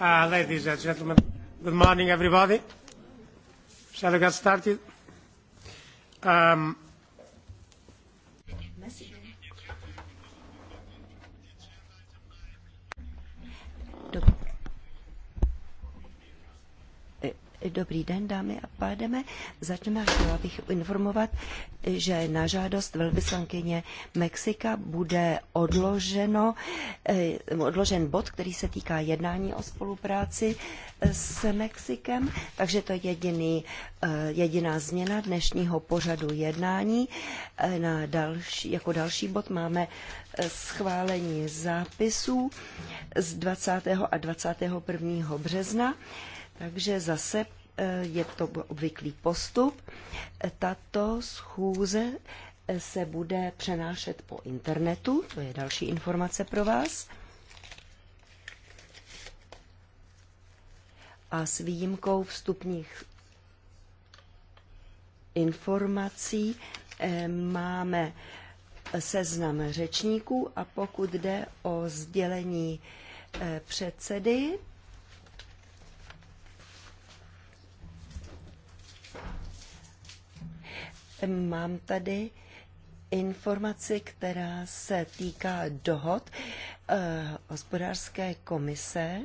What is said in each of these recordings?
Uh, ladies and gentlemen, good morning, everybody. Shall we get started? Um, Dobrý den, dámy a pádeme. Začneme, chtěla bych informovat, že na žádost velvyslankyně Mexika bude odloženo, eh, odložen bod, který se týká jednání o spolupráci eh, s Mexikem, takže to je jediný, eh, jediná změna dnešního pořadu jednání. Na další, jako další bod máme schválení zápisů z 20. a 21. března. Takže zase Eh, je to obvyklý postup. Tato schůze eh, se bude přenášet po internetu, to je další informace pro vás. A s výjimkou vstupních informací eh, máme seznam řečníků a pokud jde o sdělení předsedy, Mám tady informaci, která se týká dohod eh, hospodářské komise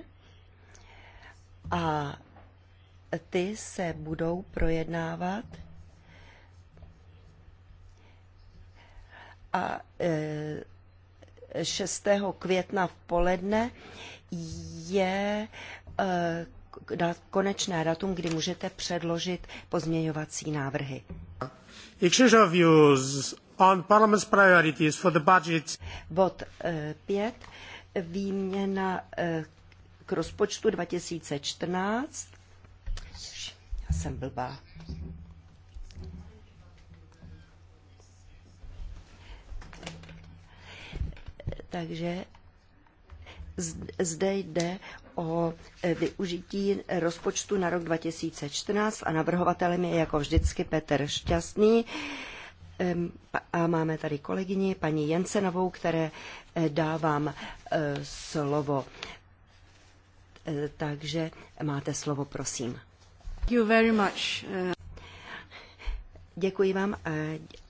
a ty se budou projednávat a eh, 6. května v poledne je eh, konečné datum, kdy můžete předložit pozměňovací návrhy. Exchange of views on Parliament's priorities for the budget. Bod 5. Eh, výměna eh, k rozpočtu 2014. Já jsem blbá. Takže zde jde o e, využití rozpočtu na rok 2014 a navrhovatelem je jako vždycky Petr Šťastný. A máme tady kolegyni paní Jensenovou, které e, dávám e, slovo. Takže máte slovo, prosím. Thank you very much. Děkuji vám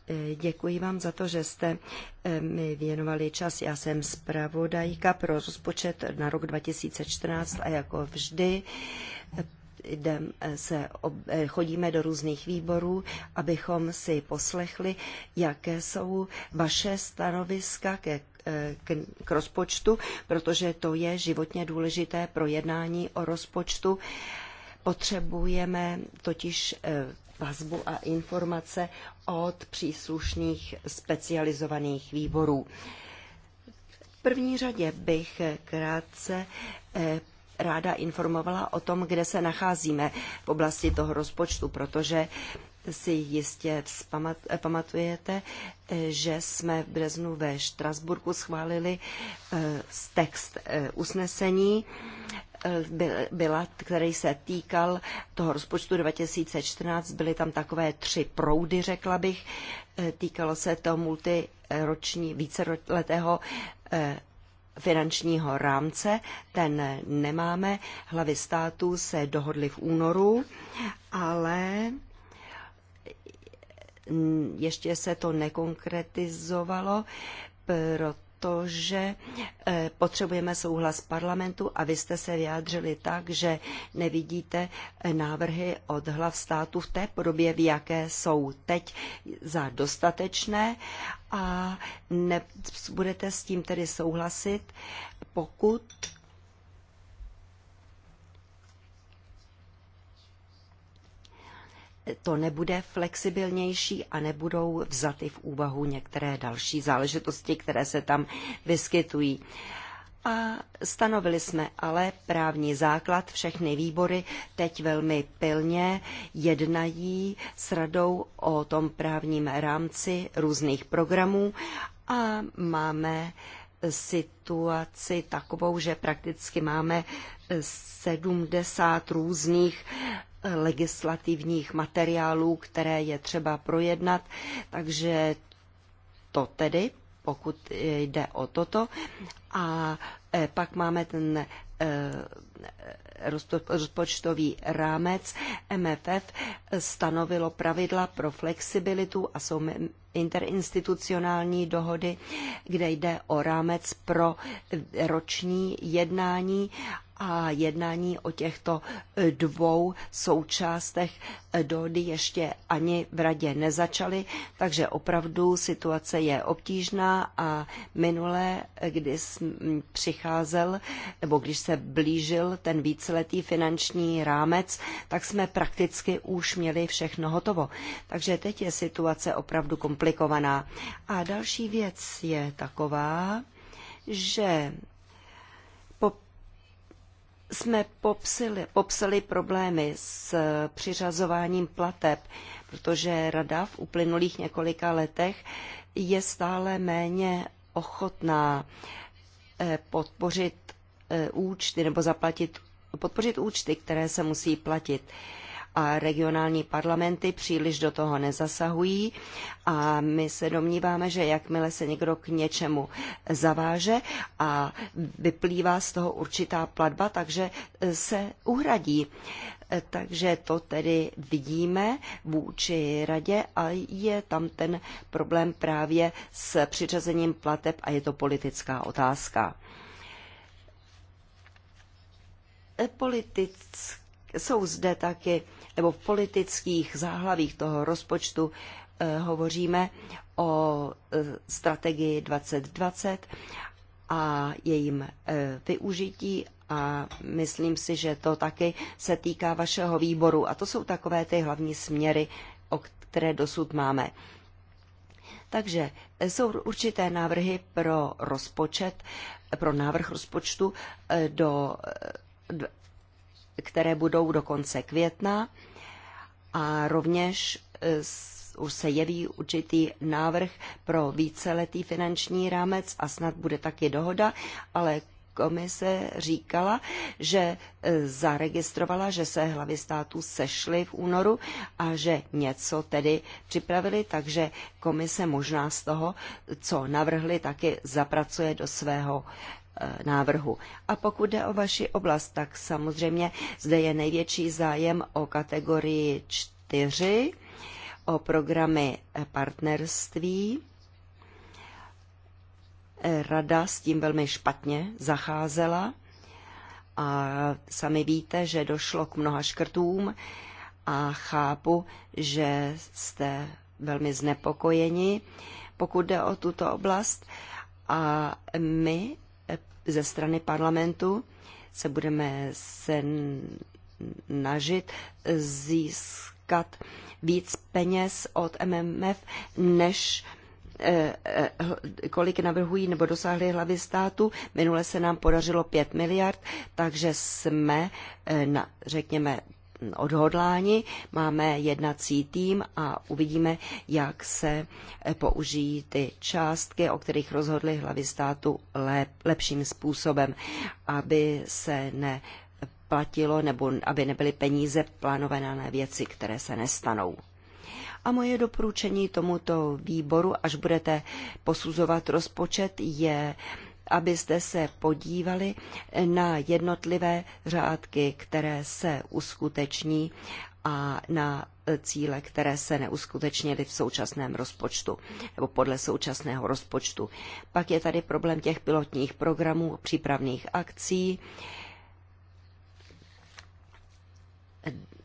Eh, děkuji vám za to, že jste eh, mi věnovali čas. Já jsem zpravodajka pro rozpočet na rok 2014 a jako vždy eh, jdem se, chodíme do různých výborů, abychom si poslechli, jaké jsou vaše stanoviska ke k, k rozpočtu, protože to je životně důležité pro jednání o rozpočtu. Potřebujeme totiž eh, vazbu a informace od příslušných specializovaných výborů. V první řadě bych krátce eh, ráda informovala o tom, kde se nacházíme v oblasti toho rozpočtu, protože si jistě pamatujete, eh, že jsme v březnu ve Štrasburku schválili text usnesení Eh, byla, který se týkal toho rozpočtu 2014. Byly tam takové tři proudy, řekla bych. Eh, týkalo se to multiroční, víceletého eh, finančního rámce, ten nemáme. Hlavy států se dohodly v únoru, ale ještě se to nekonkretizovalo, proto protože eh, potřebujeme souhlas parlamentu a vy jste se vyjádřili tak, že nevidíte eh, návrhy od hlav státu v té podobě, v jaké jsou teď za dostatečné a nebudete s tím tedy souhlasit, pokud to nebude flexibilnější a nebudou vzaty v úvahu některé další záležitosti, které se tam vyskytují. A stanovili jsme ale právní základ, všechny výbory teď velmi pilně jednají s radou o tom právním rámci různých programů a máme situaci takovou, že prakticky máme 70 různých legislativních materiálů, které je třeba projednat, takže to tedy pokud jde o toto. A E, pak máme ten e, rozpočtový rámec MFF stanovilo pravidla pro flexibilitu a jsou interinstitucionální dohody, kde jde o rámec pro roční jednání a jednání o těchto e, dvou součástech dohody ještě ani v radě nezačaly, takže opravdu situace je obtížná a minulé, kdy přicházel, nebo když se blížil ten víceletý finanční rámec, tak jsme prakticky už měli všechno hotovo. Takže teď je situace opravdu komplikovaná. A další věc je taková, že jsme popsili, popsali problémy s přiřazováním plateb, protože Rada v uplynulých několika letech je stále méně ochotná uh, Eh, podpořit eh, účty nebo zaplatit, podpořit účty, které se musí platit. A regionální parlamenty příliš do toho nezasahují a my se domníváme, že jakmile se někdo k něčemu zaváže a vyplývá z toho určitá platba, takže eh, se uhradí takže to tedy vidíme vůči radě a je tam ten problém právě s přiřazením plateb a je to politická otázka. Politick, jsou zde taky, nebo v politických záhlavích toho rozpočtu eh, hovoříme o eh, strategii 2020 a jejím e, využití a myslím si, že to taky se týká vašeho výboru a to jsou takové ty hlavní směry, o které dosud máme. Takže e, jsou určité návrhy pro rozpočet, pro návrh rozpočtu, e, do, které budou do konce května a rovněž už se jeví určitý návrh pro víceletý finanční rámec a snad bude taky dohoda, ale komise říkala, že e, zaregistrovala, že se hlavy států sešly v únoru a že něco tedy připravili, takže komise možná z toho, co navrhli, taky zapracuje do svého e, návrhu. A pokud jde o vaši oblast, tak samozřejmě zde je největší zájem o kategorii 4, o programy partnerství. Rada s tím velmi špatně zacházela a sami víte, že došlo k mnoha škrtům a chápu, že jste velmi znepokojeni, pokud jde o tuto oblast. A my ze strany parlamentu se budeme snažit získat získat víc peněz od MMF, než eh, eh, kolik navrhují nebo dosáhly hlavy státu. Minule se nám podařilo 5 miliard, takže jsme, eh, na, řekněme, odhodláni, máme jednací tým a uvidíme, jak se použijí ty částky, o kterých rozhodly hlavy státu lep, lepším způsobem, aby se ne neplatilo nebo aby nebyly peníze plánované na věci, které se nestanou. A moje doporučení tomuto výboru, až budete posuzovat rozpočet, je, abyste se podívali na jednotlivé řádky, které se uskuteční a na cíle, které se neuskutečnily v současném rozpočtu nebo podle současného rozpočtu. Pak je tady problém těch pilotních programů, přípravných akcí,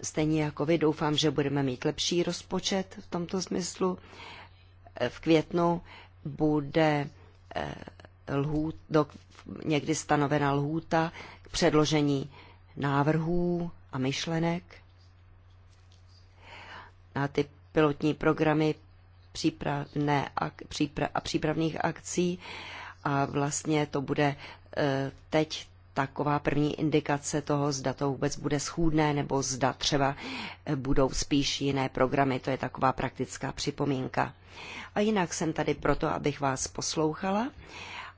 Stejně jako vy doufám, že budeme mít lepší rozpočet v tomto smyslu. V květnu bude eh, lhůt, do, někdy stanovena lhůta k předložení návrhů a myšlenek. Na ty pilotní programy přípravné ak, přípra, a přípravných akcí a vlastně to bude eh, teď taková první indikace toho, zda to vůbec bude schůdné, nebo zda třeba eh, budou spíš jiné programy. To je taková praktická připomínka. A jinak jsem tady proto, abych vás poslouchala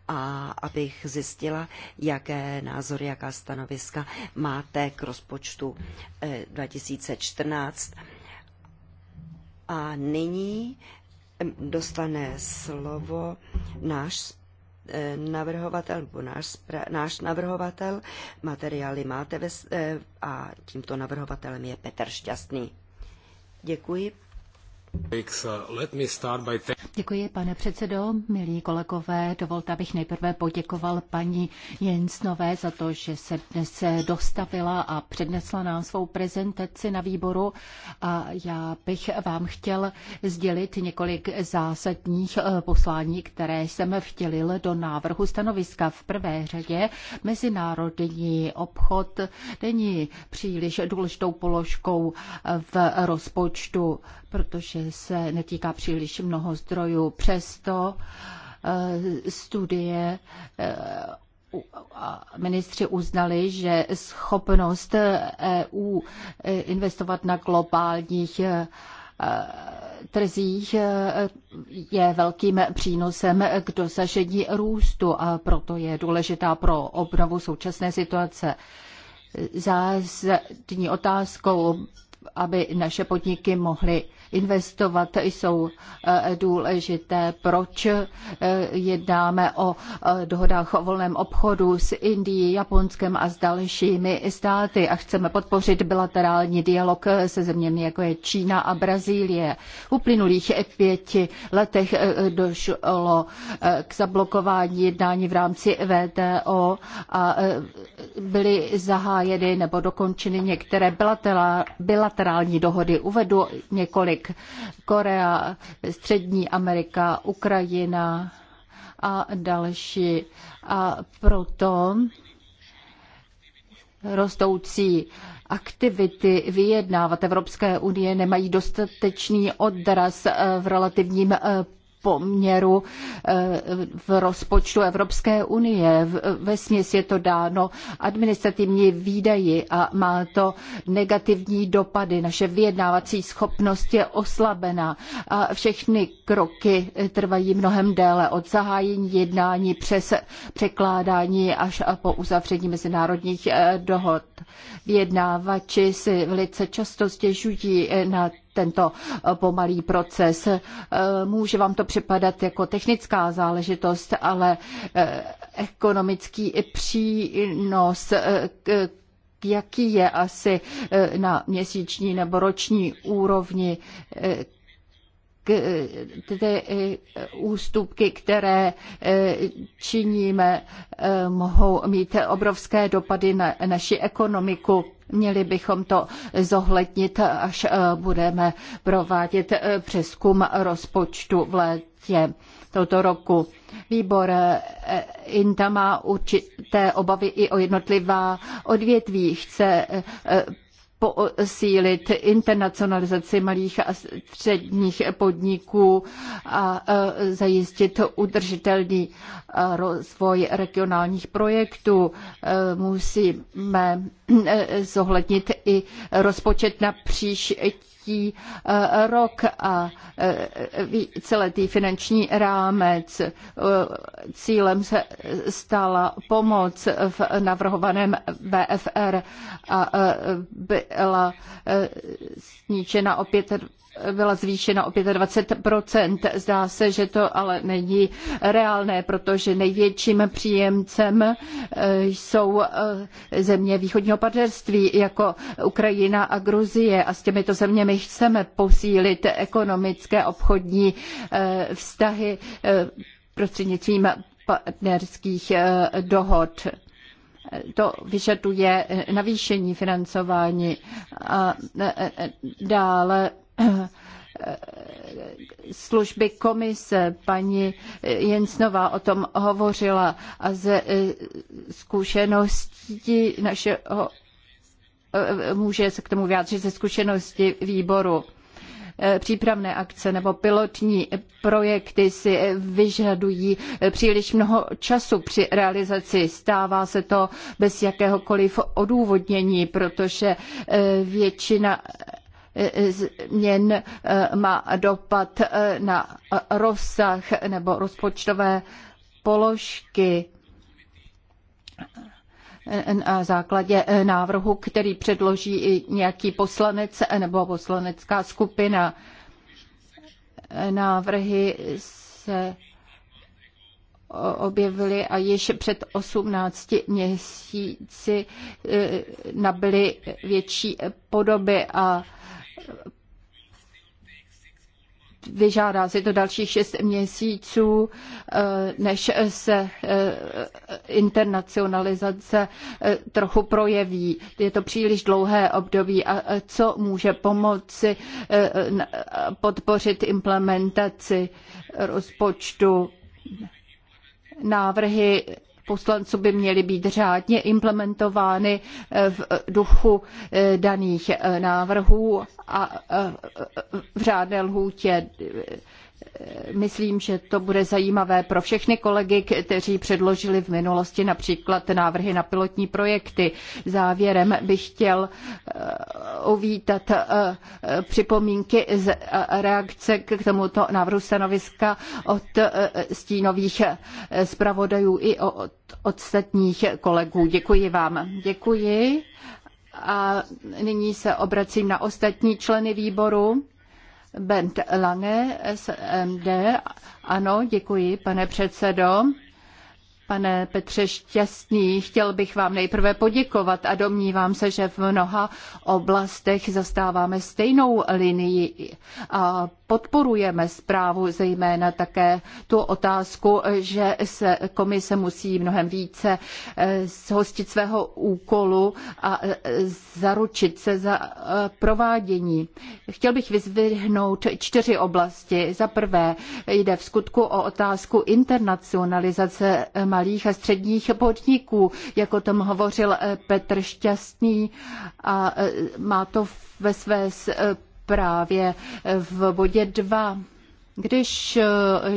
a abych zjistila, jaké názory, jaká stanoviska máte k rozpočtu 2014. Eh, a nyní dostane slovo náš Eh, navrhovatel, nebo náš, náš navrhovatel, materiály máte ve, eh, a tímto navrhovatelem je Petr Šťastný. Děkuji. Děkuji, pane předsedo. Milí kolegové, dovolte, abych nejprve poděkoval paní Jensnové za to, že se dnes dostavila a přednesla nám svou prezentaci na výboru. A já bych vám chtěl sdělit několik zásadních eh, poslání, které jsem vtělil do návrhu stanoviska. V prvé řadě mezinárodní obchod není příliš důležitou položkou v rozpočtu protože se netýká příliš mnoho zdrojů. Přesto eh, studie eh, ministři uznali, že schopnost EU eh, investovat na globálních trzích je velkým přínosem k dosažení růstu a proto je důležitá pro obnovu současné situace. Zásadní otázkou, aby naše podniky mohly investovat, jsou eh, důležité. Proč eh, jednáme o eh, dohodách o volném obchodu s Indií, Japonskem a s dalšími státy a chceme podpořit bilaterální dialog se zeměmi, jako je Čína a Brazílie. V uplynulých pěti letech došlo k zablokování jednání v rámci VTO a byly zahájeny nebo dokončeny některé bilaterální dohody. Uvedu několik Mexik, Korea, Střední Amerika, Ukrajina a další. A proto rostoucí aktivity vyjednávat Evropské unie nemají dostatečný odraz v relativním eh, poměru eh, v rozpočtu Evropské unie. Ve směs je to dáno administrativní výdaji a má to negativní dopady. Naše vyjednávací schopnost je oslabena a všechny kroky trvají mnohem déle od zahájení jednání přes překládání až po uzavření mezinárodních eh, dohod. Vyjednávači si velice často stěžují eh, na tento eh, pomalý proces. Eh, může vám to připadat jako technická záležitost, ale eh, ekonomický přínos jaký je asi na měsíční nebo roční úrovni, ty e, ústupky, které e, činíme, e, mohou mít obrovské dopady na naši ekonomiku. Měli bychom to zohlednit, až budeme provádět přeskum rozpočtu v létě tohoto roku. Výbor INTA má určité obavy i o jednotlivá odvětví. Chce posílit internacionalizaci malých a středních podniků a e, zajistit udržitelný e, rozvoj regionálních projektů. E, musíme zohlednit i rozpočet na příští příští eh, rok a eh, celý finanční rámec. Eh, cílem se stala pomoc v navrhovaném BFR a byla snížena o byla zvýšena o 25 Zdá se, že to ale není reálné, protože největším příjemcem eh, jsou eh, země východního partnerství jako Ukrajina a Gruzie a s těmito zeměmi chceme posílit ekonomické obchodní eh, vztahy prostřednictvím partnerských dohod. To vyžaduje navýšení financování a dále služby komise, paní Jensnová o tom hovořila a ze e, zkušenosti našeho e, může se k tomu vyjádřit ze zkušenosti výboru. E, přípravné akce nebo pilotní projekty si vyžadují příliš mnoho času při realizaci. Stává se to bez jakéhokoliv odůvodnění, protože většina změn eh, má dopad eh, na rozsah nebo rozpočtové položky eh, na základě návrhu, který předloží i nějaký poslanec nebo poslanecká skupina. Návrhy se objevily a již před 18 měsíci nabyly větší podoby a vyžádá si to dalších šest měsíců, eh, než se eh, internacionalizace eh, trochu projeví. Je to příliš dlouhé období a co může pomoci podpořit implementaci rozpočtu návrhy poslanců by měly být řádně implementovány eh, v eh, duchu eh, daných návrhů a v řádné lhůtě Myslím, že to bude zajímavé pro všechny kolegy, kteří předložili v minulosti například návrhy na pilotní projekty. Závěrem bych chtěl eh, uvítat eh, připomínky z eh, reakce k tomuto návrhu stanoviska od stínových zpravodajů i od ostatních kolegů. Děkuji vám. Děkuji. A nyní se obracím na ostatní členy výboru. Bent Lange, SMD. Ano, děkuji, pane předsedo. Pane Petře Šťastný, chtěl bych vám nejprve poděkovat a domnívám se, že v mnoha oblastech zastáváme stejnou linii a podporujeme zprávu, zejména také tu otázku, že se komise musí mnohem více eh, zhostit svého úkolu a eh, zaručit se za eh, provádění. Chtěl bych vyzvihnout čtyři oblasti. Za prvé jde v skutku o otázku internacionalizace malých a středních podniků, jak o tom hovořil Petr Šťastný a má to ve své právě v bodě 2. Když eh,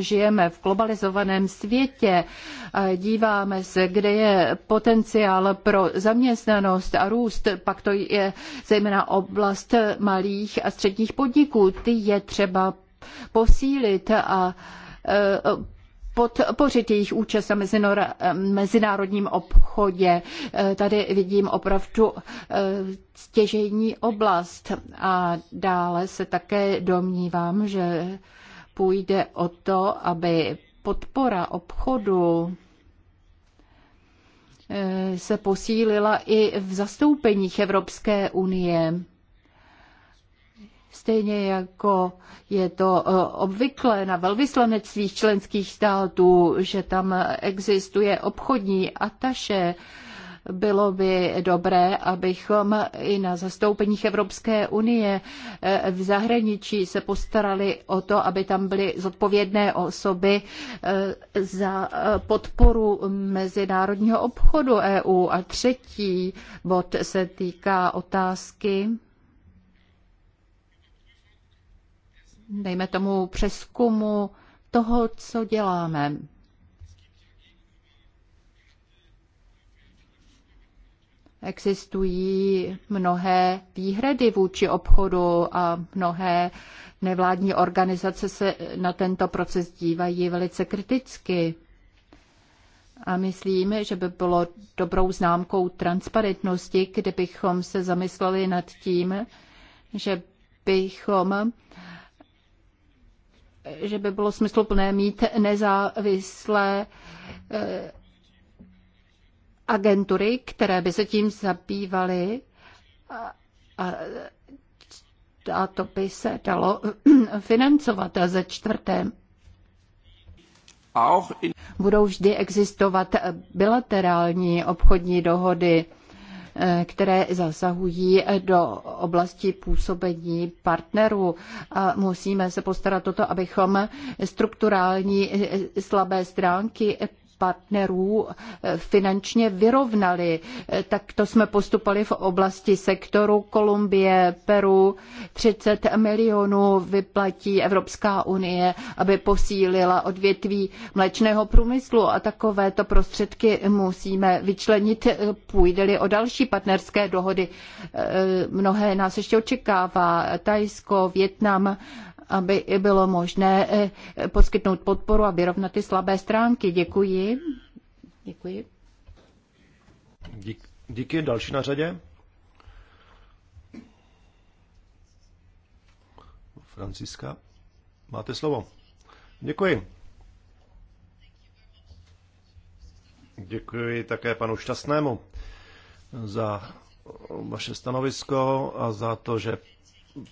žijeme v globalizovaném světě, eh, díváme se, kde je potenciál pro zaměstnanost a růst, pak to je zejména oblast malých a středních podniků. Ty je třeba posílit a eh, podpořit jejich účast na mezinárodním obchodě. Eh, tady vidím opravdu eh, stěžejní oblast a dále se také domnívám, že půjde o to, aby podpora obchodu eh, se posílila i v zastoupeních Evropské unie Stejně jako je to e, obvykle na velvyslanectvích členských států, že tam existuje obchodní ataše, bylo by dobré, abychom i na zastoupeních Evropské unie e, v zahraničí se postarali o to, aby tam byly zodpovědné osoby e, za podporu mezinárodního obchodu EU. A třetí bod se týká otázky dejme tomu, přeskumu toho, co děláme. Existují mnohé výhrady vůči obchodu a mnohé nevládní organizace se na tento proces dívají velice kriticky. A myslím, že by bylo dobrou známkou transparentnosti, kdybychom se zamysleli nad tím, že bychom že by bylo smysluplné mít nezávislé eh, agentury, které by se tím zabývaly a, a, a to by se dalo financovat. A ze čtvrté, budou vždy existovat bilaterální obchodní dohody Eh, které zasahují do oblasti působení partnerů. A musíme se postarat o to, abychom strukturální eh, slabé stránky partnerů eh, finančně vyrovnali. Eh, tak to jsme postupali v oblasti sektoru Kolumbie, Peru. 30 milionů vyplatí Evropská unie, aby posílila odvětví mlečného průmyslu a takovéto prostředky musíme vyčlenit, eh, půjde-li o další partnerské dohody. Mnohé nás ještě očekává. Tajsko, Větnam, aby bylo možné eh, poskytnout podporu a vyrovnat ty slabé stránky. Děkuji. Děkuji. Dík, díky. Další na řadě. Franciska, máte slovo. Děkuji. Děkuji také panu Šťastnému za vaše stanovisko a za to, že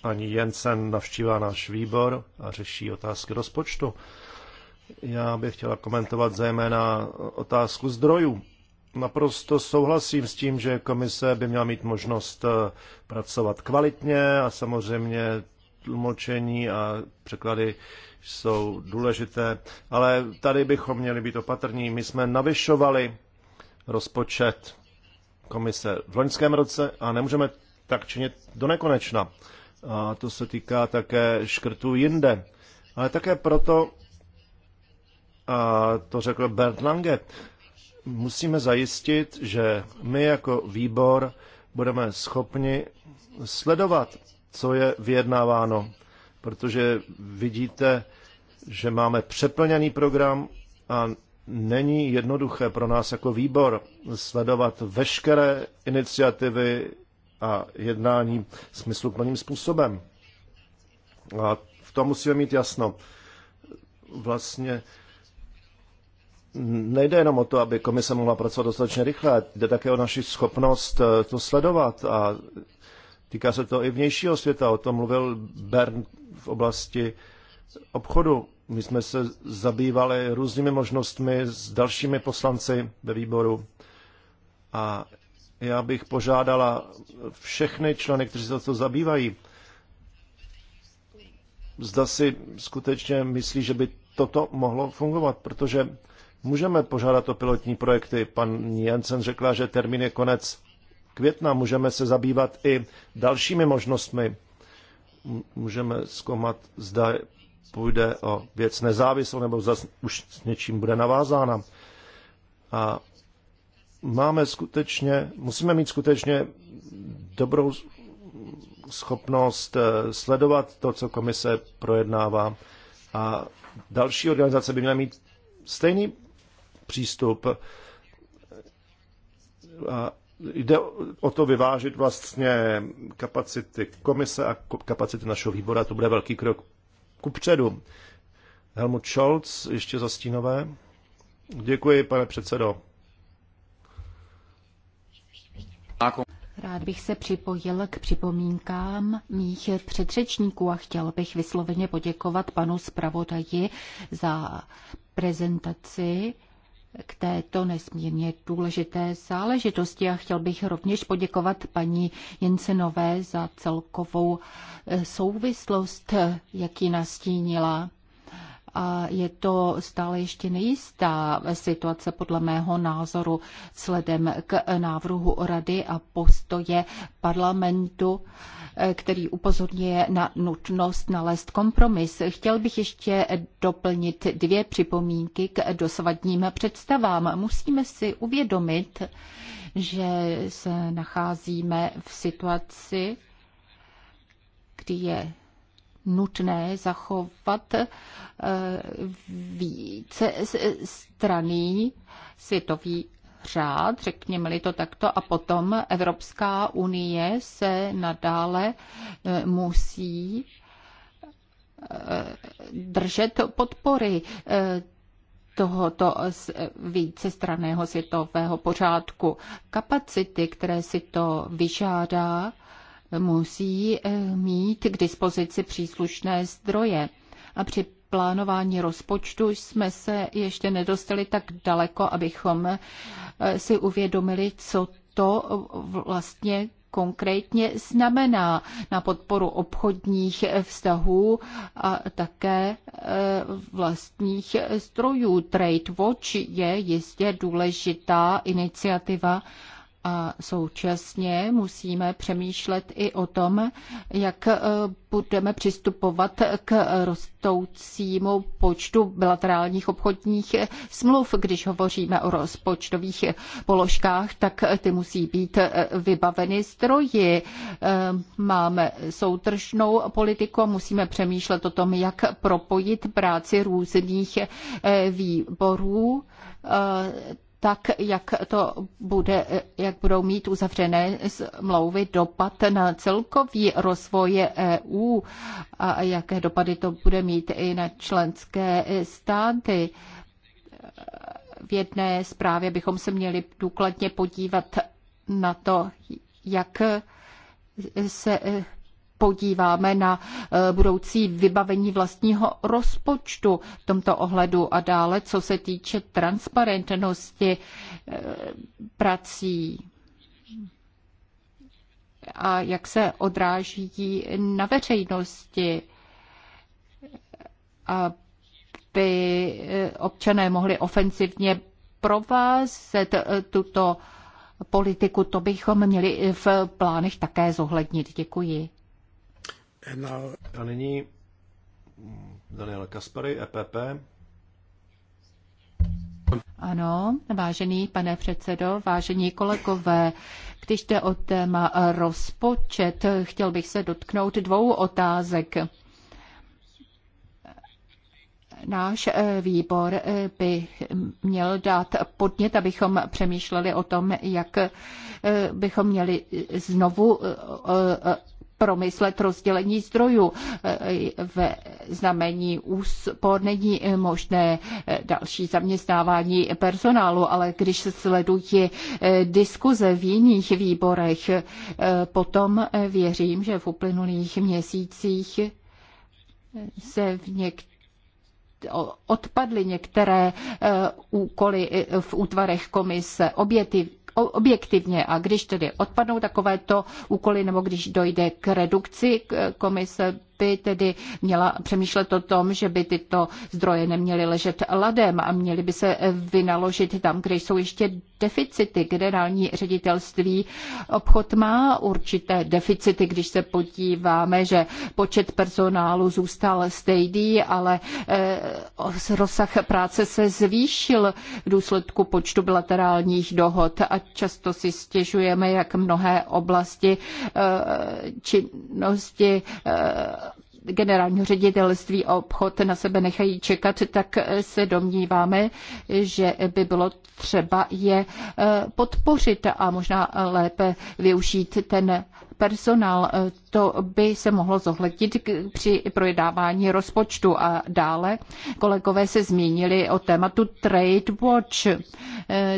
paní Jensen navštívila náš výbor a řeší otázky rozpočtu. Já bych chtěla komentovat zejména otázku zdrojů. Naprosto souhlasím s tím, že komise by měla mít možnost eh, pracovat kvalitně a samozřejmě tlumočení a překlady jsou důležité, ale tady bychom měli být opatrní. My jsme navyšovali rozpočet komise v loňském roce a nemůžeme tak činit do nekonečna. A to se týká také škrtů jinde. Ale také proto, a to řekl Bert Lange, musíme zajistit, že my jako výbor budeme schopni sledovat, co je vyjednáváno, protože vidíte, že máme přeplněný program a není jednoduché pro nás jako výbor sledovat veškeré iniciativy a jednání smysluplným způsobem. A v tom musíme mít jasno. Vlastně nejde jenom o to, aby komise mohla pracovat dostatečně rychle, jde také o naši schopnost eh, to sledovat a týká se to i vnějšího světa. O tom mluvil Bern v oblasti obchodu. My jsme se zabývali různými možnostmi s dalšími poslanci ve výboru a já bych požádala všechny členy, kteří se to zabývají, zda si skutečně myslí, že by toto mohlo fungovat, protože můžeme požádat o pilotní projekty. Pan Jensen řekla, že termín je konec května. Můžeme se zabývat i dalšími možnostmi. Můžeme zkoumat, zda půjde o věc nezávislou, nebo zase už s něčím bude navázána. A máme skutečně, musíme mít skutečně dobrou schopnost eh, sledovat to, co komise projednává a další organizace by měla mít stejný přístup. A jde o to vyvážit vlastně kapacity komise a kapacity našeho výboru a to bude velký krok kupředu. Helmut Scholz, ještě za stínové. Děkuji, pane předsedo. Rád bych se připojil k připomínkám mých předřečníků a chtěl bych vysloveně poděkovat panu zpravodaji za prezentaci k této nesmírně důležité záležitosti a chtěl bych rovněž poděkovat paní Jensenové za celkovou eh, souvislost, eh, jak ji nastínila a je to stále ještě nejistá situace podle mého názoru sledem k návrhu rady a postoje parlamentu, který upozorňuje na nutnost nalézt kompromis. Chtěl bych ještě doplnit dvě připomínky k dosavadním představám. Musíme si uvědomit, že se nacházíme v situaci, kdy je nutné zachovat eh, více straný světový řád, řekněme-li to takto, a potom Evropská unie se nadále eh, musí eh, držet podpory tohoto vícestraného světového pořádku. Kapacity, které si to vyžádá, musí eh, mít k dispozici příslušné zdroje. A při plánování rozpočtu jsme se ještě nedostali tak daleko, abychom eh, si uvědomili, co to vlastně konkrétně znamená na podporu obchodních vztahů a také eh, vlastních strojů. Trade Watch je jistě důležitá iniciativa a současně musíme přemýšlet i o tom, jak e, budeme přistupovat k rostoucímu počtu bilaterálních obchodních smluv. Když hovoříme o rozpočtových položkách, tak ty musí být e, vybaveny stroji. E, máme soutržnou politiku a musíme přemýšlet o tom, jak propojit práci různých výborů tak jak to bude, jak budou mít uzavřené smlouvy dopad na celkový rozvoj EU a jaké dopady to bude mít i na členské státy. V jedné zprávě bychom se měli důkladně podívat na to, jak se podíváme na eh, budoucí vybavení vlastního rozpočtu v tomto ohledu a dále, co se týče transparentnosti eh, prací a jak se odráží na veřejnosti, aby eh, občané mohli ofensivně provázet tuto politiku. To bychom měli v plánech také zohlednit. Děkuji. Now... A nyní Daniel Kaspary, EPP. Ano, vážený pane předsedo, vážení kolegové, když jde o téma rozpočet, chtěl bych se dotknout dvou otázek. Náš eh, výbor eh, by měl dát podnět, abychom přemýšleli o tom, jak eh, bychom měli znovu promyslet rozdělení zdrojů. v znamení úspor není možné další zaměstnávání personálu, ale když se sledují diskuze v jiných výborech, potom věřím, že v uplynulých měsících se v některých odpadly některé úkoly v útvarech komise. Obě ty objektivně. A když tedy odpadnou takovéto úkoly, nebo když dojde k redukci, e, komise by tedy měla přemýšlet o tom, že by tyto zdroje neměly ležet ladem a měly by se vynaložit tam, kde jsou ještě deficity. Generální ředitelství obchod má určité deficity, když se podíváme, že počet personálu zůstal stejný, ale eh, rozsah práce se zvýšil v důsledku počtu bilaterálních dohod a často si stěžujeme, jak mnohé oblasti eh, činnosti eh, generálního ředitelství obchod na sebe nechají čekat, tak se domníváme, že by bylo třeba je eh, podpořit a možná lépe využít ten personál. E, to by se mohlo zohlednit při projednávání rozpočtu. A dále kolegové se zmínili o tématu Trade Watch. E,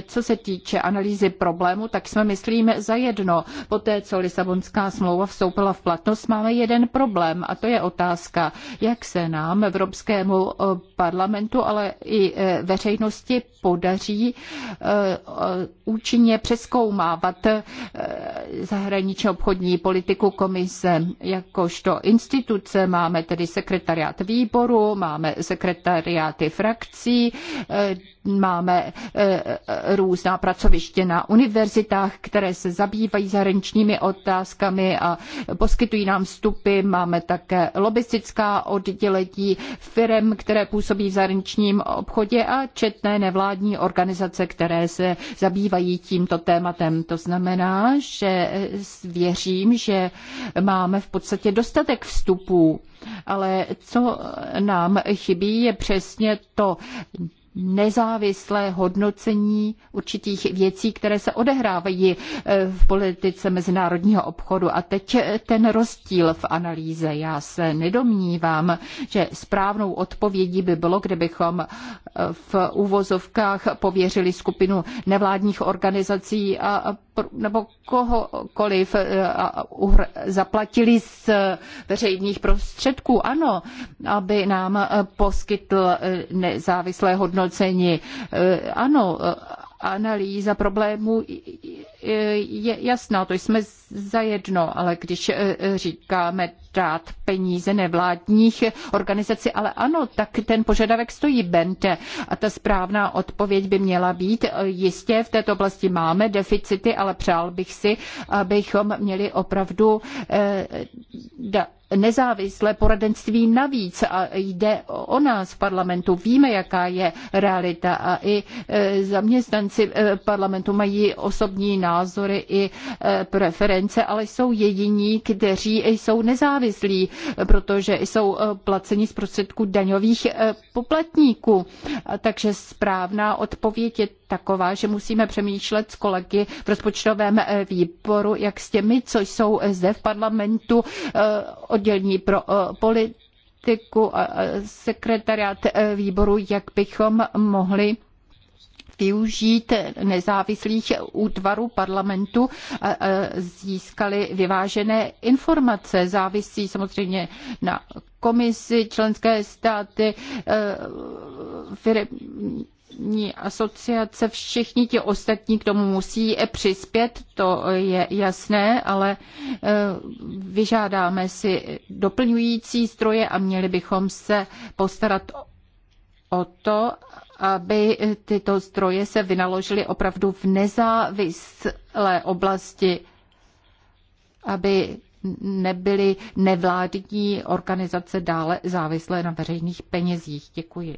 co se týče analýzy problému, tak jsme, za jedno, Poté, co Lisabonská smlouva vstoupila v platnost, máme jeden problém a to je otázka, jak se nám, Evropskému e, parlamentu, ale i veřejnosti podaří účinně přeskoumávat zahraničně obchodní politiku komise. Jakožto instituce máme tedy sekretariát výboru, máme sekretariáty frakcí, máme eh, eh, různá pracoviště na univerzitách, které se zabývají zahraničními otázkami a poskytují nám vstupy. Máme také lobistická oddělení firm, které působí v zahraničním obchodě a četné nevládní organizace, které se zabývají tímto tématem. To znamená, že eh, věřím, že máme v podstatě dostatek vstupů, ale co nám chybí, je přesně to nezávislé hodnocení určitých věcí, které se odehrávají eh, v politice mezinárodního obchodu. A teď eh, ten rozdíl v analýze. Já se nedomnívám, že správnou odpovědí by bylo, kdybychom eh, v úvozovkách pověřili skupinu nevládních organizací a, nebo kohokoliv a uhr, zaplatili z veřejných prostředků. Ano, aby nám poskytl nezávislé hodnocení sjednoceni. Eh, ano, eh, analýza problémů je jasná, to jsme zajedno, ale když e, e, říkáme dát peníze nevládních organizací, ale ano, tak ten požadavek stojí bente. A ta správná odpověď by měla být, e, jistě v této oblasti máme deficity, ale přál bych si, abychom měli opravdu nezávislé poradenství navíc a jde o nás v parlamentu. Víme, jaká je realita a i zaměstnanci parlamentu mají osobní názory názory i e, preference, ale jsou jediní, kteří jsou nezávislí, protože jsou e, placeni z prostředků daňových e, poplatníků. Takže správná odpověď je taková, že musíme přemýšlet s kolegy v rozpočtovém výboru, jak s těmi, co jsou zde v parlamentu oddělní pro politiku a sekretariát výboru, jak bychom mohli využít nezávislých útvarů parlamentu e, e, získali vyvážené informace. Závisí samozřejmě na komisi, členské státy, e, firmní asociace, všichni ti ostatní k tomu musí přispět, to je jasné, ale vyžádáme si doplňující stroje a měli bychom se postarat o to, aby tyto zdroje se vynaložily opravdu v nezávislé oblasti, aby nebyly nevládní organizace dále závislé na veřejných penězích. Děkuji.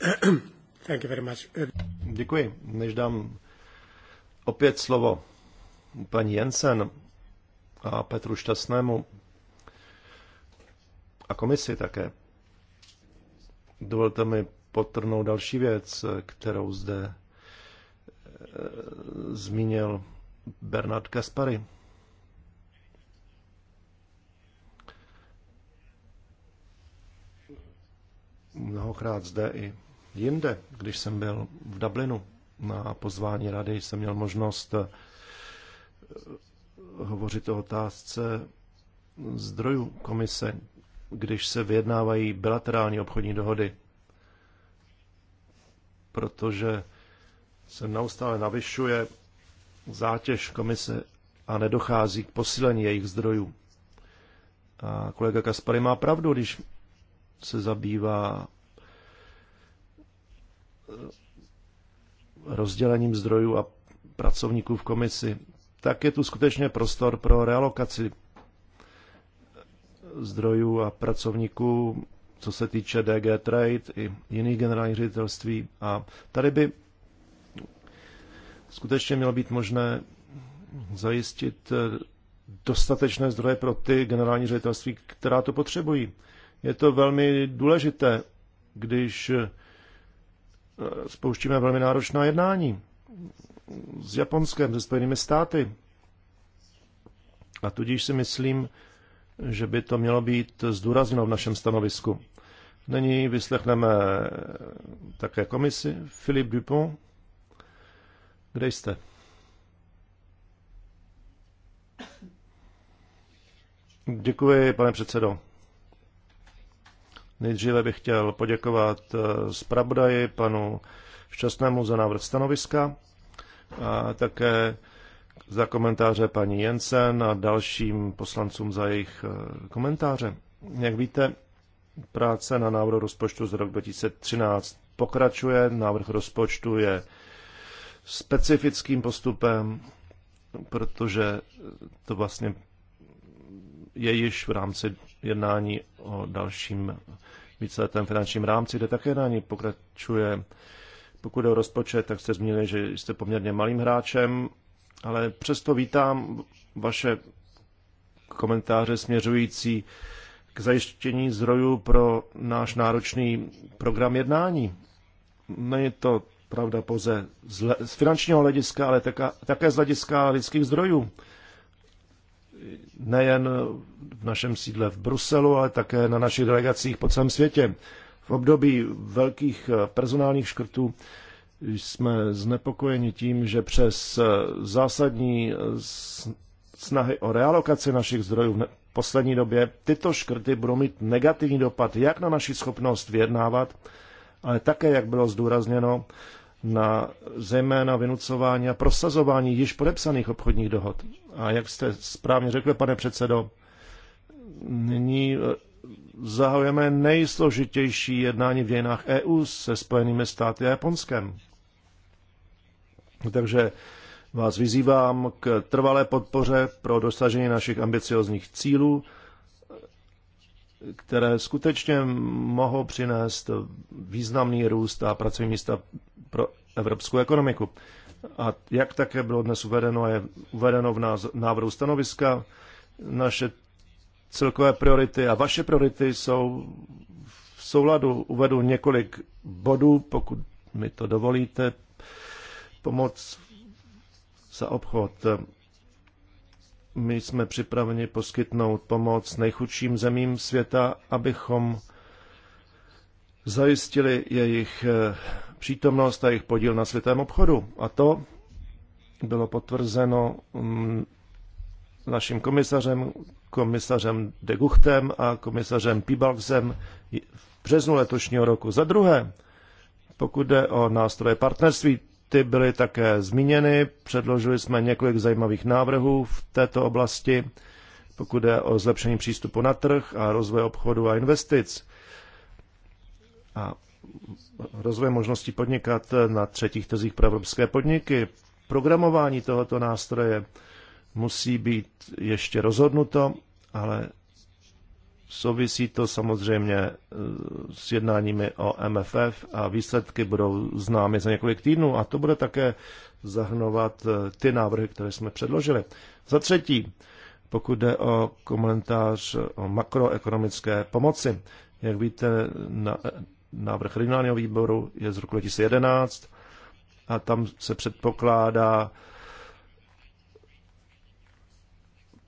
Thank you very much. Děkuji. Než dám opět slovo paní Jensen a Petru Šťastnému a komisi také, Dovolte mi potrnout další věc, kterou zde eh, zmínil Bernard Kaspary. Mnohokrát zde i jinde, když jsem byl v Dublinu na pozvání rady, jsem měl možnost eh, hovořit o otázce zdrojů komise, když se vyjednávají bilaterální obchodní dohody, protože se neustále navyšuje zátěž komise a nedochází k posílení jejich zdrojů. A kolega Kaspary má pravdu, když se zabývá eh, rozdělením zdrojů a pracovníků v komisi, tak je tu skutečně prostor pro realokaci zdrojů a pracovníků, co se týče DG Trade i jiných generálních ředitelství. A tady by skutečně mělo být možné zajistit eh, dostatečné zdroje pro ty generální ředitelství, která to potřebují. Je to velmi důležité, když eh, spouštíme velmi náročná jednání s Japonskem, se Spojenými státy. A tudíž si myslím, že by to mělo být zdůrazněno v našem stanovisku. Nyní vyslechneme také komisi. Filip Dupont, kde jste? Děkuji, pane předsedo. Nejdříve bych chtěl poděkovat zpravodaji panu Šťastnému za návrh stanoviska a také za komentáře paní Jensen a dalším poslancům za jejich eh, komentáře. Jak víte, práce na návrhu rozpočtu z roku 2013 pokračuje. Návrh rozpočtu je specifickým postupem, protože to vlastně je již v rámci jednání o dalším víceletém finančním rámci, kde také jednání pokračuje. Pokud je o rozpočet, tak jste zmínili, že jste poměrně malým hráčem ale přesto vítám vaše komentáře směřující k zajištění zdrojů pro náš náročný program jednání. Není to pravda pouze z, z finančního hlediska, ale taka, také z hlediska lidských zdrojů. Nejen v našem sídle v Bruselu, ale také na našich delegacích po celém světě. V období velkých personálních škrtů jsme znepokojeni tím, že přes eh, zásadní eh, snahy o realokaci našich zdrojů v poslední době tyto škrty budou mít negativní dopad jak na naši schopnost vyjednávat, ale také, jak bylo zdůrazněno, na zejména vynucování a prosazování již podepsaných obchodních dohod. A jak jste správně řekl, pane předsedo, nyní eh, zahajujeme nejsložitější jednání v dějinách EU se Spojenými státy a Japonskem. Takže vás vyzývám k trvalé podpoře pro dosažení našich ambiciozních cílů, které skutečně mohou přinést významný růst a pracovní místa pro evropskou ekonomiku. A jak také bylo dnes uvedeno, je uvedeno v návrhu stanoviska, naše celkové priority a vaše priority jsou v souladu. Uvedu několik bodů, pokud mi to dovolíte pomoc za obchod. My jsme připraveni poskytnout pomoc nejchudším zemím světa, abychom zajistili jejich eh, přítomnost a jejich podíl na světovém obchodu. A to bylo potvrzeno mm, naším komisařem, komisařem de Guchtem a komisařem Pibalksem v březnu letošního roku. Za druhé, pokud jde o nástroje partnerství, ty byly také zmíněny, předložili jsme několik zajímavých návrhů v této oblasti, pokud je o zlepšení přístupu na trh a rozvoj obchodu a investic a rozvoj možností podnikat na třetích trzích pro evropské podniky. Programování tohoto nástroje musí být ještě rozhodnuto, ale Souvisí to samozřejmě eh, s jednáními o MFF a výsledky budou známy za několik týdnů a to bude také zahrnovat eh, ty návrhy, které jsme předložili. Za třetí, pokud jde o komentář eh, o makroekonomické pomoci, jak víte, návrh regionálního výboru je z roku 2011 a tam se předpokládá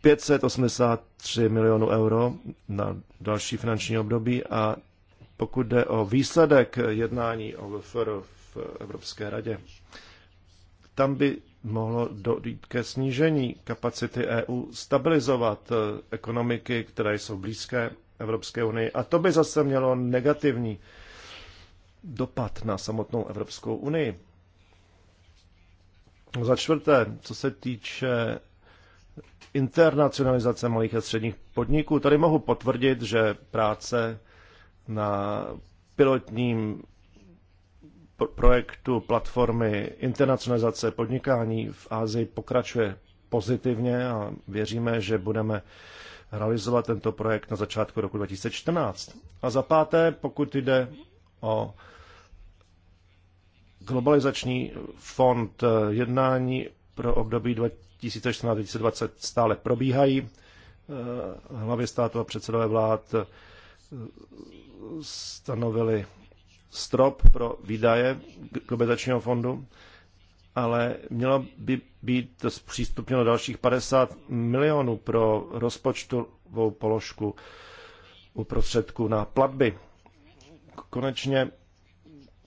583 milionů euro na další finanční období a pokud jde o výsledek jednání o VFR v Evropské radě, tam by mohlo dojít ke snížení kapacity EU stabilizovat eh, ekonomiky, které jsou blízké Evropské unii. A to by zase mělo negativní dopad na samotnou Evropskou unii. Za čtvrté, co se týče internacionalizace malých a středních podniků. Tady mohu potvrdit, že práce na pilotním projektu platformy internacionalizace podnikání v Ázii pokračuje pozitivně a věříme, že budeme realizovat tento projekt na začátku roku 2014. A za páté, pokud jde o globalizační fond eh, jednání pro období 2014-2020 stále probíhají. Eh, Hlavy státu a předsedové vlád eh, stanovili strop pro výdaje globalizačního fondu, ale mělo by být zpřístupněno dalších 50 milionů pro rozpočtovou položku u prostředků na platby. Konečně,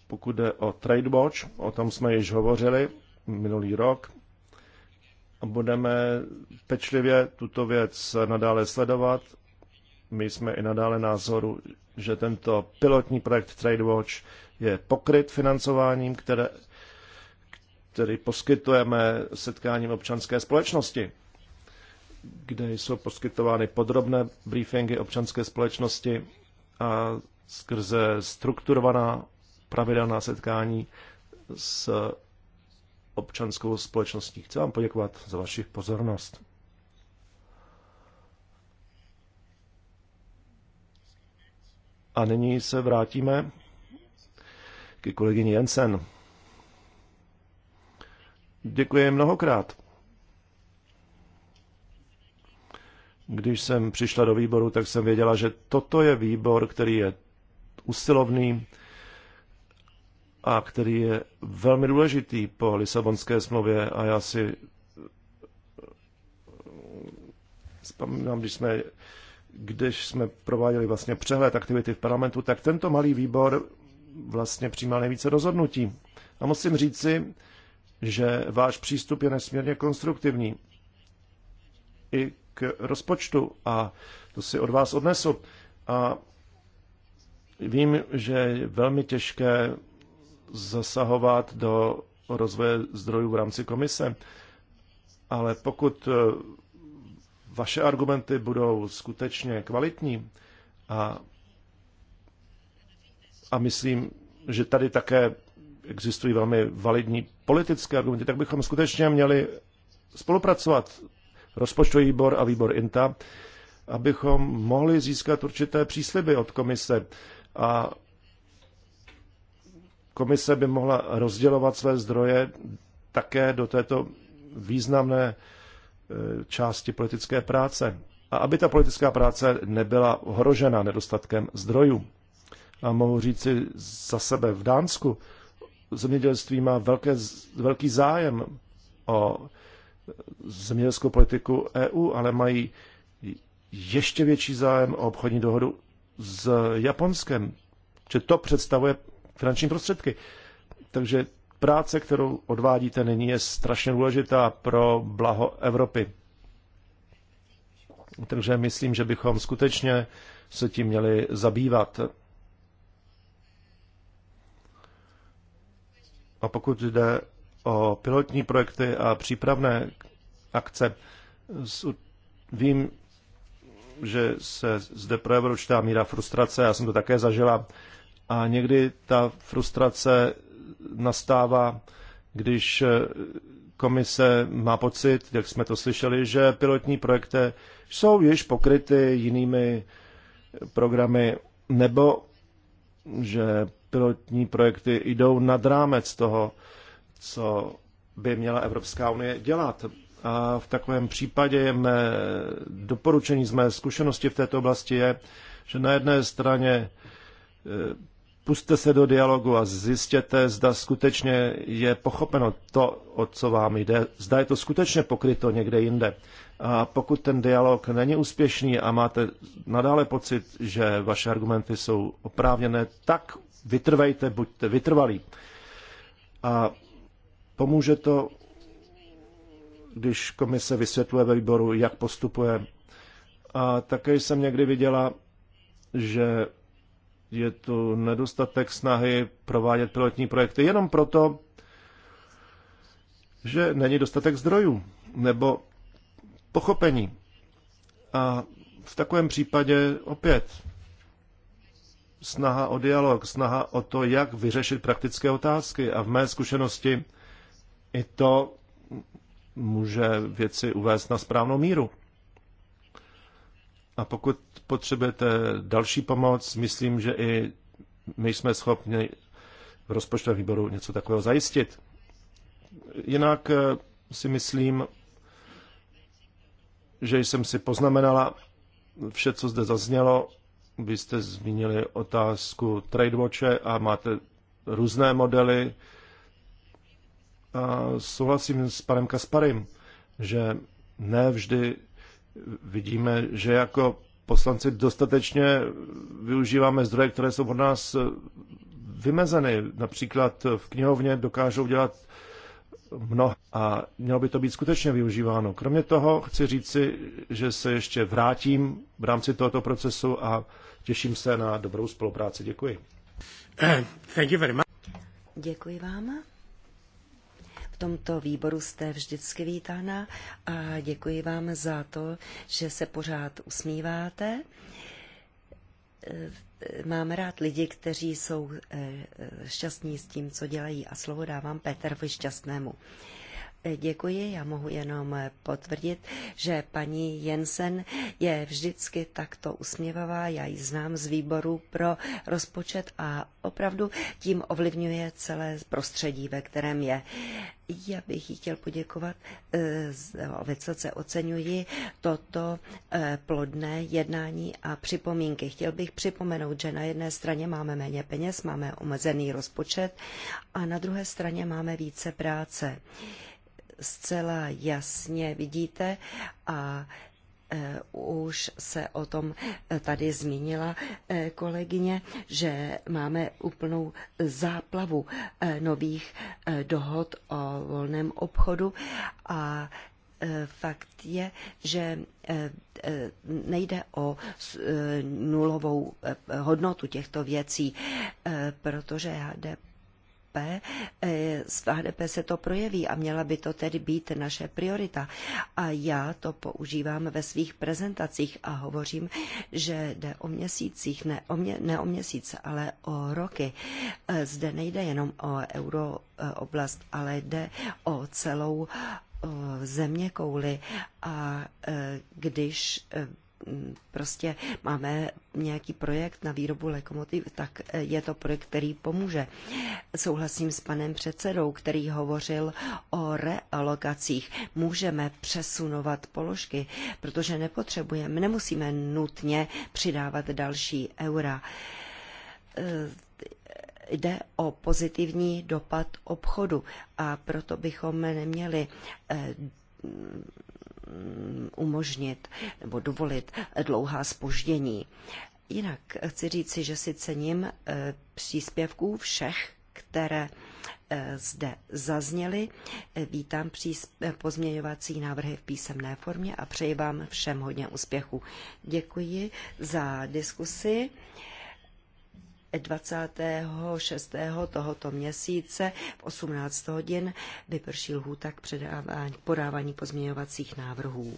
pokud jde o Watch, o tom jsme již hovořili minulý rok, budeme pečlivě tuto věc nadále sledovat. My jsme i nadále názoru, že tento pilotní projekt TradeWatch je pokryt financováním, které, který poskytujeme setkáním občanské společnosti, kde jsou poskytovány podrobné briefingy občanské společnosti a skrze strukturovaná pravidelná setkání s občanskou společností. Chci vám poděkovat za vaši pozornost. A nyní se vrátíme ke kolegyni Jensen. Děkuji mnohokrát. Když jsem přišla do výboru, tak jsem věděla, že toto je výbor, který je usilovný, a který je velmi důležitý po Lisabonské smlouvě a já si vzpomínám, když jsme, když jsme prováděli vlastně přehled aktivity v parlamentu, tak tento malý výbor vlastně přijímal nejvíce rozhodnutí. A musím říci, že váš přístup je nesmírně konstruktivní i k rozpočtu a to si od vás odnesu. A vím, že je velmi těžké zasahovat do rozvoje zdrojů v rámci komise. Ale pokud eh, vaše argumenty budou skutečně kvalitní a, a myslím, že tady také existují velmi validní politické argumenty, tak bychom skutečně měli spolupracovat rozpočtový výbor a výbor INTA, abychom mohli získat určité přísliby od komise a komise by mohla rozdělovat své zdroje také do této významné e, části politické práce. A aby ta politická práce nebyla ohrožena nedostatkem zdrojů. A mohu říci za sebe v Dánsku, zemědělství má velké, velký zájem o zemědělskou politiku EU, ale mají ještě větší zájem o obchodní dohodu s Japonskem. Že to představuje finanční prostředky. Takže práce, kterou odvádíte nyní, je strašně důležitá pro blaho Evropy. Takže myslím, že bychom skutečně se tím měli zabývat. A pokud jde o pilotní projekty a přípravné akce, vím, že se zde projevuje určitá míra frustrace, já jsem to také zažila a někdy ta frustrace nastává, když eh, komise má pocit, jak jsme to slyšeli, že pilotní projekty jsou již pokryty jinými eh, programy, nebo že pilotní projekty jdou nad rámec toho, co by měla Evropská unie dělat. A v takovém případě je mé doporučení z mé zkušenosti v této oblasti je, že na jedné straně eh, puste se do dialogu a zjistěte, zda skutečně je pochopeno to, o co vám jde, zda je to skutečně pokryto někde jinde. A pokud ten dialog není úspěšný a máte nadále pocit, že vaše argumenty jsou oprávněné, tak vytrvejte, buďte vytrvalí. A pomůže to, když komise vysvětluje ve výboru, jak postupuje. A také jsem někdy viděla, že je tu nedostatek snahy provádět pilotní projekty jenom proto, že není dostatek zdrojů nebo pochopení. A v takovém případě opět snaha o dialog, snaha o to, jak vyřešit praktické otázky. A v mé zkušenosti i to může věci uvést na správnou míru. A pokud potřebujete další pomoc, myslím, že i my jsme schopni v rozpočtovém výboru něco takového zajistit. Jinak eh, si myslím, že jsem si poznamenala vše, co zde zaznělo. Vy jste zmínili otázku TradeWatche a máte různé modely. A souhlasím s panem Kasparem, že ne vždy vidíme, že jako poslanci dostatečně využíváme zdroje, které jsou od nás eh, vymezeny. Například v knihovně dokážou dělat mnoho a mělo by to být skutečně využíváno. Kromě toho chci říci, že se ještě vrátím v rámci tohoto procesu a těším se na dobrou spolupráci. Děkuji. Eh, thank you very much. Děkuji vám tomto výboru jste vždycky vítána a děkuji vám za to, že se pořád usmíváte. Mám rád lidi, kteří jsou eh, šťastní s tím, co dělají a slovo dávám Petr Šťastnému. šťastnému. Děkuji, já mohu jenom potvrdit, že paní Jensen je vždycky takto usměvavá, já ji znám z výboru pro rozpočet a opravdu tím ovlivňuje celé prostředí, ve kterém je. Já bych jí chtěl poděkovat, eh, no, vysoce oceňuji toto eh, plodné jednání a připomínky. Chtěl bych připomenout, že na jedné straně máme méně peněz, máme omezený rozpočet a na druhé straně máme více práce zcela jasně vidíte a e, už se o tom tady zmínila e, kolegyně, že máme úplnou záplavu e, nových dohod o volném obchodu a fakt je, že nejde o nulovou hodnotu těchto věcí, protože HDP HDP, z eh, HDP se to projeví a měla by to tedy být naše priorita. A já to používám ve svých prezentacích a hovořím, že jde o měsících, ne o, mě, ne o měsíc, ale o roky. Eh, zde nejde jenom o euro eh, oblast, ale jde o celou země kouli a když Mm, prostě máme nějaký projekt na výrobu lekomotiv, tak e, je to projekt, který pomůže. Souhlasím s panem předsedou, který hovořil o realokacích. Můžeme přesunovat položky, protože nepotřebujeme, nemusíme nutně přidávat další eura e, jde o pozitivní dopad obchodu a proto bychom neměli e, Mm, umožnit nebo dovolit dlouhá spoždění. Jinak chci říci, že si cením eh, příspěvků všech, které eh, zde zazněly. Vítám pozměňovací návrhy v písemné formě a přeji vám všem hodně úspěchu. Děkuji za diskusi. 26. tohoto měsíce v 18 hodin vyprší lhůta k předávání, podávání pozměňovacích návrhů.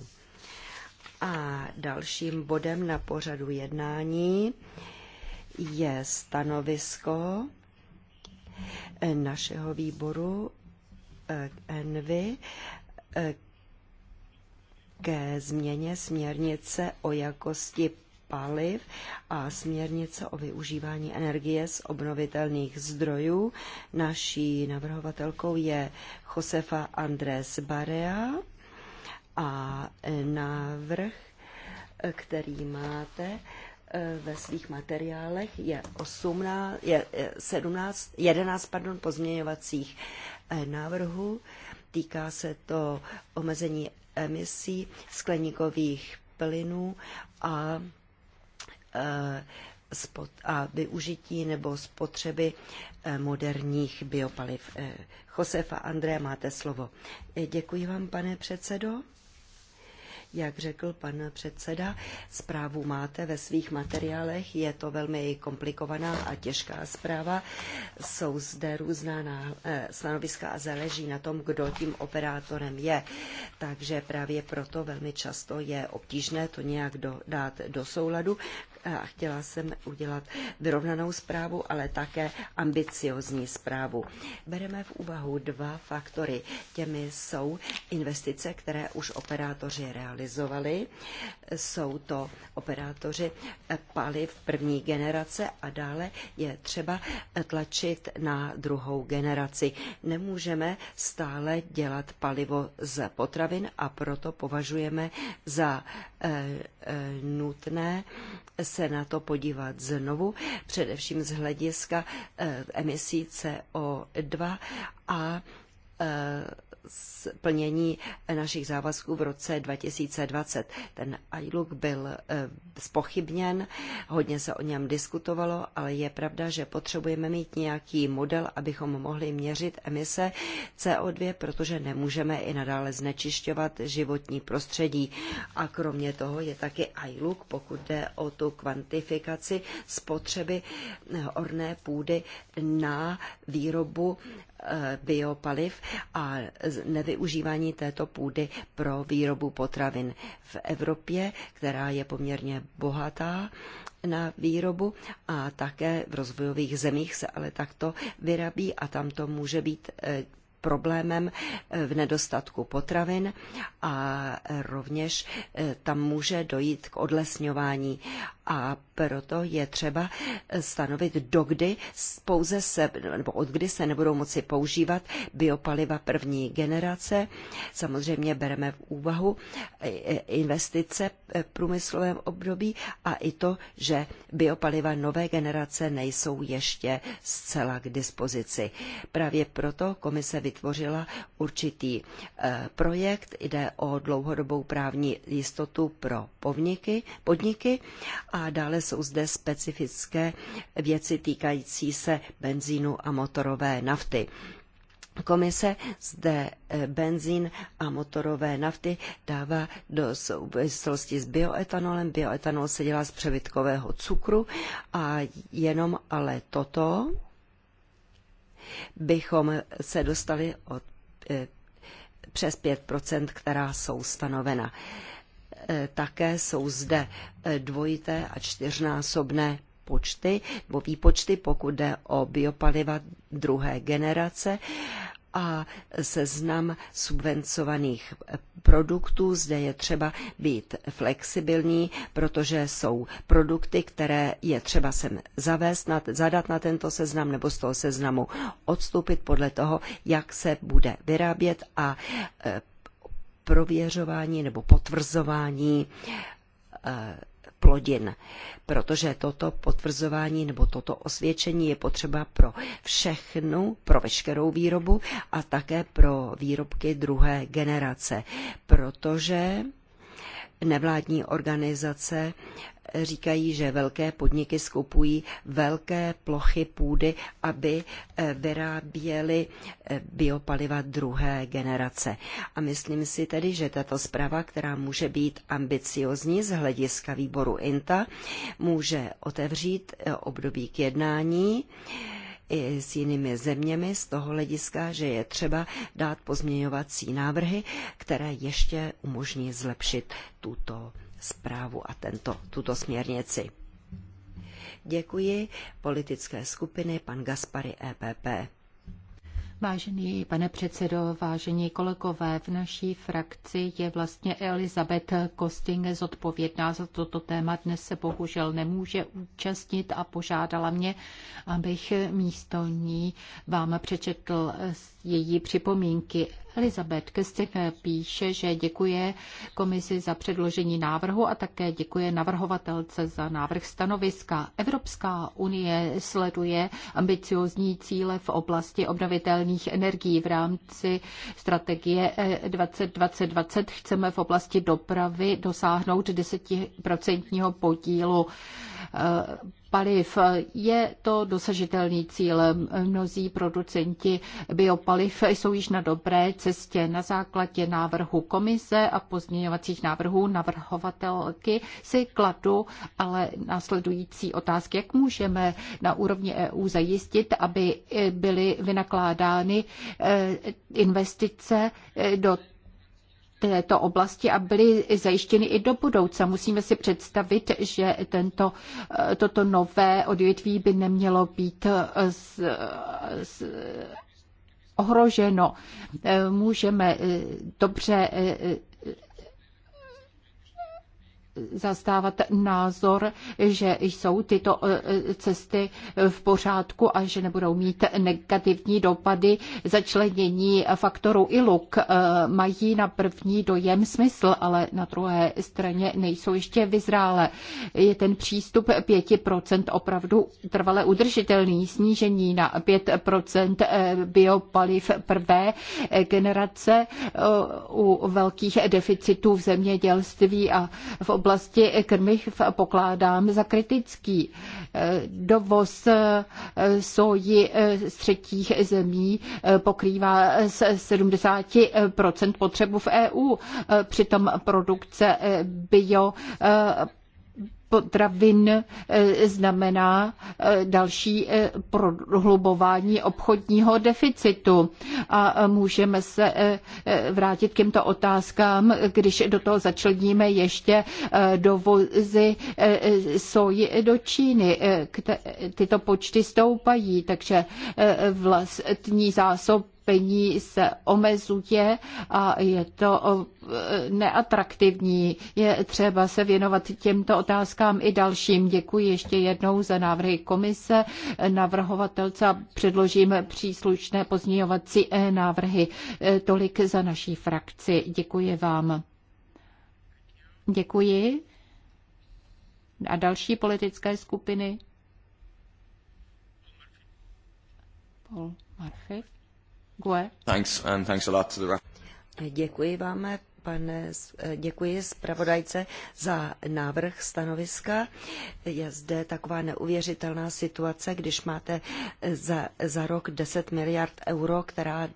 A dalším bodem na pořadu jednání je stanovisko eh, našeho výboru eh, ENVY eh, ke změně směrnice o jakosti paliv a směrnice o využívání energie z obnovitelných zdrojů. Naší navrhovatelkou je Josefa Andrés Barea a návrh, který máte, eh, ve svých materiálech je, 18, je 17, eh, 11 pardon, pozměňovacích eh, návrhů. Týká se to omezení emisí skleníkových plynů a Eh, a využití nebo spotřeby eh, moderních biopaliv. Eh, Josefa André, máte slovo. Děkuji vám, pane předsedo. Jak řekl pan předseda, zprávu máte ve svých materiálech, je to velmi komplikovaná a těžká zpráva. Jsou zde různá stanoviska a záleží na tom, kdo tím operátorem je. Takže právě proto velmi často je obtížné to nějak do, dát do souladu a chtěla jsem udělat vyrovnanou zprávu, ale také ambiciozní zprávu. Bereme v úvahu dva faktory. Těmi jsou investice, které už operátoři realizovali. Jsou to operátoři paliv první generace a dále je třeba tlačit na druhou generaci. Nemůžeme stále dělat palivo z potravin a proto považujeme za Eh, eh, nutné se na to podívat znovu, především z hlediska eh, emisí CO2 a splnění našich závazků v roce 2020. Ten iLook byl e, spochybněn, hodně se o něm diskutovalo, ale je pravda, že potřebujeme mít nějaký model, abychom mohli měřit emise CO2, protože nemůžeme i nadále znečišťovat životní prostředí. A kromě toho je taky iLook, pokud jde o tu kvantifikaci spotřeby orné půdy na výrobu biopaliv a nevyužívání této půdy pro výrobu potravin v Evropě, která je poměrně bohatá na výrobu a také v rozvojových zemích se ale takto vyrábí a tam to může být eh, problémem eh, v nedostatku potravin a rovněž eh, tam může dojít k odlesňování a proto je třeba eh, stanovit, dokdy pouze se, nebo odkdy se nebudou moci používat biopaliva první generace. Samozřejmě bereme v úvahu investice v průmyslovém období a i to, že biopaliva nové generace nejsou ještě zcela k dispozici. Právě proto komise vytvořila vytvořila určitý eh, projekt. Jde o dlouhodobou právní jistotu pro povniky, podniky a dále jsou zde specifické věci týkající se benzínu a motorové nafty. Komise zde eh, benzín a motorové nafty dává do souvislosti s bioetanolem. Bioetanol se dělá z převitkového cukru a jenom ale toto bychom se dostali od e, přes 5 která jsou stanovena. E, také jsou zde e, dvojité a čtyřnásobné počty nebo výpočty, pokud jde o biopaliva druhé generace a seznam subvencovaných produktů. Zde je třeba být flexibilní, protože jsou produkty, které je třeba sem zavést, na, zadat na tento seznam nebo z toho seznamu odstoupit podle toho, jak se bude vyrábět a eh, prověřování nebo potvrzování eh, plodin, protože toto potvrzování nebo toto osvědčení je potřeba pro všechnu, pro veškerou výrobu a také pro výrobky druhé generace, protože nevládní organizace říkají, že velké podniky skupují velké plochy půdy, aby eh, vyráběly eh, biopaliva druhé generace. A myslím si tedy, že tato zpráva, která může být ambiciozní z hlediska výboru INTA, může otevřít eh, období k jednání i s jinými zeměmi z toho hlediska, že je třeba dát pozměňovací návrhy, které ještě umožní zlepšit tuto zprávu a tento, tuto směrnici. Děkuji politické skupiny pan Gaspary EPP. Vážený pane předsedo, vážení kolegové, v naší frakci je vlastně Elizabeth Kosting zodpovědná za toto téma. Dnes se bohužel nemůže účastnit a požádala mě, abych místo ní vám přečetl její připomínky. Elizabeth Kestin píše, že děkuje komisi za předložení návrhu a také děkuje navrhovatelce za návrh stanoviska. Evropská unie sleduje ambiciozní cíle v oblasti obnovitelných energií v rámci strategie 2020. Eh, Chceme v oblasti dopravy dosáhnout 10% podílu eh, biopaliv. Je to dosažitelný cíl. Mnozí producenti biopaliv jsou již na dobré cestě. Na základě návrhu komise a pozměňovacích návrhů navrhovatelky si kladu ale následující otázky. Jak můžeme na úrovni EU zajistit, aby byly vynakládány eh, investice do této oblasti a byly zajištěny i do budoucna. Musíme si představit, že tento, eh, toto nové odvětví by nemělo být z, eh, z, ohroženo. Eh, můžeme dobře zastávat názor, že jsou tyto e, cesty v pořádku a že nebudou mít negativní dopady. Začlenění faktorů ILUK e, mají na první dojem smysl, ale na druhé straně nejsou ještě vyzrále. Je ten přístup 5% opravdu trvale udržitelný, snížení na 5% e, biopaliv prvé generace u velkých deficitů v zemědělství a v oblasti oblasti krmiv pokládám za kritický. Dovoz soji z třetích zemí pokrývá z 70 potřebu v EU, přitom produkce bio potravin e, znamená e, další e, prohlubování obchodního deficitu. A můžeme se vrátit k těmto otázkám, když do toho začleníme ještě dovozy soji do Číny. Tyto počty stoupají, takže vlastní zásob zastoupení se omezuje a je to e, neatraktivní. Je třeba se věnovat těmto otázkám i dalším. Děkuji ještě jednou za návrhy komise, navrhovatelce a předložím příslušné pozměňovací e, návrhy. E, tolik za naší frakci. Děkuji vám. Děkuji. A další politické skupiny? Paul Murphy. Gue. Thanks and thanks Děkuji pane, děkuji zpravodajce za návrh stanoviska. Je zde taková neuvěřitelná situace, když máte za, za rok 10 miliard euro, která,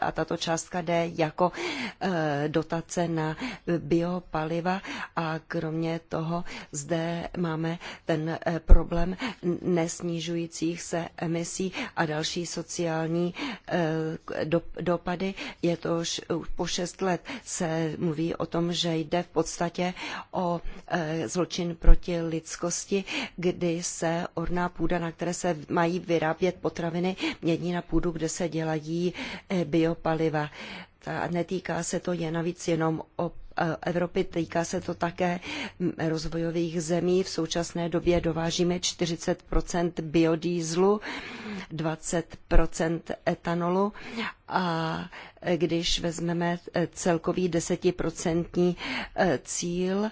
a tato částka jde jako eh, dotace na biopaliva a kromě toho zde máme ten eh, problém nesnižujících se emisí a další sociální eh, dopady. Je to už po šest šest let se mluví o tom, že jde v podstatě o e, zločin proti lidskosti, kdy se orná půda, na které se mají vyrábět potraviny, mění na půdu, kde se dělají e, biopaliva. A netýká se to je navíc jenom o e, Evropy, týká se to také rozvojových zemí. V současné době dovážíme 40 biodýzlu, 20 etanolu a když vezmeme e, celkový desetiprocentní e, cíl,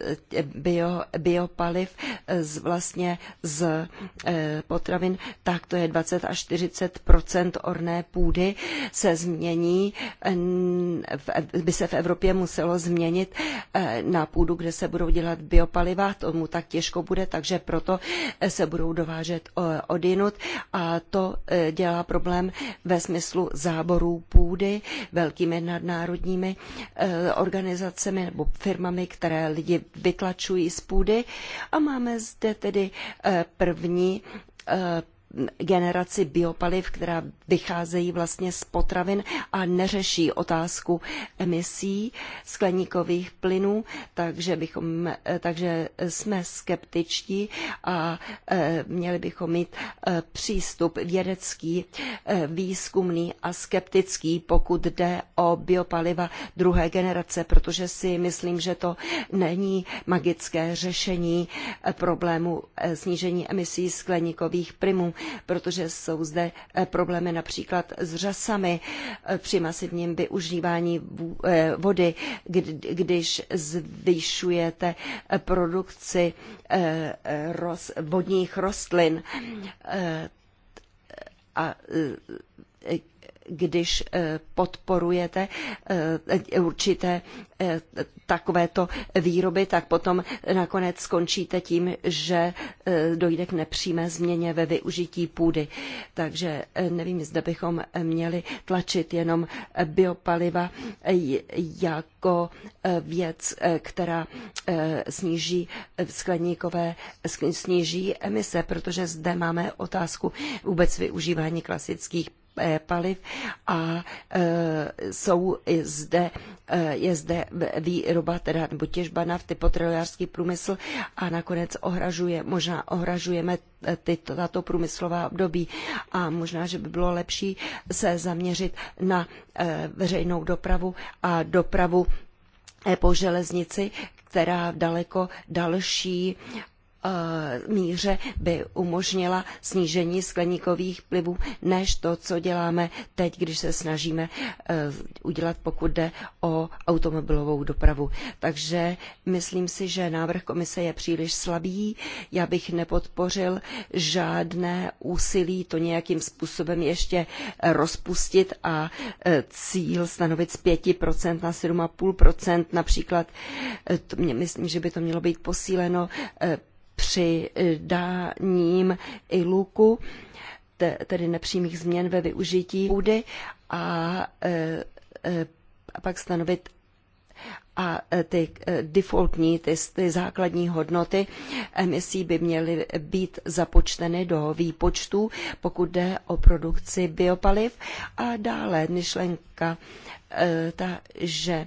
Eh, bio, biopaliv z, vlastně z eh, potravin, tak to je 20 až 40 orné půdy se změní, by se v Evropě muselo změnit eh, na půdu, kde se budou dělat biopaliva, tomu tak těžko bude, takže proto se budou dovážet odinut a to dělá problém ve smyslu záborů půdy velkými nadnárodními organizacemi nebo firmami, které lidi vytlačují z půdy. A máme zde tedy eh, první eh, generaci biopaliv, která vycházejí vlastně z potravin a neřeší otázku emisí skleníkových plynů, takže, bychom, eh, takže jsme skeptičtí a eh, měli bychom mít eh, přístup vědecký, výzkumný a skeptický, pokud jde o biopaliva druhé generace, protože si myslím, že to není magické řešení problému snížení emisí skleníkových plynů protože jsou zde eh, problémy například s řasami eh, při masivním využívání eh, vody, když zvyšujete produkci vodních rostlin a když eh, podporujete eh, určité eh, takovéto výroby, tak potom nakonec skončíte tím, že dojde k nepřímé změně ve využití půdy. Takže nevím, zda bychom měli tlačit jenom biopaliva jako věc, která sníží skleníkové, sníží emise, protože zde máme otázku vůbec využívání klasických Eh, paliv a eh, jsou zde, eh, je zde výroba teda, nebo těžba nafty, potravinářský průmysl a nakonec ohražuje, možná ohražujeme tyto, tato průmyslová období a možná, že by bylo lepší se zaměřit na veřejnou dopravu a dopravu po železnici, která daleko další Eh, míře by umožnila snížení skleníkových plynů než to, co děláme teď, když se snažíme eh, udělat, pokud jde o automobilovou dopravu. Takže myslím si, že návrh komise je příliš slabý. Já bych nepodpořil žádné úsilí to nějakým způsobem ještě rozpustit a eh, cíl stanovit z 5% na 7,5% například. Myslím, že by to mělo být posíleno přidáním iluku, tedy nepřímých změn ve využití půdy a, e, e, a pak stanovit a e, ty e, defaultní, ty, ty základní hodnoty emisí by měly být započteny do výpočtů, pokud jde o produkci biopaliv. A dále myšlenka, e, ta, že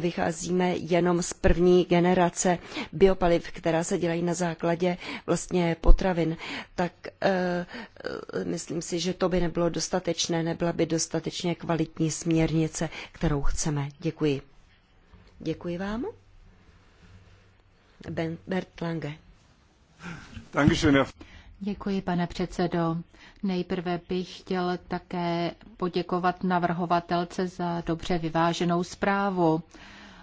vycházíme jenom z první generace biopaliv, která se dělají na základě vlastně potravin, tak myslím si, že to by nebylo dostatečné, nebyla by dostatečně kvalitní směrnice, kterou chceme. Děkuji. Děkuji vám. Ben, Bert Lange. Děkuji, pane předsedo. Nejprve bych chtěl také poděkovat navrhovatelce za dobře vyváženou zprávu.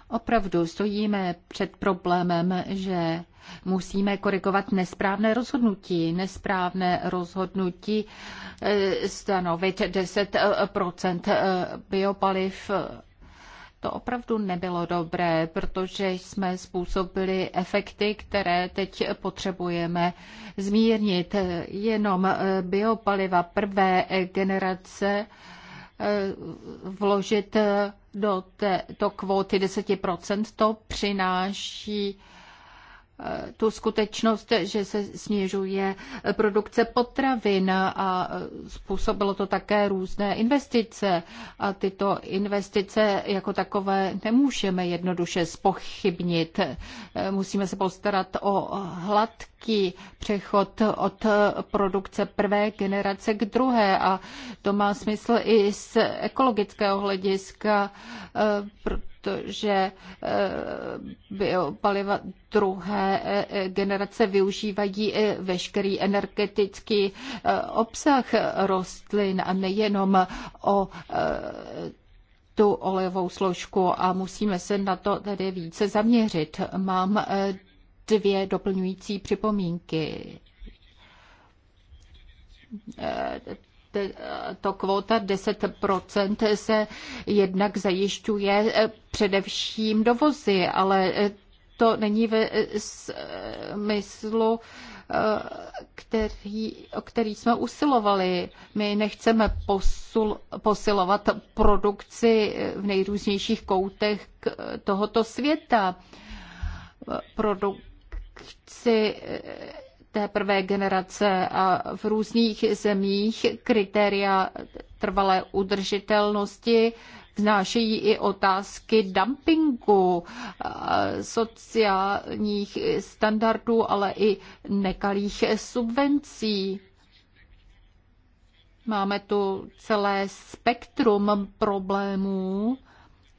Opravdu stojíme před problémem, že musíme korigovat nesprávné rozhodnutí. Nesprávné rozhodnutí eh, stanovit 10 eh, eh, biopaliv to opravdu nebylo dobré, protože jsme způsobili efekty, které teď potřebujeme zmírnit. Jenom eh, biopaliva prvé eh, generace eh, vložit do této kvóty 10%, to přináší tu skutečnost, že se snižuje produkce potravin a způsobilo to také různé investice. A tyto investice jako takové nemůžeme jednoduše spochybnit. Musíme se postarat o hladký přechod od produkce prvé generace k druhé a to má smysl i z ekologického hlediska, eh, protože eh, biopaliva druhé eh, generace využívají eh, veškerý energetický obsah rostlin a nejenom o tu olejovou složku a musíme se na to tedy více zaměřit. Mám dvě doplňující připomínky tato kvóta 10% se jednak zajišťuje eh, především dovozy, ale eh, to není ve smyslu, eh, který, o který jsme usilovali. My nechceme posul, posilovat produkci v nejrůznějších koutech tohoto světa. Produkci té prvé generace a v různých zemích kritéria trvalé udržitelnosti vznášejí i otázky dumpingu, sociálních standardů, ale i nekalých subvencí. Máme tu celé spektrum problémů,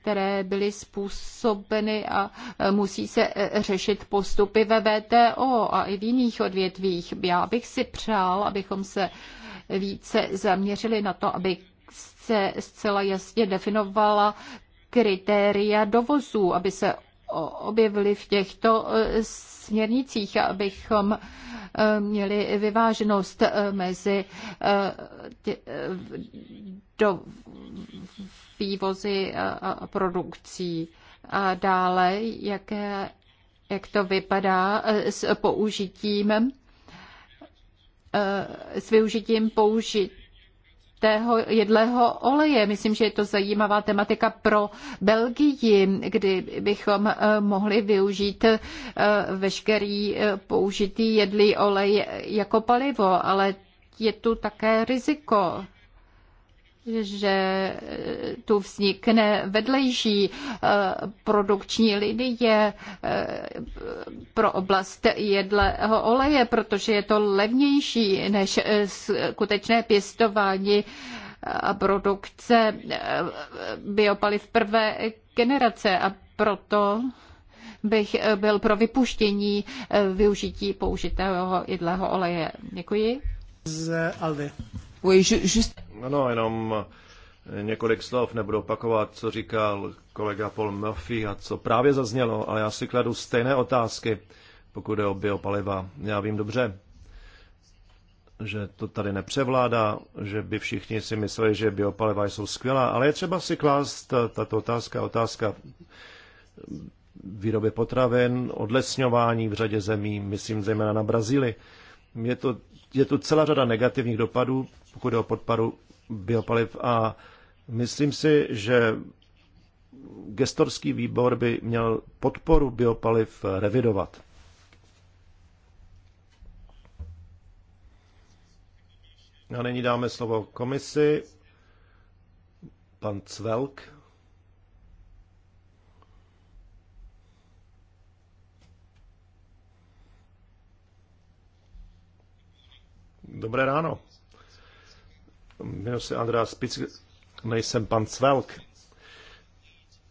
které byly způsobeny a e, musí se e, řešit postupy ve VTO a i v jiných odvětvích. Já bych si přál, abychom se více zaměřili na to, aby se zcela jasně definovala kritéria dovozů, aby se objevily v těchto e, směrnicích, abychom měli vyváženost mezi vývozy eh, eh, produkcí. A dále, jaké, jak to vypadá eh, s použitím, s využitím použitého jedlého oleje. Myslím, že je to zajímavá tematika pro Belgii, kdy bychom mohli využít veškerý použitý jedlý olej jako palivo, ale je tu také riziko že eh, tu vznikne vedlejší eh, produkční linie eh, pro oblast jedlého oleje, protože je to levnější než skutečné pěstování a produkce biopaliv prvé generace a proto bych byl pro vypuštění využití použitého jedlého oleje. Děkuji. Z Alde. Ano, jenom několik slov, nebudu opakovat, co říkal kolega Paul Murphy a co právě zaznělo, ale já si kladu stejné otázky, pokud je o biopaliva. Já vím dobře, že to tady nepřevládá, že by všichni si mysleli, že biopaliva jsou skvělá, ale je třeba si klást tato otázka, otázka výroby potravin, odlesňování v řadě zemí, myslím zejména na Brazílii. Je to je tu celá řada negativních dopadů, pokud jde o podporu biopaliv a myslím si, že gestorský výbor by měl podporu biopaliv revidovat. A nyní dáme slovo komisi. Pan Cvelk. Dobré ráno. Jmenuji se Andrá Spic, nejsem pan Cvelk,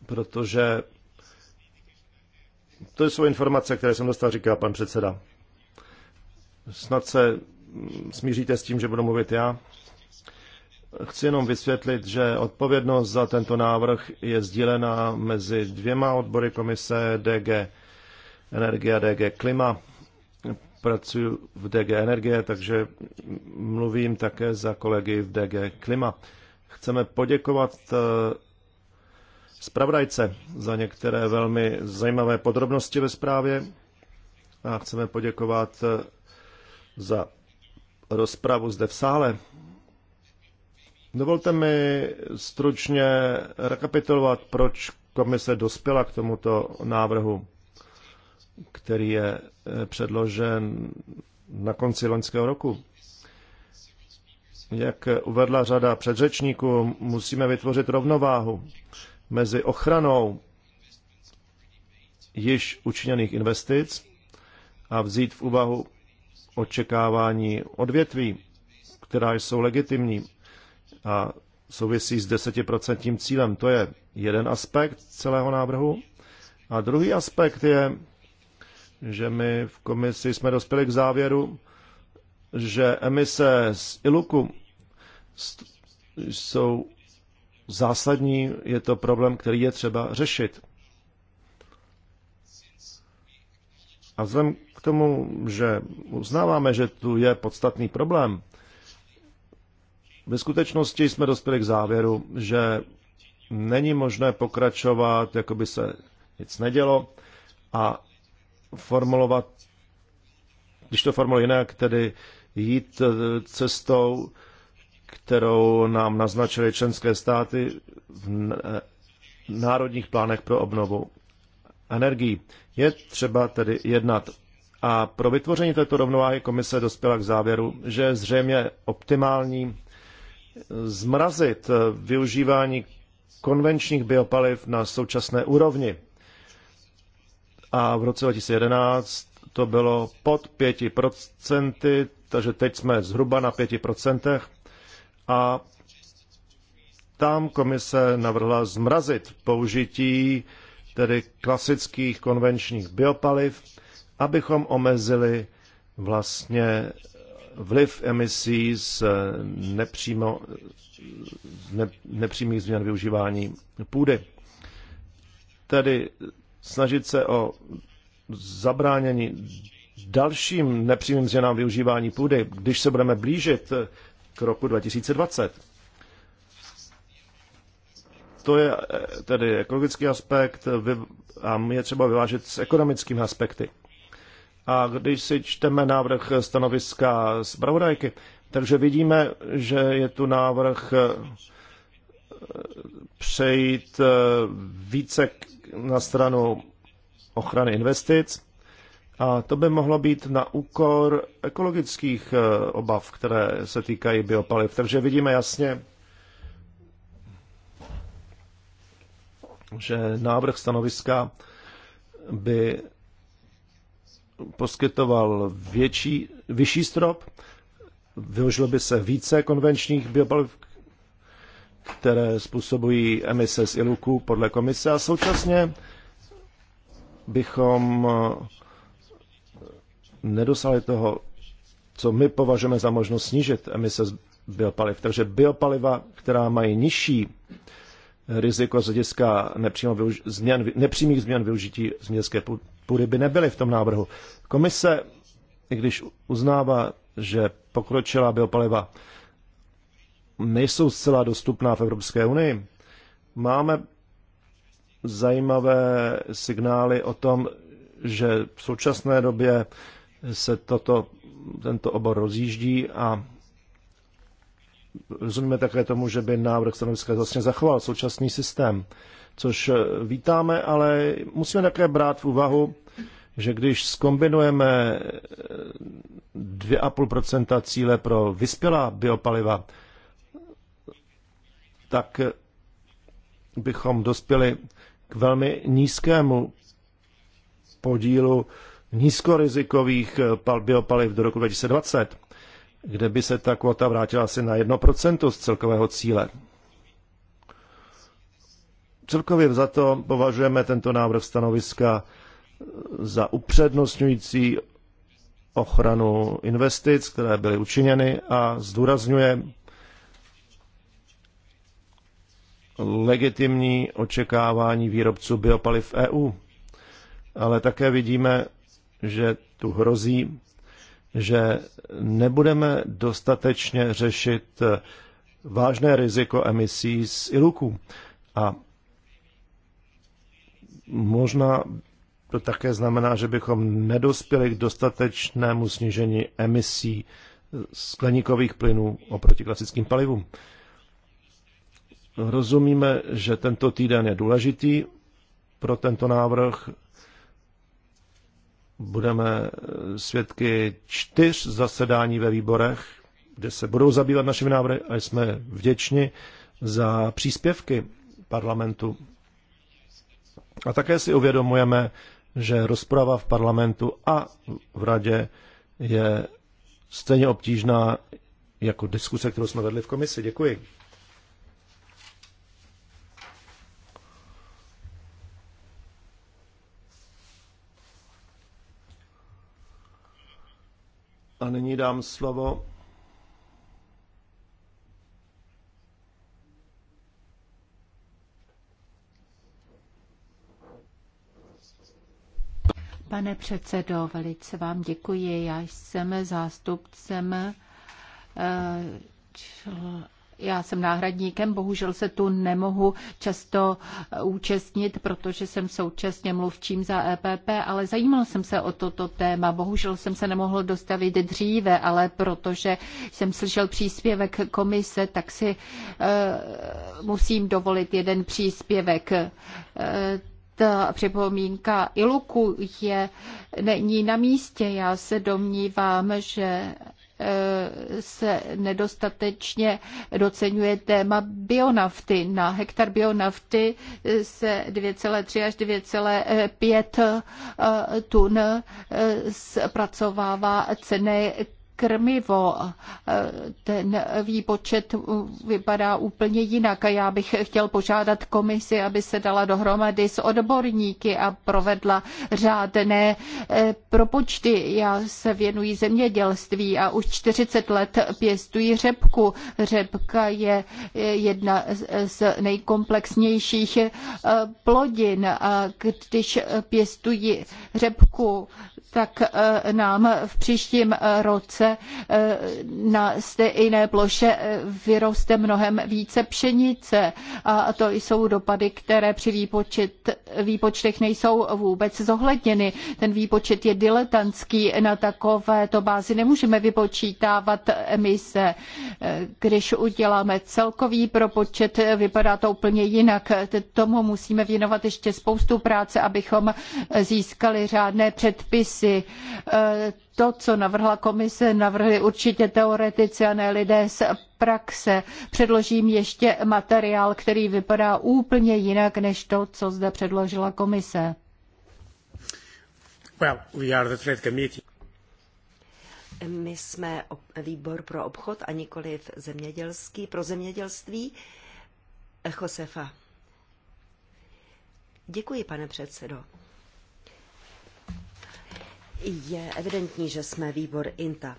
protože to jsou informace, které jsem dostal, říká pan předseda. Snad se smíříte s tím, že budu mluvit já. Chci jenom vysvětlit, že odpovědnost za tento návrh je sdílená mezi dvěma odbory komise DG Energie a DG Klima pracuji v DG Energie, takže mluvím také za kolegy v DG Klima. Chceme poděkovat eh, zpravodajce za některé velmi zajímavé podrobnosti ve zprávě a chceme poděkovat eh, za rozpravu zde v sále. Dovolte mi stručně rekapitulovat, proč komise dospěla k tomuto návrhu který je eh, předložen na konci loňského roku. Jak uvedla řada předřečníků, musíme vytvořit rovnováhu mezi ochranou již učiněných investic a vzít v úvahu očekávání odvětví, která jsou legitimní a souvisí s desetiprocentním cílem. To je jeden aspekt celého návrhu. A druhý aspekt je že my v komisi jsme dospěli k závěru, že emise z ILUKu jsou zásadní, je to problém, který je třeba řešit. A vzhledem k tomu, že uznáváme, že tu je podstatný problém, ve skutečnosti jsme dospěli k závěru, že není možné pokračovat, jako by se nic nedělo a formulovat, když to formuluji jinak, tedy jít eh, cestou, kterou nám naznačily členské státy v eh, národních plánech pro obnovu energií. Je třeba tedy jednat. A pro vytvoření této rovnováhy komise dospěla k závěru, že je zřejmě optimální eh, zmrazit využívání konvenčních biopaliv na současné úrovni a v roce 2011 to bylo pod 5%, takže teď jsme zhruba na 5%. A tam komise navrhla zmrazit použití tedy klasických konvenčních biopaliv, abychom omezili vlastně vliv emisí z, nepřímo, ne, nepřímých změn využívání půdy. Tedy snažit se o zabránění dalším nepřímým změnám využívání půdy, když se budeme blížit eh, k roku 2020. To je eh, tedy ekologický aspekt eh, a je třeba vyvážet s ekonomickými aspekty. A když si čteme návrh stanoviska z Bravodajky, takže vidíme, že je tu návrh přejít eh, více na stranu ochrany investic. A to by mohlo být na úkor ekologických eh, obav, které se týkají biopaliv. Takže vidíme jasně, že návrh stanoviska by poskytoval větší, vyšší strop, využilo by se více konvenčních biopaliv, které způsobují emise z iluku podle komise a současně bychom eh, nedosáhli toho, co my považujeme za možnost snížit emise z biopaliv. Takže biopaliva, která mají nižší riziko z hlediska změn, nepřímých změn využití změnské půdy by nebyly v tom návrhu. Komise, i když uznává, že pokročila biopaliva nejsou zcela dostupná v Evropské unii. Máme zajímavé signály o tom, že v současné době se toto, tento obor rozjíždí a rozumíme také tomu, že by návrh stanoviska vlastně zachoval současný systém, což vítáme, ale musíme také brát v úvahu, že když skombinujeme 2,5% cíle pro vyspělá biopaliva tak bychom dospěli k velmi nízkému podílu nízkorizikových eh, biopaliv do roku 2020, kde by se ta kvota vrátila asi na 1% z celkového cíle. Celkově za to považujeme tento návrh stanoviska eh, za upřednostňující ochranu investic, které byly učiněny a zdůrazňuje legitimní očekávání výrobců biopaliv EU. Ale také vidíme, že tu hrozí, že nebudeme dostatečně řešit vážné riziko emisí z iluků. A možná to také znamená, že bychom nedospěli k dostatečnému snížení emisí skleníkových plynů oproti klasickým palivům. Rozumíme, že tento týden je důležitý pro tento návrh. Budeme eh, svědky čtyř zasedání ve výborech, kde se budou zabývat našimi návrhy a jsme vděční za příspěvky parlamentu. A také si uvědomujeme, že rozprava v parlamentu a v radě je stejně obtížná jako diskuse, kterou jsme vedli v komisi. Děkuji. A nyní dám slovo Pane předsedo, velice vám děkuji. Já jsem zástupcem eh, já jsem náhradníkem, bohužel se tu nemohu často eh, účastnit, protože jsem současně mluvčím za EPP, ale zajímal jsem se o toto téma. Bohužel jsem se nemohl dostavit dříve, ale protože jsem slyšel příspěvek komise, tak si uh, musím dovolit jeden příspěvek. Uh, ta připomínka Iluku je, není na místě. Já se domnívám, že Eh, se nedostatečně docenuje téma bionafty. Na hektar bionafty eh, se 2,3 až 2,5 eh, tun zpracovává ceny krmivo. Ten výpočet vypadá úplně jinak a já bych chtěl požádat komisi, aby se dala dohromady s odborníky a provedla řádné eh, propočty. Já se věnuji zemědělství a už 40 let pěstuji řepku. Řepka je eh, jedna z nejkomplexnějších eh, plodin a když pěstuji řepku tak eh, nám v příštím eh, roce eh, na stejné ploše vyroste mnohem více pšenice. A to jsou dopady, které při výpočet, výpočtech nejsou vůbec zohledněny. Ten výpočet je diletantský. Na takovéto bázi nemůžeme vypočítávat emise. Když uděláme celkový propočet, vypadá to úplně jinak. Tomu musíme věnovat ještě spoustu práce, abychom získali řádné předpisy si eh, To, co navrhla komise, navrhli určitě teoretici a ne lidé z praxe. Předložím ještě materiál, který vypadá úplně jinak než to, co zde předložila komise. Well, we are the trade committee. My jsme výbor pro obchod a nikoliv zemědělský, pro zemědělství. Josefa. Děkuji, pane předsedo. Je evidentní, že jsme výbor INTA.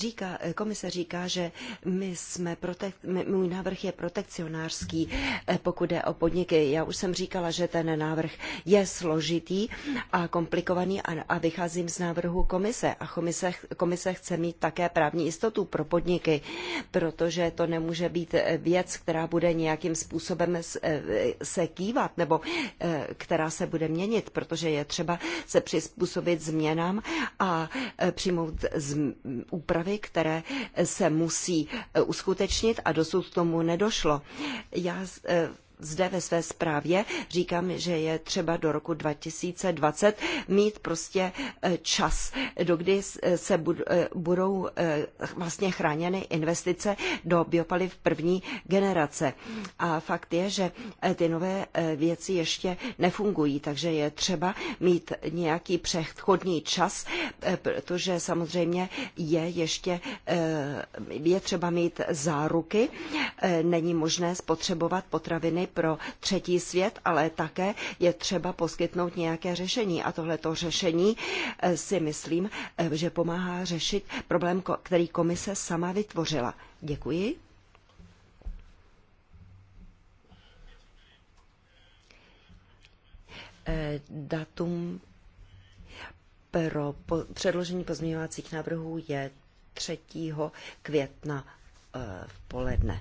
Říká, eh, komise říká, že my jsme protek, můj návrh je protekcionářský, eh, pokud jde o podniky. Já už jsem říkala, že ten návrh je složitý a komplikovaný a, a vycházím z návrhu komise. A komise, komise chce mít také právní jistotu pro podniky, protože to nemůže být eh, věc, která bude nějakým způsobem se kývat nebo která se bude měnit, protože je třeba se přizpůsobit změnám a přijmout úpravy úpravy, které se musí eh, uskutečnit a dosud k tomu nedošlo. Já eh, zde ve své zprávě říkám, že je třeba do roku 2020 mít prostě e, čas, dokdy e, se e, budou vlastně chráněny investice do biopaliv první generace. A fakt je, že ty nové věci ještě nefungují, takže je třeba mít nějaký přechodný čas, protože samozřejmě je ještě je třeba mít záruky, není možné spotřebovat potraviny pro třetí svět, ale také je třeba poskytnout nějaké řešení. A tohleto řešení eh, si myslím, eh, že pomáhá řešit problém, který komise sama vytvořila. Děkuji. Eh, datum pro předložení pozměňovacích návrhů je 3. května v poledne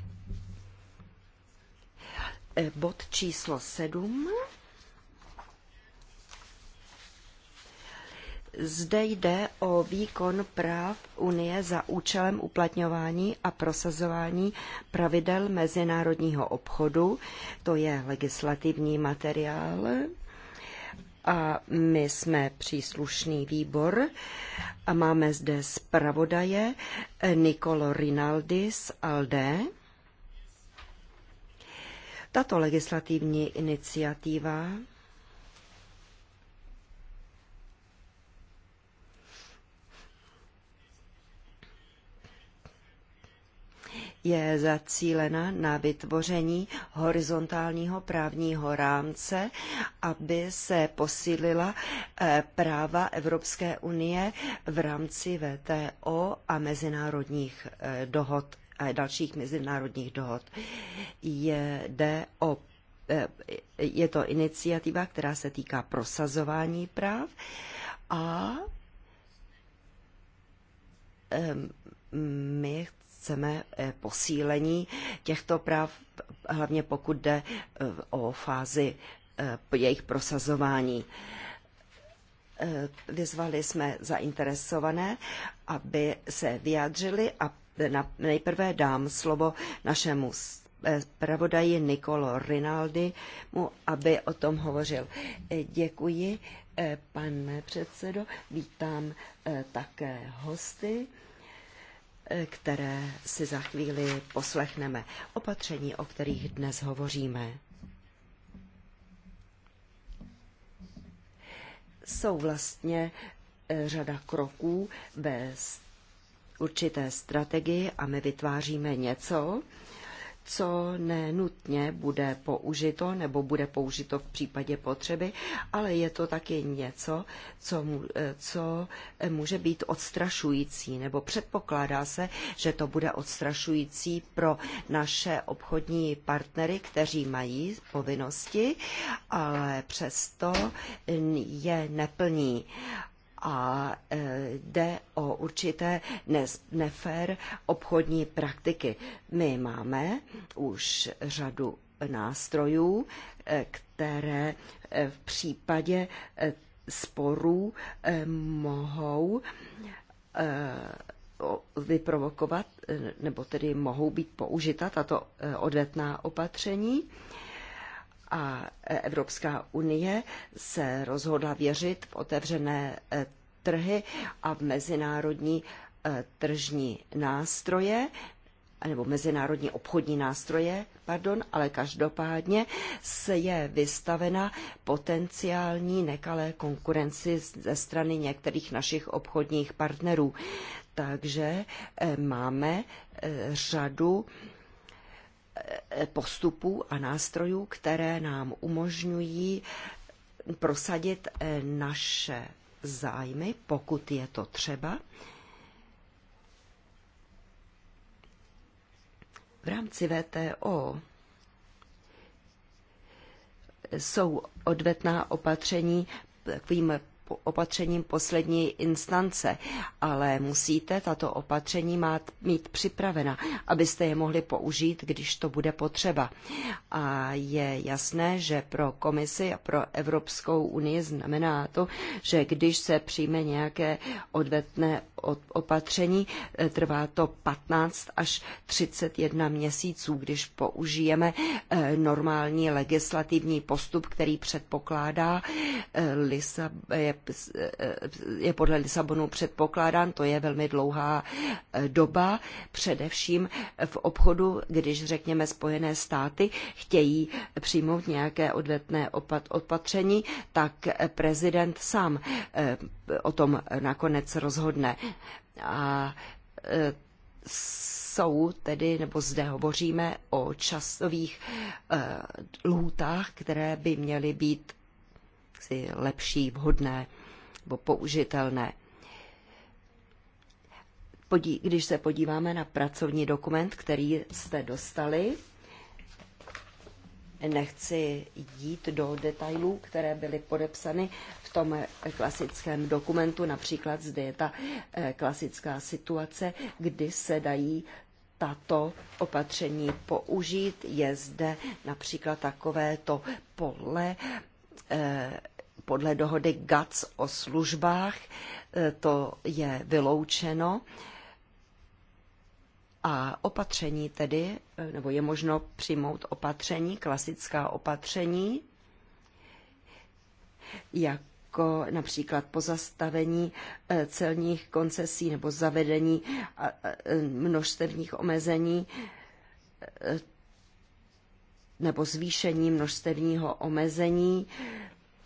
bod číslo 7. Zde jde o výkon práv Unie za účelem uplatňování a prosazování pravidel mezinárodního obchodu. To je legislativní materiál a my jsme příslušný výbor a máme zde zpravodaje Nicolo Rinaldi z ALDE. Tato legislativní iniciativa je zacílena na vytvoření horizontálního právního rámce, aby se posílila eh, práva Evropské unie v rámci VTO a mezinárodních eh, dohod a dalších mezinárodních dohod. Jde o eh, je to iniciativa, která se týká prosazování práv a eh, my chceme eh, posílení těchto práv, hlavně pokud jde o fázi jejich prosazování. Vyzvali jsme zainteresované, aby se vyjádřili a nejprve dám slovo našemu eh, zpravodaji Nikolo Rinaldi, mu, aby o tom hovořil. Eh, děkuji, eh, pane předsedo. Vítám také hosty které si za chvíli poslechneme. Opatření, o kterých dnes hovoříme, jsou vlastně řada kroků bez určité strategii a my vytváříme něco, co nenutně bude použito nebo bude použito v případě potřeby, ale je to taky něco, co, co může být odstrašující nebo předpokládá se, že to bude odstrašující pro naše obchodní partnery, kteří mají povinnosti, ale přesto je neplní a e, jde o určité nefér obchodní praktiky. My máme už řadu nástrojů, e, které e, v případě sporů mohou vyprovokovat, nebo tedy mohou být použita tato odvetná opatření. A Evropská unie se rozhodla věřit v otevřené eh, trhy a v mezinárodní eh, tržní nástroje, nebo mezinárodní obchodní nástroje, pardon, ale každopádně se je vystavena potenciální nekalé konkurenci ze strany některých našich obchodních partnerů. Takže eh, máme řadu postupů a nástrojů, které nám umožňují prosadit eh, naše zájmy, pokud je to třeba. V rámci VTO jsou odvetná opatření takovým opatřením poslední instance, ale musíte tato opatření mít připravena, abyste je mohli použít, když to bude potřeba. A je jasné, že pro komisi a pro Evropskou unii znamená to, že když se přijme nějaké odvetné opatření, eh, trvá to 15 až 31 měsíců, když použijeme eh, normální legislativní postup, který předpokládá je eh, jak e, e, je podle Lisabonu předpokládán, to je velmi dlouhá e, doba, především v obchodu, když řekněme Spojené státy chtějí přijmout nějaké odvetné opatření, tak prezident sám o tom nakonec rozhodne. A jsou tedy, nebo zde hovoříme o časových lhůtách, které by měly být jaksi lepší, vhodné nebo použitelné. Podí, když se podíváme na pracovní dokument, který jste dostali, nechci jít do detailů, které byly podepsány v tom klasickém dokumentu. Například zde je ta eh, klasická situace, kdy se dají tato opatření použít. Je zde například takové to pole eh, podle dohody GATS o službách e, to je vyloučeno a opatření tedy, e, nebo je možno přijmout opatření, klasická opatření, jako například pozastavení e, celních koncesí nebo zavedení množstevních omezení nebo zvýšení množstevního omezení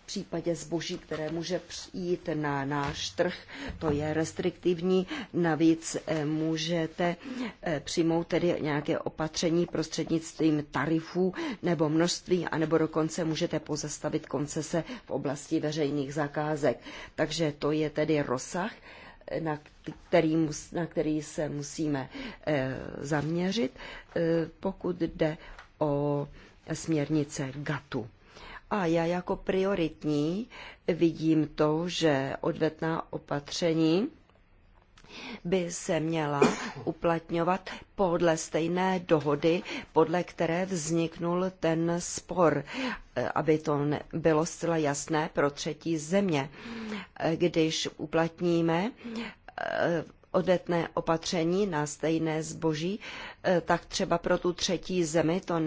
případě zboží, které může přijít na náš trh, to je restriktivní. Navíc eh, můžete eh, přijmout tedy nějaké opatření prostřednictvím tarifů nebo množství, anebo dokonce můžete pozastavit koncese v oblasti veřejných zakázek. Takže to je tedy rozsah, eh, na který, na který se musíme zaměřit, pokud jde o směrnice GATU. A já jako prioritní vidím to, že odvetná opatření by se měla uplatňovat podle stejné dohody, podle které vzniknul ten spor, aby to bylo zcela jasné pro třetí země. Když uplatníme odetné opatření na stejné zboží, eh, tak třeba pro tu třetí zemi to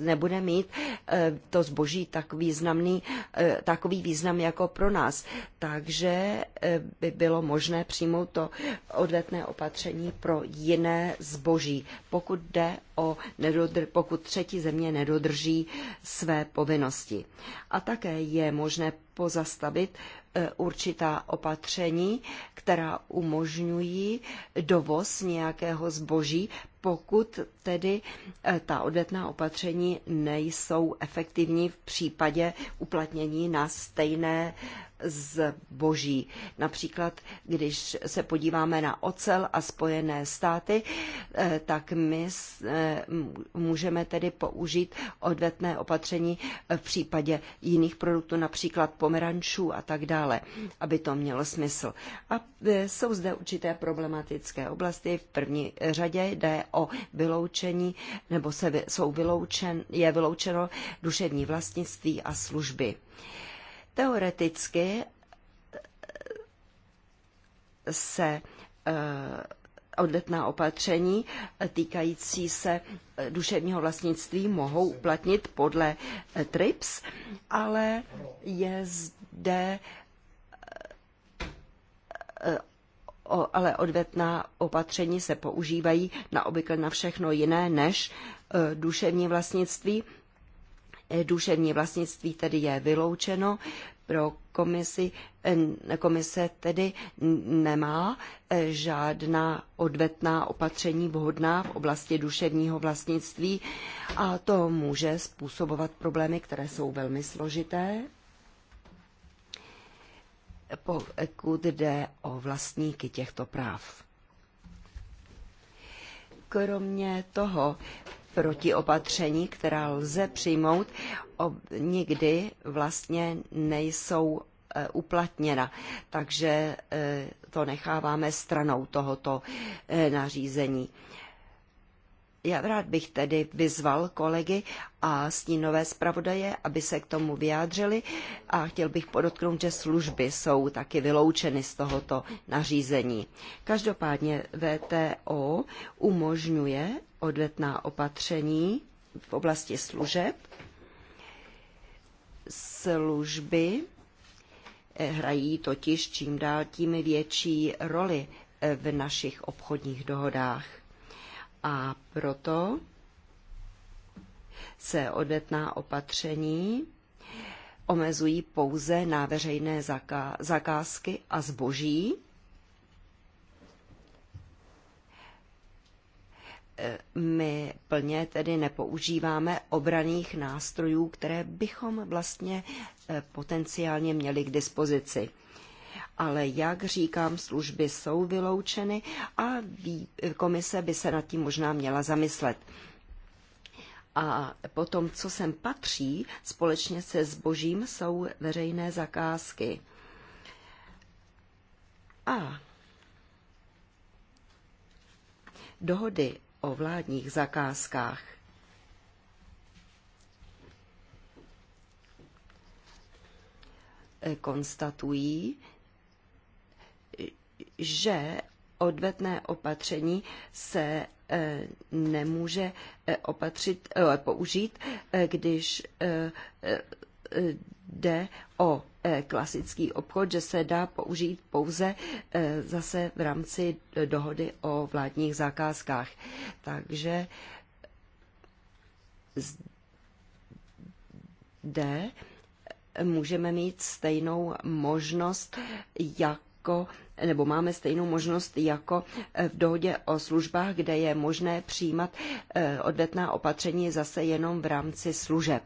nebude mít eh, to zboží tak významný, eh, takový význam jako pro nás. Takže by bylo možné přijmout to odetné opatření pro jiné zboží, pokud, jde o nedodr- pokud třetí země nedodrží své povinnosti. A také je možné pozastavit E, určitá opatření, která umožňují dovoz nějakého zboží, pokud tedy eh, ta odvetná opatření nejsou efektivní v případě uplatnění na stejné zboží. Například, když se podíváme na ocel a spojené státy, eh, tak my eh, můžeme tedy použít odvetné opatření v případě jiných produktů, například pomerančů a tak dále, aby to mělo smysl. A jsou zde určité problematické oblasti. V první řadě jde o vyloučení, nebo se, jsou vyloučen, je vyloučeno duševní vlastnictví a služby. Teoreticky eh, se eh, odletná opatření eh, týkající se duševního vlastnictví mohou uplatnit podle TRIPS, ale je zde ale odvetná opatření se používají na obykle na všechno jiné než e, duševní vlastnictví. E, duševní vlastnictví tedy je vyloučeno, pro komisi, komise tedy nemá e, žádná odvetná opatření vhodná v oblasti duševního vlastnictví a to může způsobovat problémy, které jsou velmi složité pokud jde o vlastníky těchto práv. Kromě toho, protiopatření, která lze přijmout, ob, nikdy vlastně nejsou e, uplatněna. Takže e, to necháváme stranou tohoto e, nařízení. E, já rád bych tedy vyzval kolegy a stínové zpravodaje, aby se k tomu vyjádřili a chtěl bych podotknout, že služby jsou taky vyloučeny z tohoto nařízení. Každopádně VTO umožňuje odvetná opatření v oblasti služeb. Služby eh, hrají totiž čím dál tím větší roli eh, v našich obchodních dohodách. A proto se odetná opatření omezují pouze na veřejné zakázky a zboží. E, my plně tedy nepoužíváme obraných nástrojů, které bychom vlastně e, potenciálně měli k dispozici ale jak říkám, služby jsou vyloučeny a komise by se nad tím možná měla zamyslet. A potom, co sem patří, společně se zbožím jsou veřejné zakázky. A dohody o vládních zakázkách. E, konstatují, že odvetné opatření se eh, nemůže eh, opatřit, eh, použít, když jde o klasický obchod, že se dá použít pouze zase v rámci dohody o vládních zakázkách. Takže zde můžeme mít stejnou možnost jako nebo máme stejnou možnost jako eh, v dohodě o službách, kde je možné přijímat eh, odvetná opatření zase jenom v rámci služeb.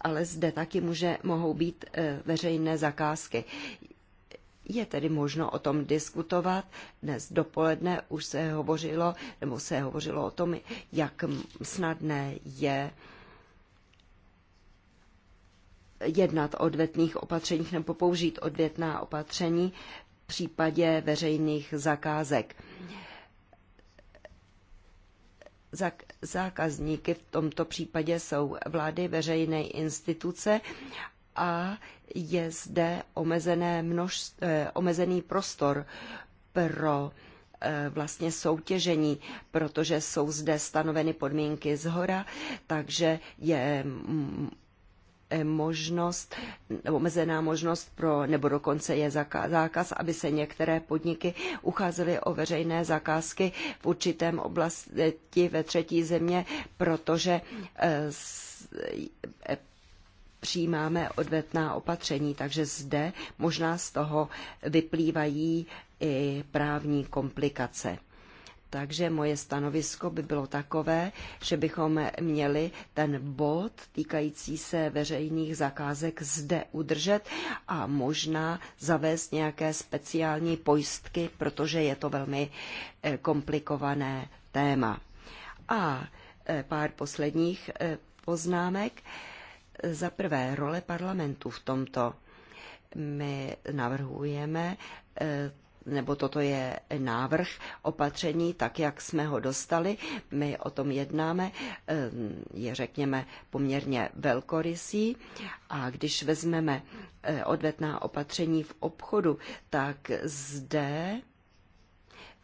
Ale zde taky může, mohou být eh, veřejné zakázky. Je tedy možno o tom diskutovat. Dnes dopoledne už se hovořilo, nebo se hovořilo o tom, jak snadné je uh, jednat o odvetných opatřeních nebo použít odvětná opatření v případě veřejných zakázek. Zákazníky v tomto případě jsou vlády, veřejné instituce a je zde omezené množ, eh, omezený prostor pro eh, vlastně soutěžení, protože jsou zde stanoveny podmínky zhora, takže je Eh, možnost, nebo omezená možnost pro, nebo dokonce je zákaz, aby se některé podniky ucházely o veřejné zakázky v určitém oblasti ve třetí země, protože eh, eh, přijímáme odvetná opatření, takže zde možná z toho vyplývají i právní komplikace. Takže moje stanovisko by bylo takové, že bychom měli ten bod týkající se veřejných zakázek zde udržet a možná zavést nějaké speciální pojistky, protože je to velmi eh, komplikované téma. A eh, pár posledních eh, poznámek. Za prvé, role parlamentu v tomto. My navrhujeme nebo toto je návrh opatření, tak jak jsme ho dostali. My o tom jednáme, eh, je řekněme poměrně velkorysí. a když vezmeme eh, odvetná opatření v obchodu, tak zde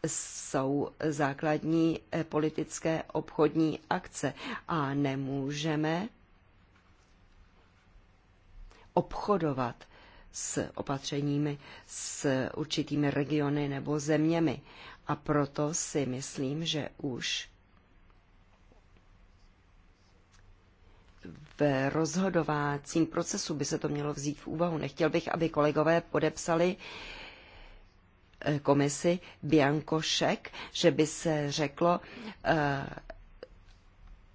jsou základní eh, politické obchodní akce a nemůžeme obchodovat s opatřeními s určitými regiony nebo zeměmi. A proto si myslím, že už v rozhodovacím procesu by se to mělo vzít v úvahu. Nechtěl bych, aby kolegové podepsali eh, komisi Biankošek, že by se řeklo, eh,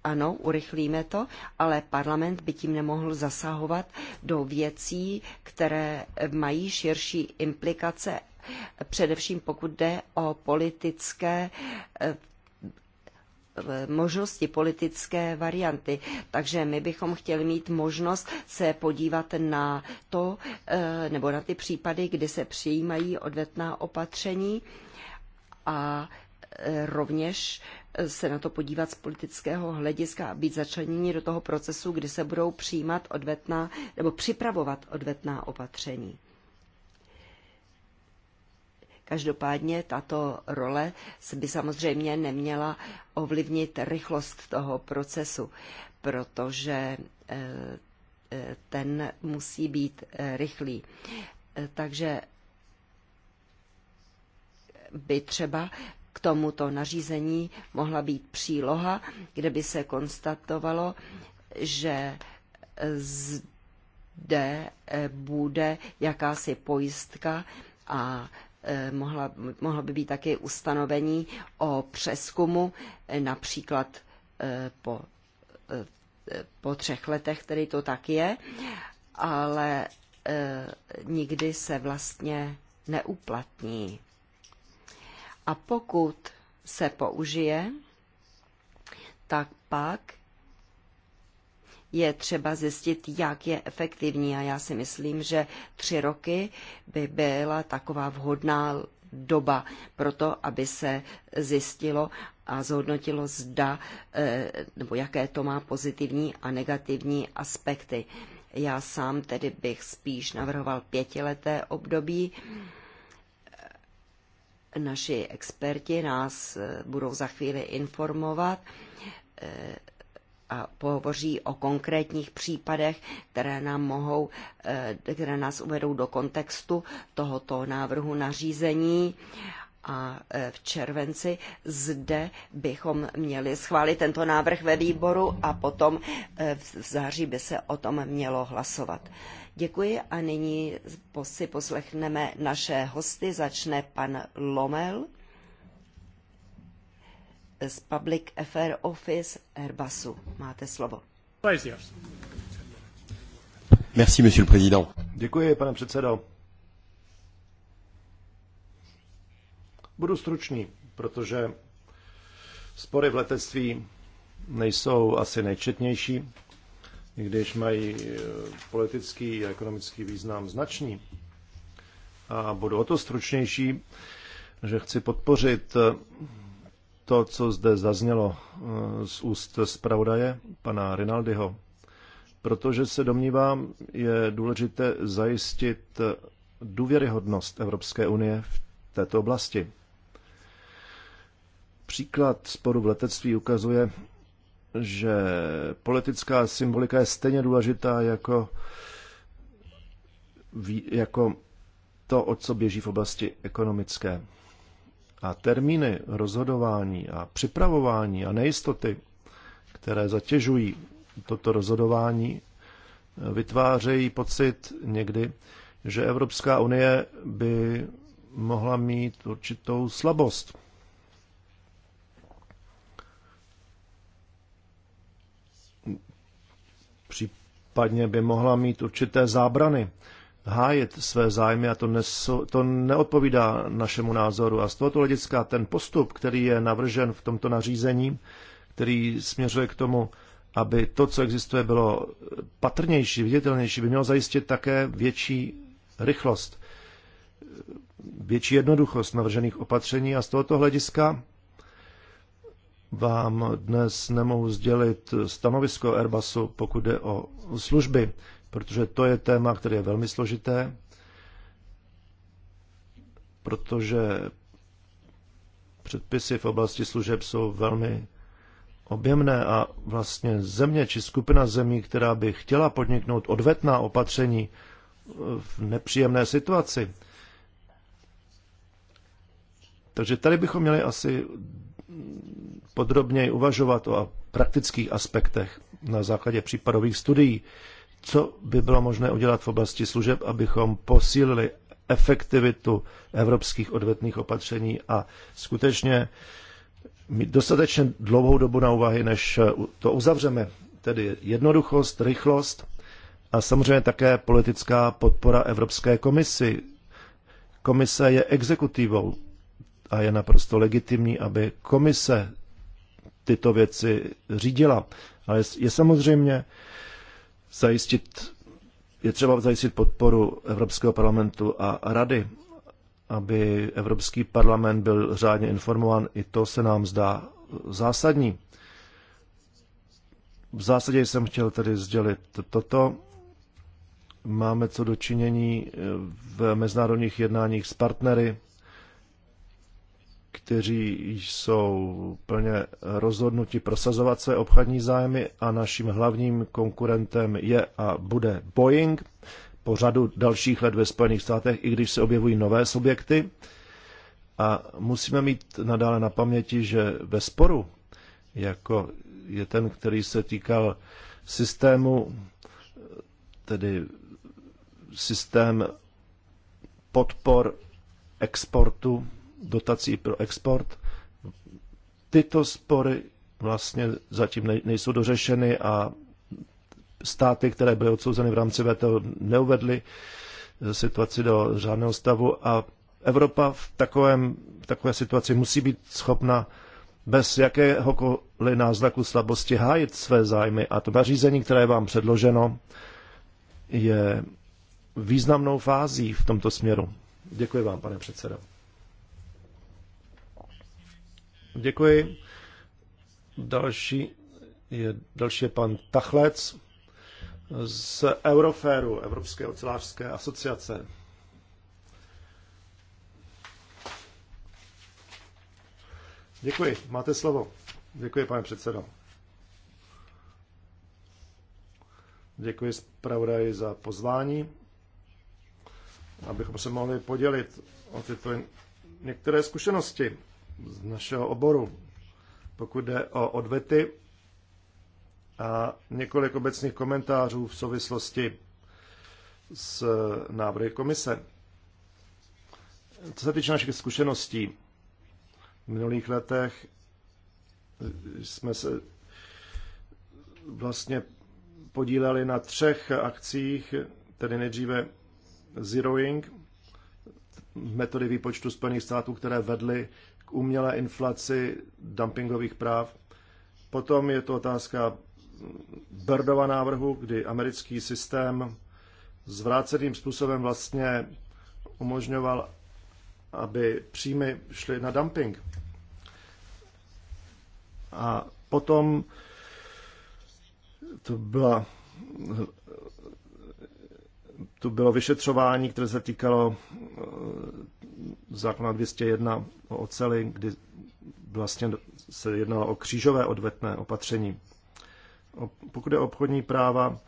ano, urychlíme to, ale parlament by tím nemohl zasahovat do věcí, které mají širší implikace, především pokud jde o politické eh, možnosti politické varianty. Takže my bychom chtěli mít možnost se podívat na to, eh, nebo na ty případy, kdy se přijímají odvetná opatření a eh, rovněž se na to podívat z politického hlediska a být začleněni do toho procesu, kdy se budou přijímat odvetná nebo připravovat odvetná opatření. Každopádně tato role by samozřejmě neměla ovlivnit rychlost toho procesu, protože eh, eh, ten musí být eh, rychlý. Takže by třeba k tomuto nařízení mohla být příloha, kde by se konstatovalo, že zde eh, bude jakási pojistka a eh, mohla, mohlo by být také ustanovení o přeskumu, eh, například po, po třech letech, který to tak je, ale nikdy se vlastně neuplatní. A pokud se použije, tak pak je třeba zjistit, jak je efektivní. A já si myslím, že tři roky by byla taková vhodná doba pro to, aby se zjistilo a zhodnotilo zda, eh, nebo jaké to má pozitivní a negativní aspekty. Já sám tedy bych spíš navrhoval pětileté období. Hmm Naši experti nás eh, budou za chvíli informovat eh, a pohovoří o konkrétních případech, které, nám mohou, eh, které nás uvedou do kontextu tohoto návrhu nařízení a v červenci zde bychom měli schválit tento návrh ve výboru a potom v září by se o tom mělo hlasovat. Děkuji a nyní si poslechneme naše hosty. Začne pan Lomel z Public Affairs Office Airbusu. Máte slovo. Merci, monsieur le président. Děkuji, pane předsedo. Budu stručný, protože spory v letectví nejsou asi nejčetnější i když mají e, politický a ekonomický význam značný. A budu o to stručnější, že chci podpořit e, to, co zde zaznělo e, z úst zpravodaje pana Rinaldiho, protože se domnívám, je důležité zajistit důvěryhodnost Evropské unie v této oblasti. Příklad sporu v letectví ukazuje, že politická symbolika je stejně důležitá jako, jako to, o co běží v oblasti ekonomické. A termíny rozhodování a připravování a nejistoty, které zatěžují toto rozhodování, vytvářejí pocit někdy, že Evropská unie by mohla mít určitou slabost případně by mohla mít určité zábrany hájit své zájmy a to, neso, to neodpovídá našemu názoru. A z tohoto hlediska ten postup, který je navržen v tomto nařízení, který směřuje k tomu, aby to, co existuje, bylo patrnější, viditelnější, by mělo zajistit také větší rychlost, větší jednoduchost navržených opatření a z tohoto hlediska vám dnes nemohu sdělit stanovisko Airbusu, pokud jde o služby, protože to je téma, které je velmi složité, protože předpisy v oblasti služeb jsou velmi objemné a vlastně země či skupina zemí, která by chtěla podniknout odvetná opatření v nepříjemné situaci. Takže tady bychom měli asi podrobněji uvažovat o praktických aspektech na základě případových studií, co by bylo možné udělat v oblasti služeb, abychom posílili efektivitu evropských odvetných opatření a skutečně mít dostatečně dlouhou dobu na úvahy, než to uzavřeme. Tedy jednoduchost, rychlost a samozřejmě také politická podpora Evropské komisi. Komise je exekutivou a je naprosto legitimní, aby komise tyto věci řídila. Ale je samozřejmě zajistit, je třeba zajistit podporu Evropského parlamentu a rady, aby Evropský parlament byl řádně informován. I to se nám zdá zásadní. V zásadě jsem chtěl tedy sdělit toto. Máme co dočinění v mezinárodních jednáních s partnery, kteří jsou plně rozhodnuti prosazovat své obchodní zájmy a naším hlavním konkurentem je a bude Boeing po řadu dalších let ve Spojených státech, i když se objevují nové subjekty. A musíme mít nadále na paměti, že ve sporu, jako je ten, který se týkal systému, tedy systém podpor exportu dotací pro export. Tyto spory vlastně zatím nejsou dořešeny a státy, které byly odsouzeny v rámci VTO, neuvedly eh, situaci do řádného stavu a Evropa v, takovém, v takové situaci musí být schopna bez jakéhokoliv náznaku slabosti hájit své zájmy. A to nařízení, které je vám předloženo, je významnou fází v tomto směru. Děkuji vám, pane předsedo. Děkuji. Další je, další je pan Tachlec z Euroféru, Evropské ocelářské asociace. Děkuji, máte slovo. Děkuji, pane předsedo. Děkuji zpravodaji za pozvání, abychom se mohli podělit o tyto některé zkušenosti z našeho oboru, pokud jde o odvety a několik obecných komentářů v souvislosti s návrhy komise. Co se týče našich zkušeností, v minulých letech jsme se vlastně podíleli na třech akcích, tedy nejdříve zeroing, metody výpočtu Spojených států, které vedly umělé inflaci dumpingových práv. Potom je to otázka Birdova návrhu, kdy americký systém zvráceným způsobem vlastně umožňoval, aby příjmy šly na dumping. A potom to byla tu bylo vyšetřování, které se týkalo eh, zákona 201 o oceli, kdy vlastně se jednalo o křížové odvetné opatření. Pokud je obchodní práva,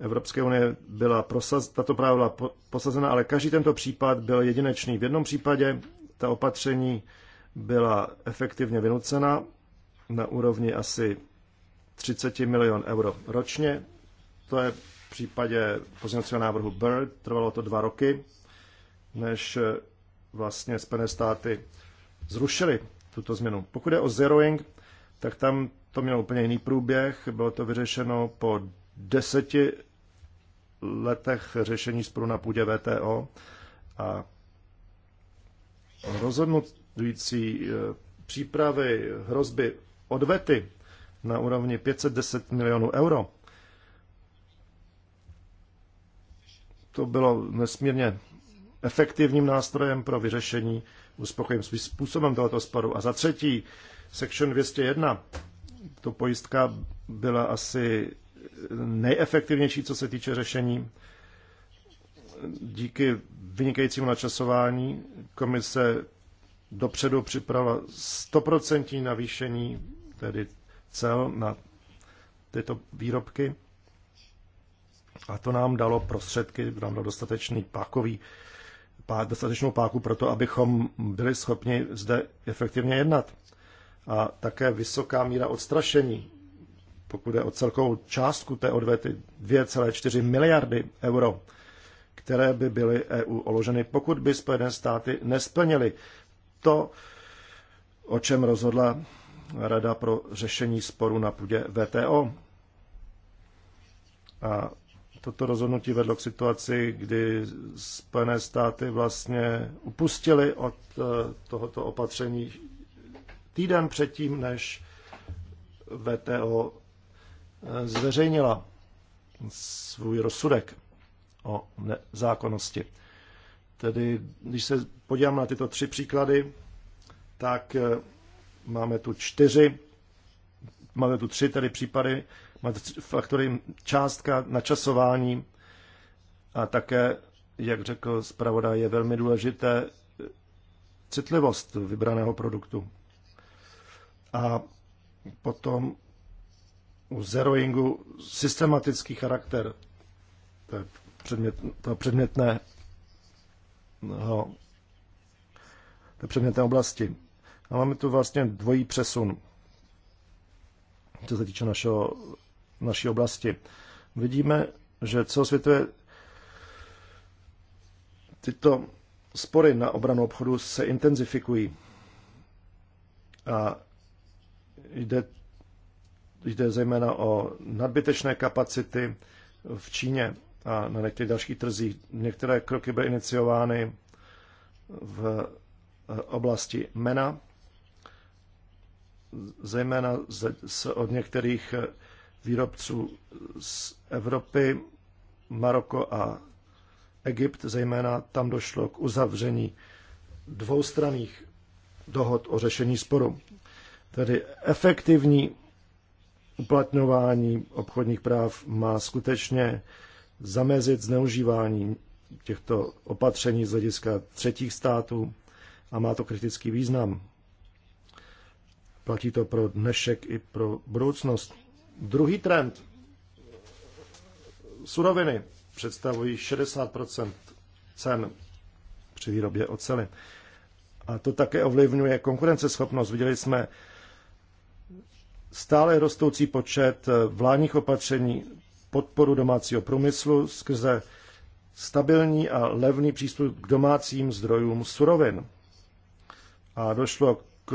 Evropské unie byla prosaz, tato práva byla posazena, ale každý tento případ byl jedinečný. V jednom případě ta opatření byla efektivně vynucena na úrovni asi 30 milion euro ročně. To je případě pozměňovacího návrhu Bird trvalo to dva roky, než eh, vlastně Spojené státy zrušili tuto změnu. Pokud je o zeroing, tak tam to mělo úplně jiný průběh. Bylo to vyřešeno po deseti letech řešení sporu na půdě VTO a rozhodnutující eh, přípravy hrozby odvety na úrovni 510 milionů euro to bylo nesmírně efektivním nástrojem pro vyřešení uspokojivým způsobem tohoto sporu. A za třetí, Section 201, to pojistka byla asi nejefektivnější, co se týče řešení. Díky vynikajícímu načasování komise dopředu připravila 100% navýšení tedy cel na tyto výrobky a to nám dalo prostředky, nám dalo dostatečný pákový, pá, dostatečnou páku pro to, abychom byli schopni zde efektivně jednat. A také vysoká míra odstrašení, pokud je o celkovou částku té odvety 2,4 miliardy euro, které by byly EU oloženy, pokud by Spojené státy nesplnily to, o čem rozhodla Rada pro řešení sporu na půdě VTO. A toto rozhodnutí vedlo k situaci, kdy Spojené státy vlastně upustily od eh, tohoto opatření týden předtím, než VTO eh, zveřejnila svůj rozsudek o nezákonnosti. Tedy, když se podívám na tyto tři příklady, tak eh, máme tu čtyři, máme tu tři tedy případy, faktory částka, načasování a také, jak řekl zpravodaj, je velmi důležité eh, citlivost vybraného produktu. A potom u zeroingu systematický charakter to je předmět, to předmětného no, je předmětné oblasti. A máme tu vlastně dvojí přesun, co se týče našeho v naší oblasti. Vidíme, že celosvětové tyto spory na obranu obchodu se intenzifikují. A jde, jde zejména o nadbytečné kapacity v Číně a na některých dalších trzích. Některé kroky byly iniciovány v oblasti MENA, zejména z, z, od některých výrobců z Evropy, Maroko a Egypt, zejména tam došlo k uzavření dvoustranných dohod o řešení sporu. Tedy efektivní uplatňování obchodních práv má skutečně zamezit zneužívání těchto opatření z hlediska třetích států a má to kritický význam. Platí to pro dnešek i pro budoucnost. Druhý trend. Suroviny představují 60 cen při výrobě ocely. A to také ovlivňuje konkurenceschopnost. Viděli jsme stále rostoucí počet vládních opatření podporu domácího průmyslu skrze stabilní a levný přístup k domácím zdrojům surovin. A došlo k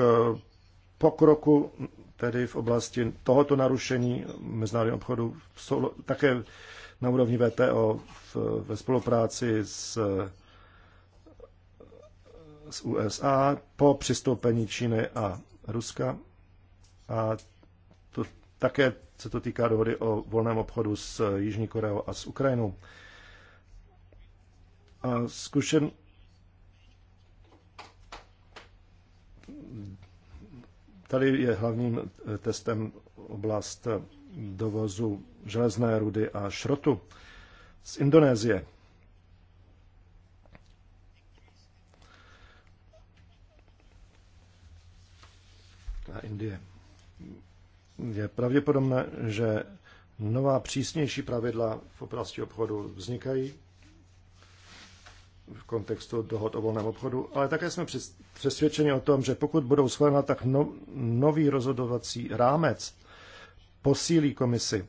pokroku tedy v oblasti tohoto narušení mezinárodního obchodu také na úrovni VTO v, ve spolupráci s, s USA po přistoupení Číny a Ruska. A to, také se to týká dohody o volném obchodu s Jižní Koreou a s Ukrajinou. A zkušen, Tady je hlavním eh, testem oblast eh, dovozu železné rudy a šrotu z Indonésie. A Indie. Je pravděpodobné, že nová přísnější pravidla v oblasti obchodu vznikají v kontextu dohod o volném obchodu, ale také jsme přesvědčeni o tom, že pokud budou schválena, tak no, nový rozhodovací rámec posílí komisi,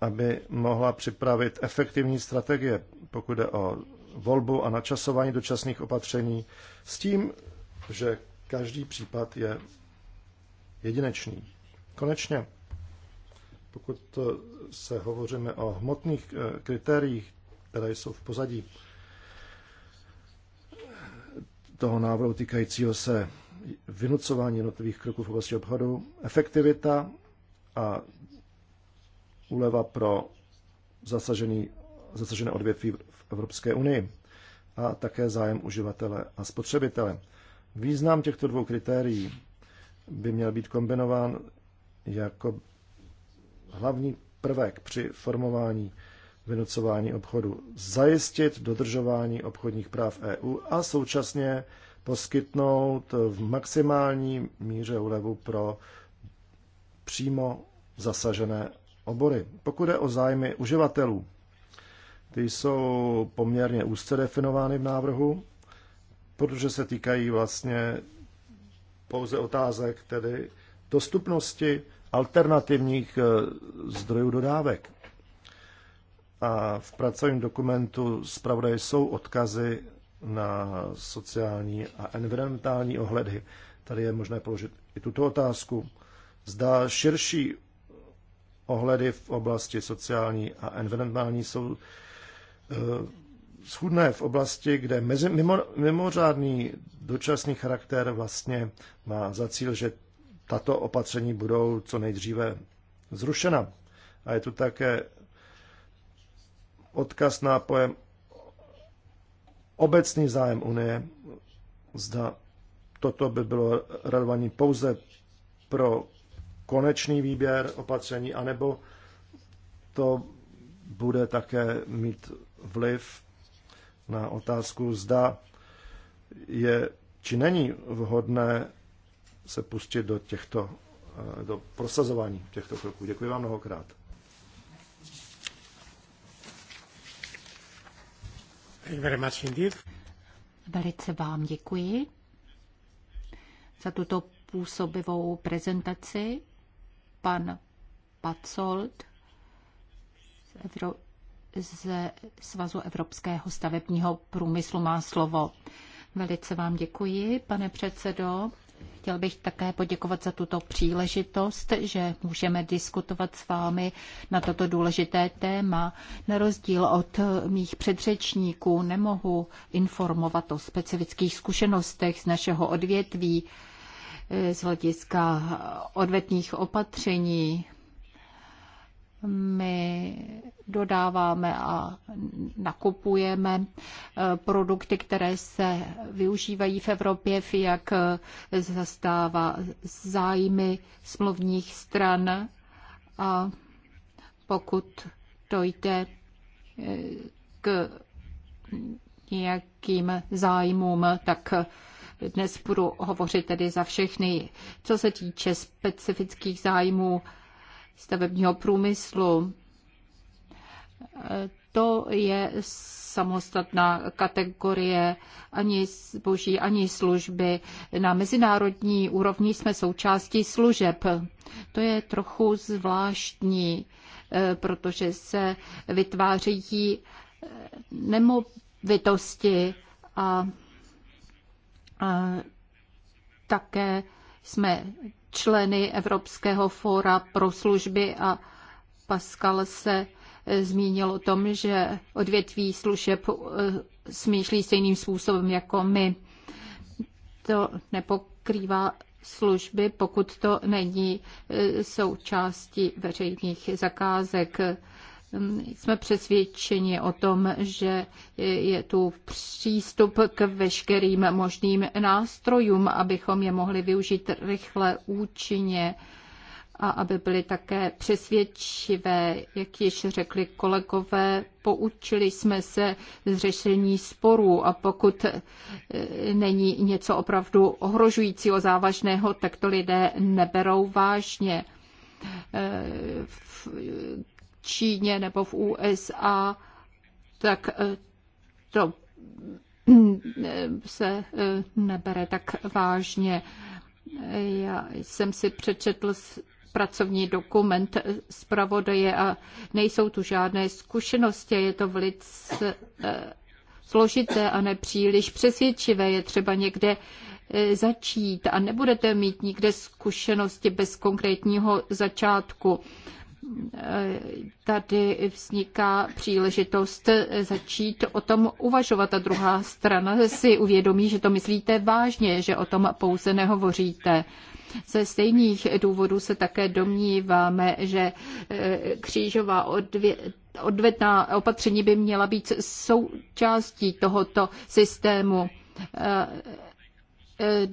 aby mohla připravit efektivní strategie, pokud jde o volbu a načasování dočasných opatření, s tím, že každý případ je jedinečný. Konečně, pokud se hovoříme o hmotných eh, kritériích, které jsou v pozadí toho návrhu týkajícího se vynucování jednotlivých kroků v oblasti obchodu, efektivita a úleva pro zasažený, zasažené odvětví v Evropské unii a také zájem uživatele a spotřebitele. Význam těchto dvou kritérií by měl být kombinován jako hlavní prvek při formování vynucování obchodu, zajistit dodržování obchodních práv EU a současně poskytnout v maximální míře úlevu pro přímo zasažené obory. Pokud je o zájmy uživatelů, ty jsou poměrně úzce definovány v návrhu, protože se týkají vlastně pouze otázek tedy dostupnosti alternativních eh, zdrojů dodávek. A v pracovním dokumentu zpravodaje jsou odkazy na sociální a environmentální ohledy. Tady je možné položit i tuto otázku. Zda širší ohledy v oblasti sociální a environmentální jsou e, schudné v oblasti, kde mezi, mimo, mimořádný dočasný charakter vlastně má za cíl, že tato opatření budou co nejdříve zrušena. A je tu také odkaz na pojem obecný zájem Unie, zda toto by bylo relevantní pouze pro konečný výběr opatření, anebo to bude také mít vliv na otázku, zda je či není vhodné se pustit do těchto, do prosazování těchto kroků. Děkuji vám mnohokrát. Velice vám děkuji za tuto působivou prezentaci. Pan Pacold z, Evro- z Svazu Evropského stavebního průmyslu má slovo. Velice vám děkuji, pane předsedo. Chtěl bych také poděkovat za tuto příležitost, že můžeme diskutovat s vámi na toto důležité téma. Na rozdíl od mých předřečníků nemohu informovat o specifických zkušenostech z našeho odvětví eh, z hlediska odvetných opatření my dodáváme a nakupujeme eh, produkty, které se využívají v Evropě, jak eh, zastává zájmy smluvních stran a pokud dojde eh, k nějakým zájmům, tak dnes budu hovořit tedy za všechny. Co se týče specifických zájmů stavebního průmyslu. To je samostatná kategorie ani zboží, ani služby. Na mezinárodní úrovni jsme součástí služeb. To je trochu zvláštní, eh, protože se vytvářejí eh, nemovitosti a, a také jsme členy Evropského fóra pro služby a Pascal se eh, zmínil o tom, že odvětví služeb eh, smýšlí stejným způsobem jako my. To nepokrývá služby, pokud to není eh, součástí veřejných zakázek jsme přesvědčeni o tom, že je tu přístup k veškerým možným nástrojům, abychom je mohli využít rychle, účinně a aby byly také přesvědčivé, jak již řekli kolegové, poučili jsme se z řešení sporů a pokud e, není něco opravdu ohrožujícího, závažného, tak to lidé neberou vážně e, Číně nebo v USA, tak eh, to eh, se eh, nebere tak vážně. Já jsem si přečetl pracovní dokument zpravodaje a nejsou tu žádné zkušenosti. Je to velice složité a nepříliš přesvědčivé. Je třeba někde začít a nebudete mít nikde zkušenosti bez konkrétního začátku tady vzniká příležitost začít o tom uvažovat a druhá strana si uvědomí, že to myslíte vážně, že o tom pouze nehovoříte. Ze stejných důvodů se také domníváme, že eh, křížová odvě odvetná opatření by měla být součástí tohoto systému eh, eh,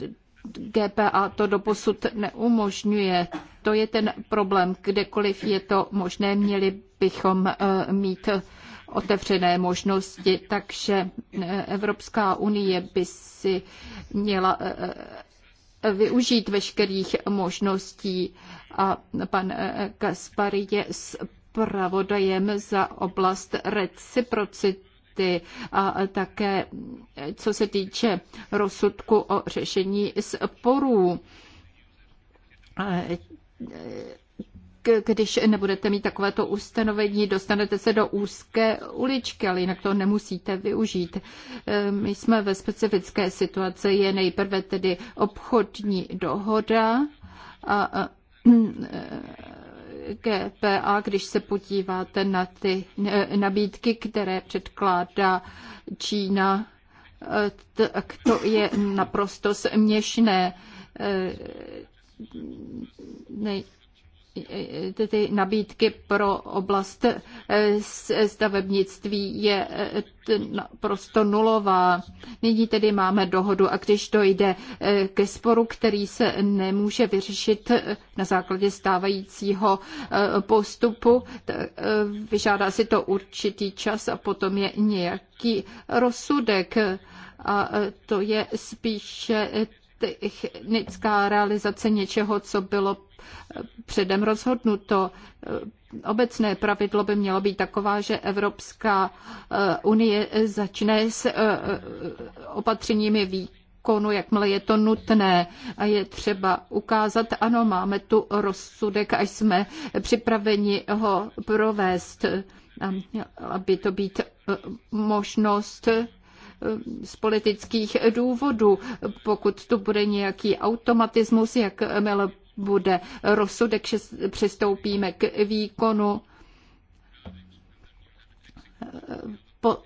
GPA to doposud neumožňuje. To je ten problém. Kdekoliv je to možné, měli bychom eh, mít otevřené možnosti, takže eh, Evropská unie by si měla eh, využít veškerých možností a pan Kaspar je zpravodajem za oblast reciprocity aktivity a také co se týče rozsudku o řešení sporů když nebudete mít takovéto ustanovení, dostanete se do úzké uličky, ale jinak to nemusíte využít. E, my jsme ve specifické situaci, je nejprve tedy obchodní dohoda a GPA, když se podíváte na ty eh, nabídky, které předkládá Čína, eh, tak to je naprosto směšné. Eh, ty nabídky pro oblast eh, eh, stavebnictví je eh, naprosto nulová. Nyní tedy máme dohodu a když dojde ke sporu, který se nemůže vyřešit na základě stávajícího postupu, vyžádá si to určitý čas a potom je nějaký rozsudek. A to je spíše technická realizace něčeho, co bylo eh, předem rozhodnuto. Eh, obecné pravidlo by mělo být taková, že Evropská eh, unie začne s opatřeními výkonu, jakmile je to nutné a je třeba ukázat, ano, máme tu rozsudek a jsme připraveni ho provést. Měla by to být možnost Eh, z politických důvodů. Pokud tu bude nějaký automatismus, jak mělo bude rozsudek, že přistoupíme k výkonu. Eh, po,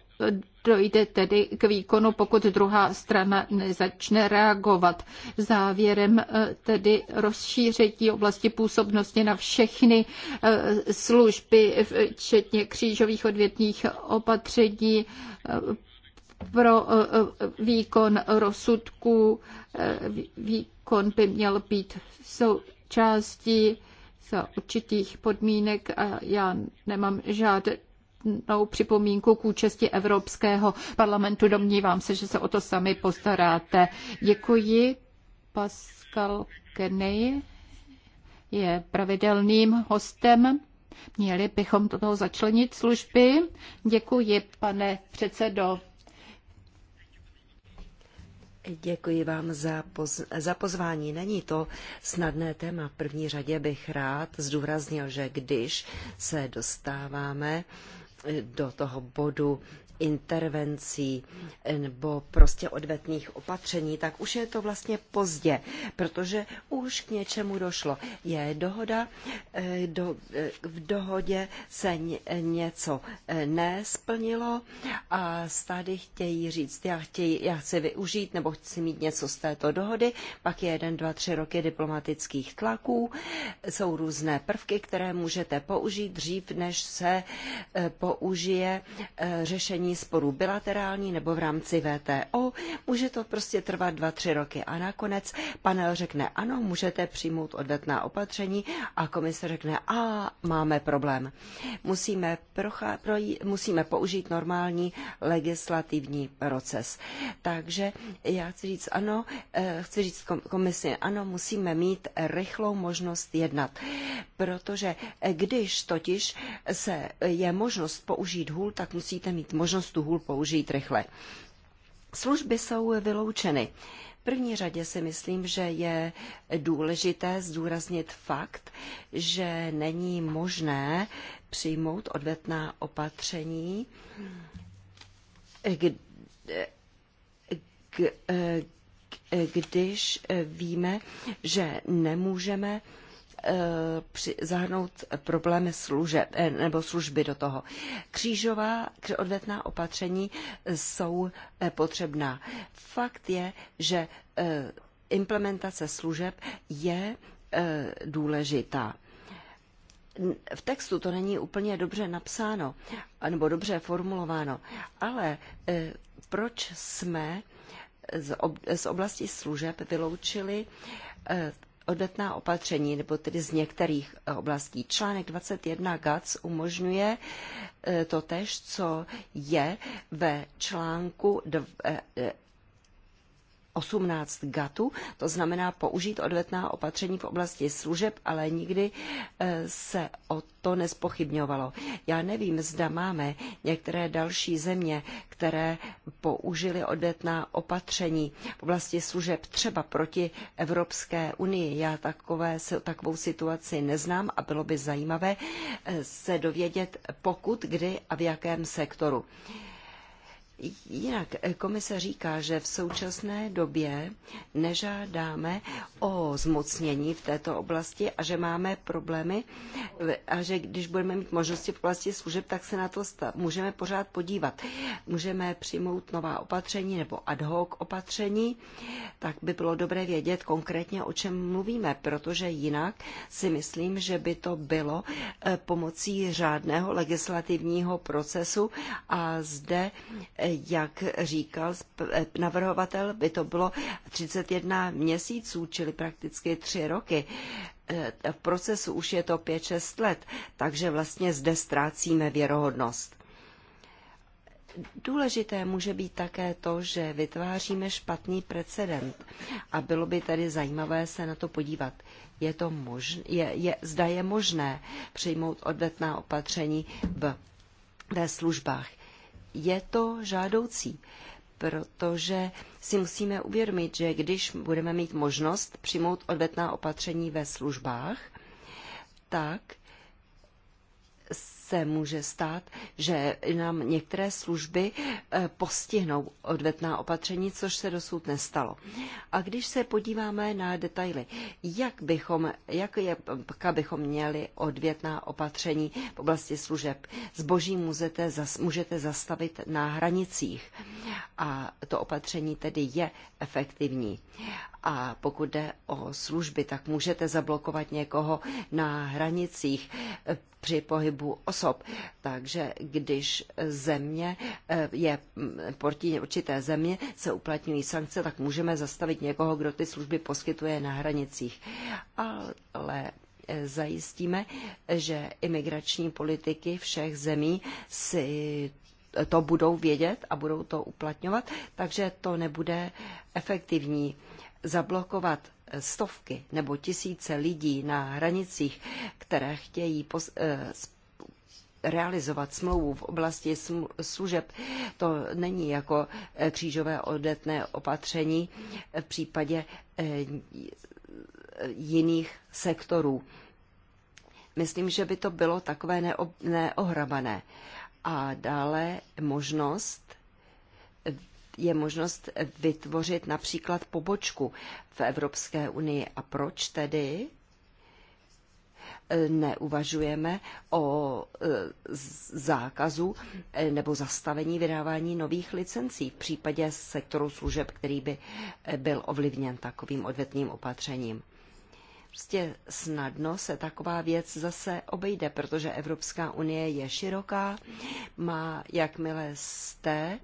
dojde tedy k výkonu, pokud druhá strana nezačne reagovat. Závěrem eh, tedy rozšíření oblasti působnosti na všechny služby, včetně křížových odvětních opatření, pro eh, eh, výkon rozsudků. Eh, výkon by měl být součástí za určitých podmínek a já nemám žádnou připomínku k účasti Evropského parlamentu. Domnívám se, že se o to sami postaráte. Děkuji. Pascal Kenny je pravidelným hostem. Měli bychom do toho začlenit služby. Děkuji, pane předsedo. Děkuji vám za, poz, za pozvání. Není to snadné téma. V první řadě bych rád zdůraznil, že když se dostáváme do toho bodu intervencí nebo prostě odvetných opatření, tak už je to vlastně pozdě, protože už k něčemu došlo. Je dohoda, eh, do, eh, v dohodě se něco eh, nesplnilo a stády chtějí říct, já, chtějí, já chci využít nebo chci mít něco z této dohody, pak je jeden, dva, tři roky diplomatických tlaků, jsou různé prvky, které můžete použít dřív, než se použije řešení sporů bilaterální nebo v rámci VTO. Může to prostě trvat dva tři roky a nakonec panel řekne ano, můžete přijmout odvetná opatření a komise řekne a máme problém. Musíme, procha, musíme použít normální legislativní proces. Takže já chci říct ano, eh, chci říct komisi ano, musíme mít rychlou možnost jednat, protože eh, když totiž se je možnost použít hůl, tak musíte mít možnost možnost hůl použít rychle. Služby jsou vyloučeny. V první řadě si myslím, že je důležité zdůraznit fakt, že není možné přijmout odvetná opatření, když víme, že nemůžeme při, zahrnout problémy služeb eh, nebo služby do toho. Křížová odvetná opatření jsou eh, potřebná. Fakt je, že eh, implementace služeb je důležitá. V textu to není úplně dobře napsáno nebo dobře formulováno, ale proč jsme z oblasti služeb vyloučili odvetná opatření, nebo tedy z některých eh, oblastí. Článek 21 GATS umožňuje eh, to tež, co je ve článku eh, 18 GATu, to znamená použít odvetná opatření v oblasti služeb, ale nikdy eh, se o to nespochybňovalo. Já nevím, zda máme některé další země, které použily odvetná opatření v oblasti služeb třeba proti Evropské unii. Já takové, takovou situaci neznám a bylo by zajímavé eh, se dovědět, pokud, kdy a v jakém sektoru. Jinak eh, komise říká, že v současné době nežádáme o zmocnění v této oblasti a že máme problémy eh, a že když budeme mít možnosti v oblasti služeb, tak se na to stav, můžeme pořád podívat. Můžeme přijmout nová opatření nebo ad hoc opatření, tak by bylo dobré vědět konkrétně, o čem mluvíme, protože jinak si myslím, že by to bylo eh, pomocí řádného legislativního procesu a zde jak říkal eh, navrhovatel, by to bylo 31 měsíců, čili prakticky tři roky. Eh, v procesu už je to 5-6 let, takže vlastně zde ztrácíme věrohodnost. Důležité může být také to, že vytváříme špatný precedent a bylo by tedy zajímavé se na to podívat. Je to možné? je, je, zda je možné přijmout odvetná opatření v, ve službách je to žádoucí, protože si musíme uvědomit, že když budeme mít možnost přijmout odvetná opatření ve službách, tak se může stát, že nám některé služby eh, postihnou odvetná opatření, což se dosud nestalo. A když se podíváme na detaily, jak bychom, jak je, bychom měli odvětná opatření v oblasti služeb? Zboží můžete, zas, můžete zastavit na hranicích a to opatření tedy je efektivní. A pokud jde o služby, tak můžete zablokovat někoho na hranicích eh, při pohybu osob osob. Takže když země eh, je mm, portí, určité země, se uplatňují sankce, tak můžeme zastavit někoho, kdo ty služby poskytuje na hranicích. Ale eh, zajistíme, že imigrační politiky všech zemí si to budou vědět a budou to uplatňovat, takže to nebude efektivní. Zablokovat eh, stovky nebo tisíce lidí na hranicích, které chtějí pos- realizovat smlouvu v oblasti služeb. To není jako eh, křížové odetné opatření eh, v případě eh, jiných sektorů. Myslím, že by to bylo takové neohrabané. A dále možnost je možnost vytvořit například pobočku v Evropské unii. A proč tedy neuvažujeme o e, zákazu e, nebo zastavení vydávání nových licencí v případě sektoru služeb, který by e, byl ovlivněn takovým odvetným opatřením. Prostě snadno se taková věc zase obejde, protože Evropská unie je široká, má, jakmile jste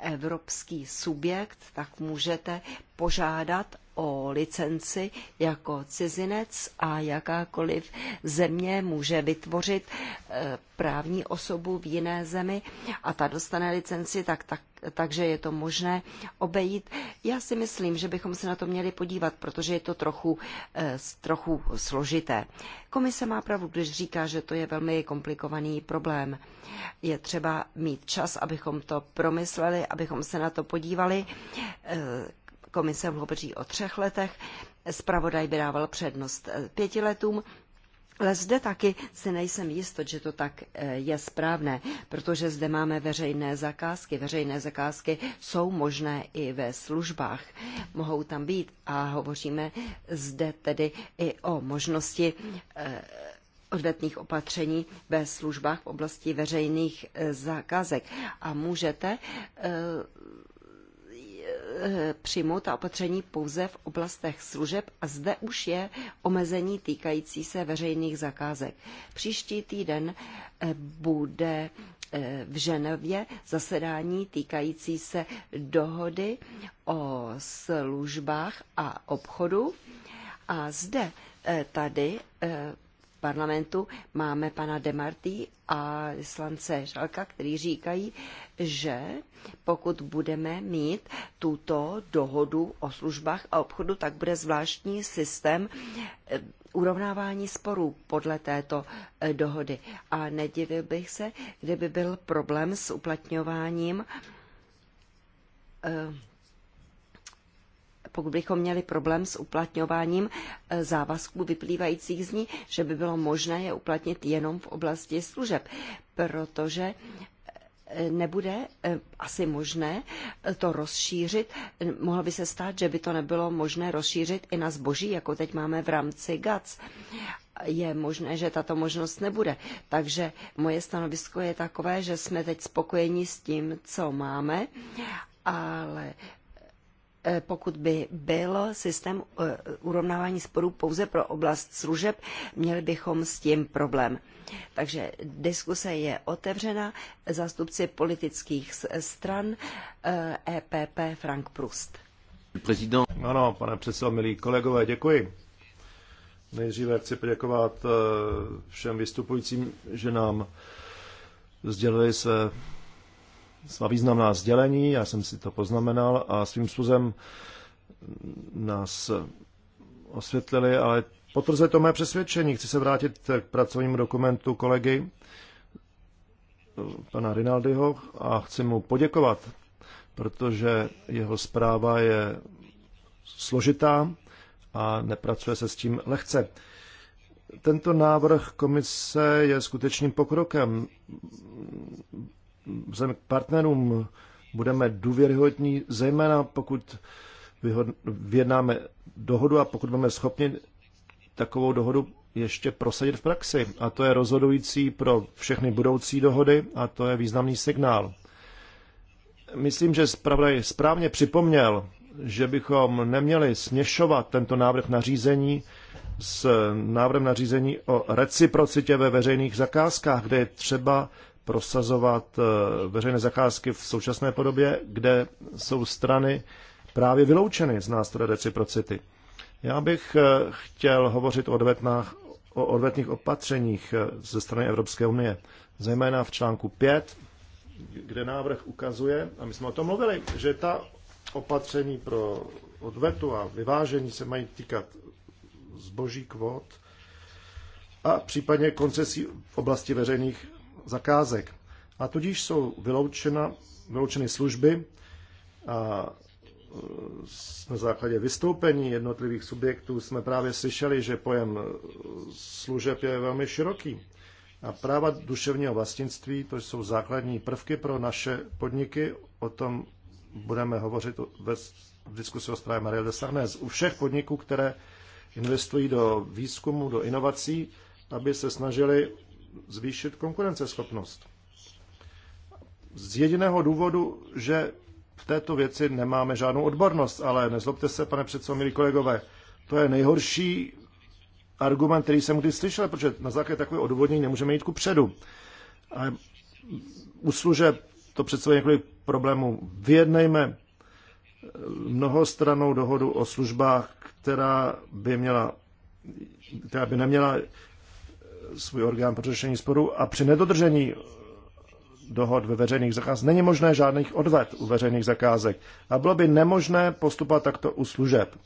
evropský subjekt, tak můžete požádat o licenci jako cizinec a jakákoliv země může vytvořit eh, právní osobu v jiné zemi a ta dostane licenci, tak, tak, takže je to možné obejít. Já si myslím, že bychom se na to měli podívat, protože je to trochu, eh, trochu složité. Komise má pravdu, když říká, že to je velmi komplikovaný problém. Je třeba mít čas, abychom to promysleli, abychom se na to podívali eh, komise hovoří o třech letech, zpravodaj by dával přednost eh, pěti letům, ale zde taky si nejsem jist, že to tak eh, je správné, protože zde máme veřejné zakázky. Veřejné zakázky jsou možné i ve službách, mohou tam být a hovoříme zde tedy i o možnosti eh, odvetných opatření ve službách v oblasti veřejných zakázek. A můžete Eh, přijmout ta opatření pouze v oblastech služeb a zde už je omezení týkající se veřejných zakázek. Příští týden eh, bude eh, v Ženevě zasedání týkající se dohody o službách a obchodu. A zde tady parlamentu máme pana Demarty a slance Žalka, který říkají, že pokud budeme mít tuto dohodu o službách a obchodu, tak bude zvláštní systém eh, urovnávání sporů podle této eh, dohody. A nedivil bych se, kdyby byl problém s uplatňováním eh, pokud bychom měli problém s uplatňováním eh, závazků vyplývajících z ní, že by bylo možné je uplatnit jenom v oblasti služeb, protože eh, nebude eh, asi možné to rozšířit. Mohlo by se stát, že by to nebylo možné rozšířit i na zboží, jako teď máme v rámci GATS. Je možné, že tato možnost nebude. Takže moje stanovisko je takové, že jsme teď spokojeni s tím, co máme, ale Eh, pokud by byl systém eh, urovnávání sporů pouze pro oblast služeb, měli bychom s tím problém. Takže diskuse je otevřena. Zástupci politických stran EPP eh, e Frank Prust. Prezident. Ano, pane předsedo, milí kolegové, děkuji. Nejdříve chci poděkovat všem vystupujícím, že nám sdělili své svá významná sdělení, já jsem si to poznamenal a svým způsobem nás osvětlili, ale potvrzuje to mé přesvědčení. Chci se vrátit k pracovnímu dokumentu kolegy pana Rinaldiho a chci mu poděkovat, protože jeho zpráva je složitá a nepracuje se s tím lehce. Tento návrh komise je skutečným pokrokem vzhledem k partnerům budeme důvěryhodní, zejména pokud vyjednáme dohodu a pokud budeme schopni takovou dohodu ještě prosadit v praxi. A to je rozhodující pro všechny budoucí dohody a to je významný signál. Myslím, že zpravodaj správně připomněl, že bychom neměli směšovat tento návrh nařízení s návrhem nařízení o reciprocitě ve veřejných zakázkách, kde je třeba prosazovat eh, veřejné zakázky v současné podobě, kde jsou strany právě vyloučeny z nástroje reciprocity. Já bych eh, chtěl hovořit o, odvetnách, o odvetných opatřeních eh, ze strany Evropské unie, zejména v článku 5, kde návrh ukazuje, a my jsme o tom mluvili, že ta opatření pro odvetu a vyvážení se mají týkat zboží kvot a případně koncesí v oblasti veřejných zakázek. A tudíž jsou vyloučena, vyloučeny služby a e, na základě vystoupení jednotlivých subjektů jsme právě slyšeli, že pojem e, služeb je velmi široký. A práva duševního vlastnictví, to jsou základní prvky pro naše podniky, o tom budeme hovořit ve diskusi o zprávě Marie de Sarnes. U všech podniků, které investují do výzkumu, do inovací, aby se snažili zvýšit konkurenceschopnost. Z jediného důvodu, že v této věci nemáme žádnou odbornost, ale nezlobte se, pane předsedo, milí kolegové, to je nejhorší argument, který jsem kdy slyšel, protože na základě takové odůvodnění nemůžeme jít ku předu. Ale u služeb to představuje několik problémů. Vyjednejme mnohostranou dohodu o službách, která by, měla, která by neměla svůj orgán pro řešení sporu a při nedodržení dohod ve veřejných zakázkách není možné žádných odvet u veřejných zakázek a bylo by nemožné postupovat takto u služeb.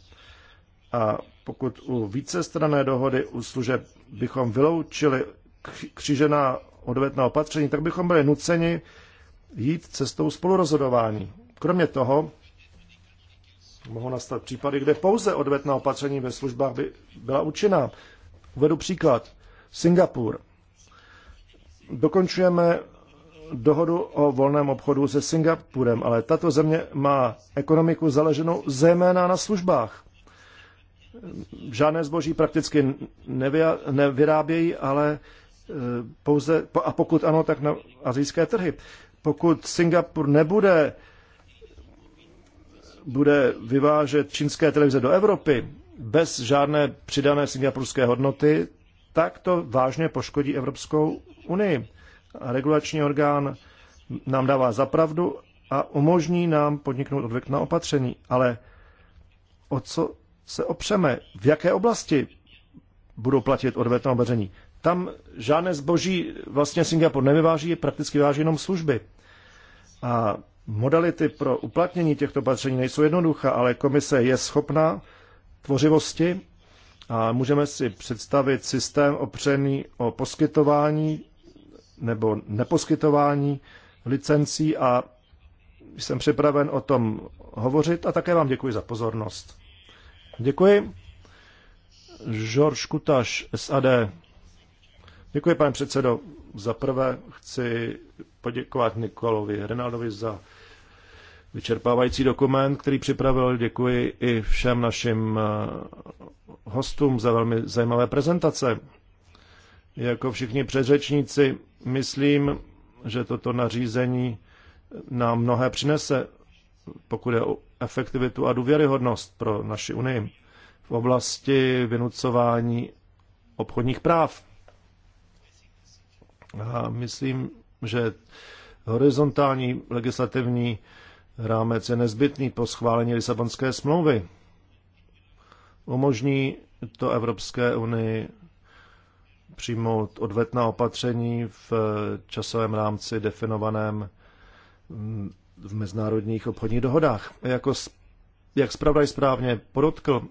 A pokud u vícestrané dohody u služeb bychom vyloučili křížená odvetná opatření, tak bychom byli nuceni jít cestou spolurozhodování. Kromě toho mohou nastat případy, kde pouze odvetná opatření ve službách by byla účinná. Uvedu příklad. Singapur. Dokončujeme dohodu o volném obchodu se Singapurem, ale tato země má ekonomiku založenou zejména na službách. Žádné zboží prakticky nevyrábějí, ale e, pouze, a pokud ano, tak na azijské trhy. Pokud Singapur nebude bude vyvážet čínské televize do Evropy bez žádné přidané singapurské hodnoty, tak to vážně poškodí Evropskou unii. A regulační orgán nám dává zapravdu a umožní nám podniknout odvěk na opatření. Ale o co se opřeme? V jaké oblasti budou platit odvetná opatření? Tam žádné zboží vlastně Singapur nevyváží, prakticky váží jenom služby. A modality pro uplatnění těchto opatření nejsou jednoduché, ale komise je schopná tvořivosti a můžeme si představit systém opřený o poskytování nebo neposkytování licencí a jsem připraven o tom hovořit a také vám děkuji za pozornost. Děkuji. George Kutaš, SAD. Děkuji, pane předsedo. Za prvé chci poděkovat Nikolovi Renaldovi za vyčerpávající dokument, který připravil. Děkuji i všem našim eh, hostům za velmi zajímavé prezentace. Jako všichni předřečníci, myslím, že toto nařízení nám mnohé přinese, pokud je o efektivitu a důvěryhodnost pro naši Unii v oblasti vynucování obchodních práv. A myslím, že horizontální legislativní rámec je nezbytný po schválení Lisabonské smlouvy. Umožní to Evropské unii přijmout odvetná opatření v časovém rámci definovaném v mezinárodních obchodních dohodách. Jako, jak zpravodaj správně podotkl,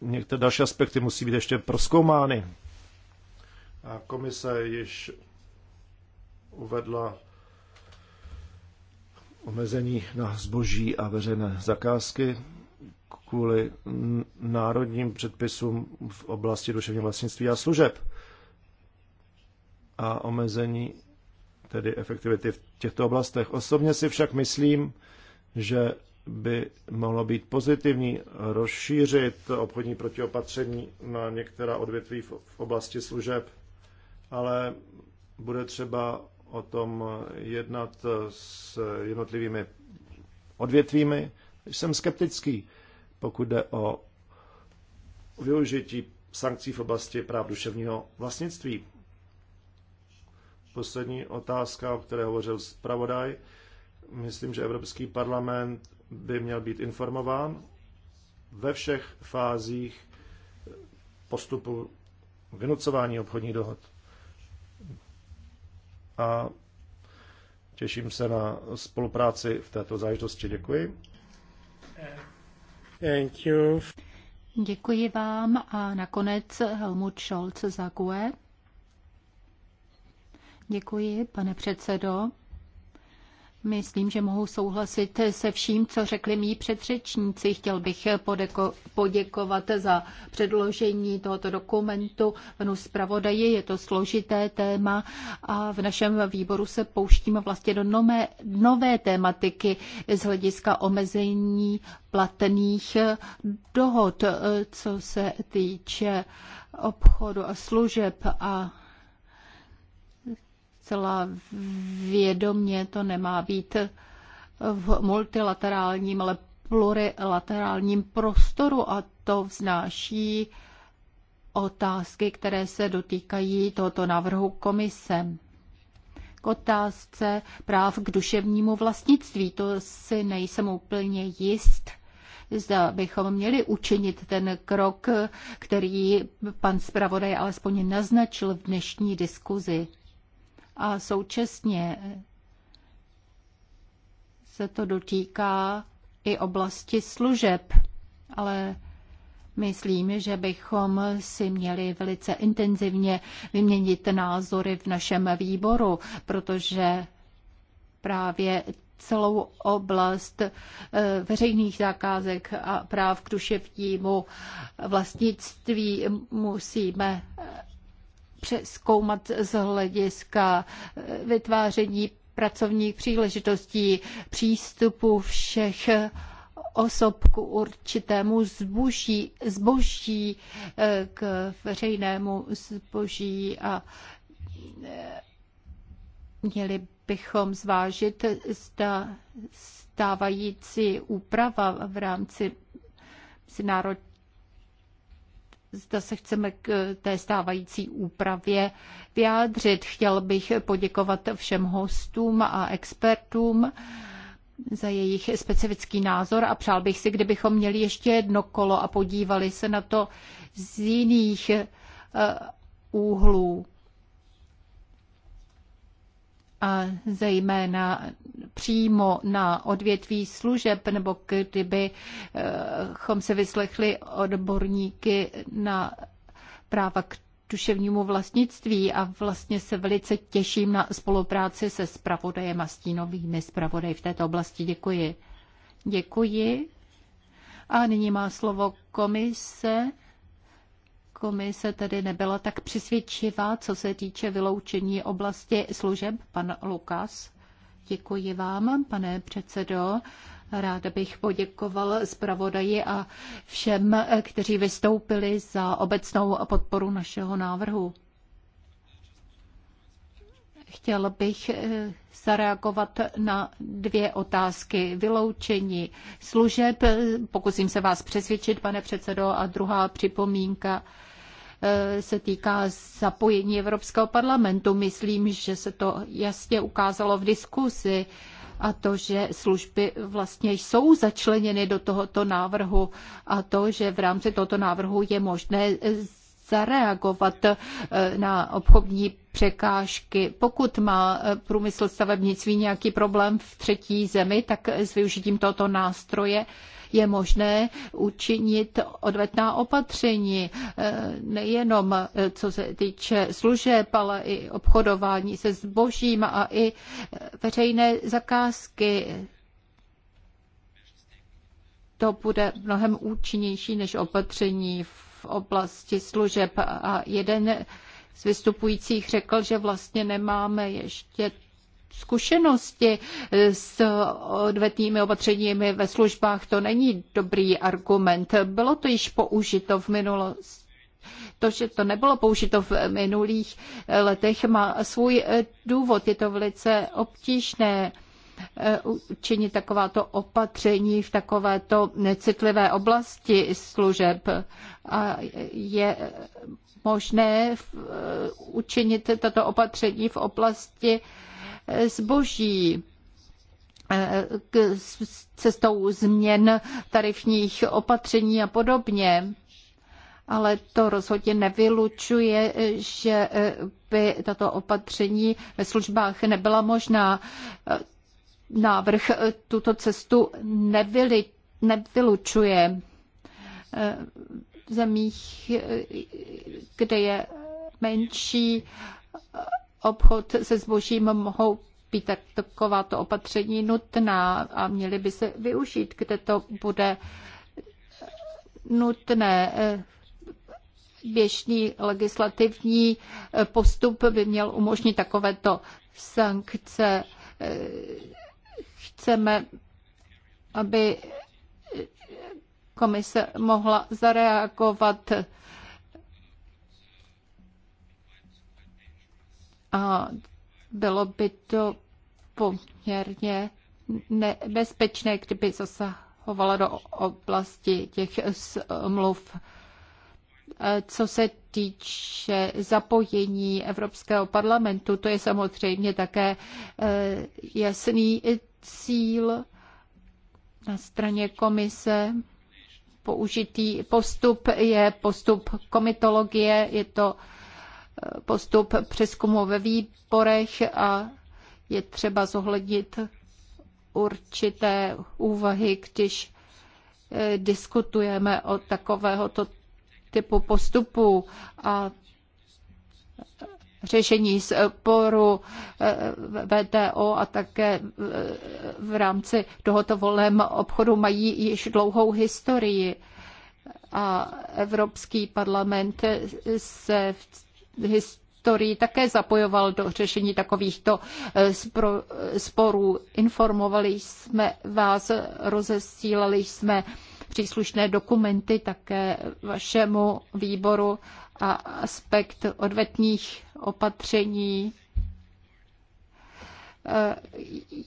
některé další aspekty musí být ještě proskoumány. A komise již uvedla omezení na zboží a veřejné zakázky kvůli národním předpisům v oblasti duševního vlastnictví a služeb a omezení tedy efektivity v těchto oblastech. Osobně si však myslím, že by mohlo být pozitivní rozšířit obchodní protiopatření na některá odvětví v oblasti služeb, ale bude třeba o tom jednat s jednotlivými odvětvími. Jsem skeptický, pokud jde o využití sankcí v oblasti práv duševního vlastnictví. Poslední otázka, o které hovořil zpravodaj. Myslím, že Evropský parlament by měl být informován ve všech fázích postupu vynucování obchodních dohod a těším se na spolupráci v této záležitosti. Děkuji. Thank you. Děkuji vám a nakonec Helmut Scholz za GUE. Děkuji, pane předsedo. Myslím, že mohu souhlasit se vším, co řekli mý předřečníci. Chtěl bych podeko- poděkovat za předložení tohoto dokumentu panu zpravodaji. Je to složité téma a v našem výboru se pouštíme vlastně do nové, nové tématiky z hlediska omezení platných dohod, co se týče obchodu a služeb a zcela vědomně to nemá být v multilaterálním, ale plurilaterálním prostoru a to vznáší otázky, které se dotýkají tohoto návrhu komise. K otázce práv k duševnímu vlastnictví, to si nejsem úplně jist. Zda bychom měli učinit ten krok, který pan zpravodaj alespoň naznačil v dnešní diskuzi a současně se to dotýká i oblasti služeb, ale myslím, že bychom si měli velice intenzivně vyměnit názory v našem výboru, protože právě celou oblast eh, veřejných zakázek a práv k duševnímu vlastnictví musíme přeskoumat z hlediska eh, vytváření pracovních příležitostí, přístupu všech osob k určitému zboží, zboží eh, k veřejnému zboží a eh, měli bychom zvážit, zda stávající úprava v rámci mezinárodní zda se chceme k té stávající úpravě vyjádřit. Chtěl bych poděkovat všem hostům a expertům za jejich specifický názor a přál bych si, kdybychom měli ještě jedno kolo a podívali se na to z jiných eh, úhlů a zejména přímo na odvětví služeb, nebo kdybychom eh, se vyslechli odborníky na práva k duševnímu vlastnictví a vlastně se velice těším na spolupráci se spravodajem a stínovými spravodaj v této oblasti. Děkuji. Děkuji. A nyní má slovo komise komise tedy nebyla tak přesvědčivá, co se týče vyloučení oblasti služeb. Pan Lukas. Děkuji vám, pane předsedo. Ráda bych poděkoval zpravodaji a všem, kteří vystoupili za obecnou podporu našeho návrhu. Chtěl bych eh, zareagovat na dvě otázky. Vyloučení služeb, eh, pokusím se vás přesvědčit, pane předsedo, a druhá připomínka Eh, se týká zapojení Evropského parlamentu. Myslím, že se to jasně ukázalo v diskusi a to, že služby vlastně jsou začleněny do tohoto návrhu a to, že v rámci tohoto návrhu je možné zareagovat eh, na obchodní překážky. Pokud má eh, průmysl stavebnictví nějaký problém v třetí zemi, tak s využitím tohoto nástroje je možné učinit odvetná opatření, eh, nejenom co se týče služeb, ale i obchodování se zbožím a i veřejné zakázky. To bude mnohem účinnější než opatření v oblasti služeb a jeden z vystupujících řekl, že vlastně nemáme ještě zkušenosti s odvetnými opatřeními ve službách, to není dobrý argument. Bylo to již použito v minulosti. To, že to nebylo použito v minulých letech, má svůj důvod. Je to velice obtížné Eh, učinit takováto opatření v takovéto necitlivé oblasti služeb. A je možné eh, učinit tato opatření v oblasti eh, zboží cestou změn tarifních opatření a podobně. Ale to rozhodně nevylučuje, že by tato opatření ve službách nebyla možná návrh eh, tuto cestu nevyli, nevylučuje. Eh, v zemích, eh, kde je menší obchod se zbožím, mohou být tak, takováto opatření nutná a měly by se využít, kde to bude nutné. Běžný legislativní postup by měl umožnit takovéto sankce chceme, aby komise mohla zareagovat. A bylo by to poměrně nebezpečné, kdyby zasahovala do oblasti těch smluv. Co se týče zapojení Evropského parlamentu, to je samozřejmě také eh, jasný cíl na straně komise. Použitý postup je postup komitologie, je to eh, postup přeskumu ve výborech a je třeba zohlednit určité úvahy, když eh, diskutujeme o takovéhoto typu postupu a řešení sporu eh, VTO a také eh, v rámci tohoto volném obchodu mají již dlouhou historii. A Evropský parlament se v historii také zapojoval do řešení takovýchto eh, sporů. Informovali jsme vás, rozesílali jsme příslušné dokumenty také vašemu výboru a aspekt odvetních opatření eh,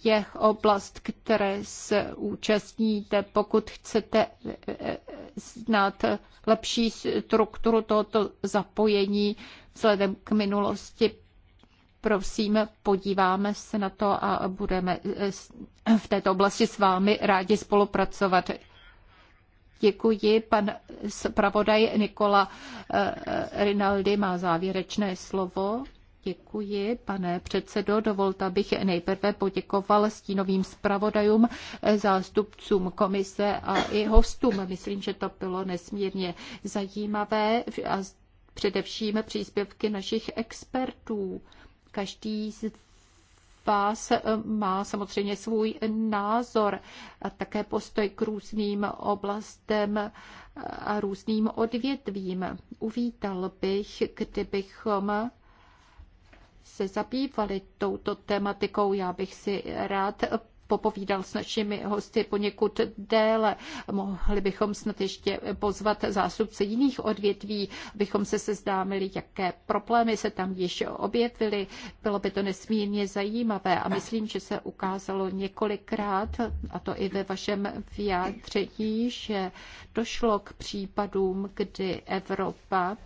je oblast, které se účastníte. Pokud chcete eh, znát lepší strukturu tohoto zapojení vzhledem k minulosti, prosím, podíváme se na to a budeme eh, v této oblasti s vámi rádi spolupracovat. Děkuji. Pan zpravodaj Nikola eh, Rinaldi má závěrečné slovo. Děkuji, pane předsedo. Dovolte, abych nejprve poděkoval stínovým zpravodajům, eh, zástupcům komise a i hostům. Myslím, že to bylo nesmírně zajímavé a především příspěvky našich expertů. Každý z vás eh, má samozřejmě svůj názor a také postoj k různým oblastem eh, a různým odvětvím. Uvítal bych, kdybychom se zabývali touto tematikou. Já bych si rád popovídal s našimi hosty poněkud déle. Mohli bychom snad ještě pozvat zástupce jiných odvětví, abychom se seznámili, jaké problémy se tam již objevily. Bylo by to nesmírně zajímavé a myslím, že se ukázalo několikrát, a to i ve vašem vyjádření, že došlo k případům, kdy Evropa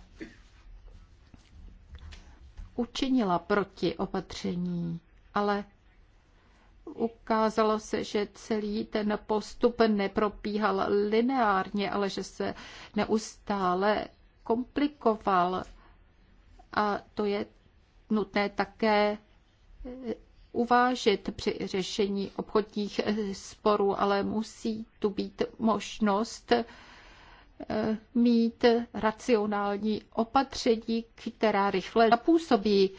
učinila proti opatření, ale ukázalo se, že celý ten postup nepropíhal lineárně, ale že se neustále komplikoval. A to je nutné také eh, uvážit při řešení obchodních eh, sporů, ale musí tu být možnost eh, mít racionální opatření, která rychle napůsobí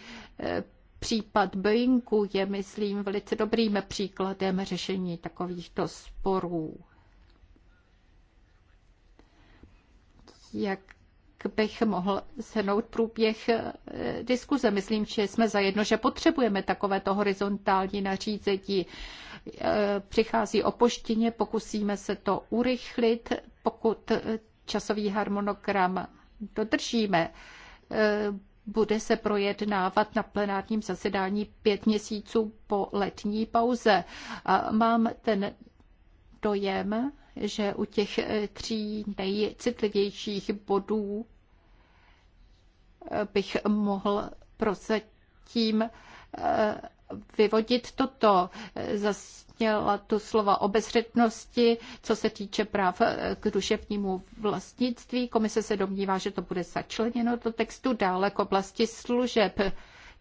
Případ Boeingu je, myslím, velice dobrým příkladem řešení takovýchto sporů. Jak bych mohl shrnout průběh eh, diskuze. Myslím, že jsme zajedno, že potřebujeme takovéto horizontální nařízení. Eh, přichází opoštěně, pokusíme se to urychlit, pokud časový harmonogram dodržíme eh, bude se projednávat na plenárním zasedání pět měsíců po letní pauze. A mám ten dojem, že u těch eh, tří nejcitlivějších bodů eh, bych mohl prosadit tím eh, vyvodit toto. Zasněla tu slova obezřetnosti, co se týče práv eh, k duševnímu vlastnictví. Komise se domnívá, že to bude začleněno do textu dále k oblasti služeb.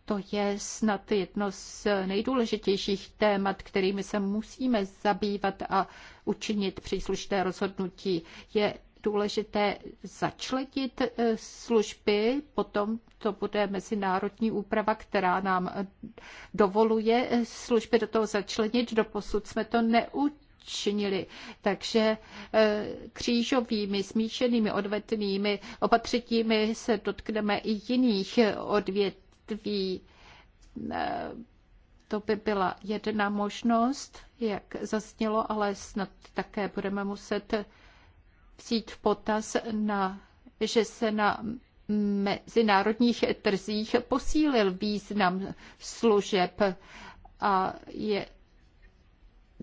To je snad jedno z nejdůležitějších témat, kterými se musíme zabývat a učinit příslušné rozhodnutí. Je důležité začletit eh, služby, potom to bude mezinárodní úprava, která nám eh, dovoluje eh, služby do toho začlenit. posud, jsme to neučili činili. Takže křížovými, smíšenými odvetnými opatřeními se dotkneme i jiných odvětví. To by byla jedna možnost, jak zaznělo, ale snad také budeme muset vzít v potaz, na, že se na mezinárodních trzích posílil význam služeb a je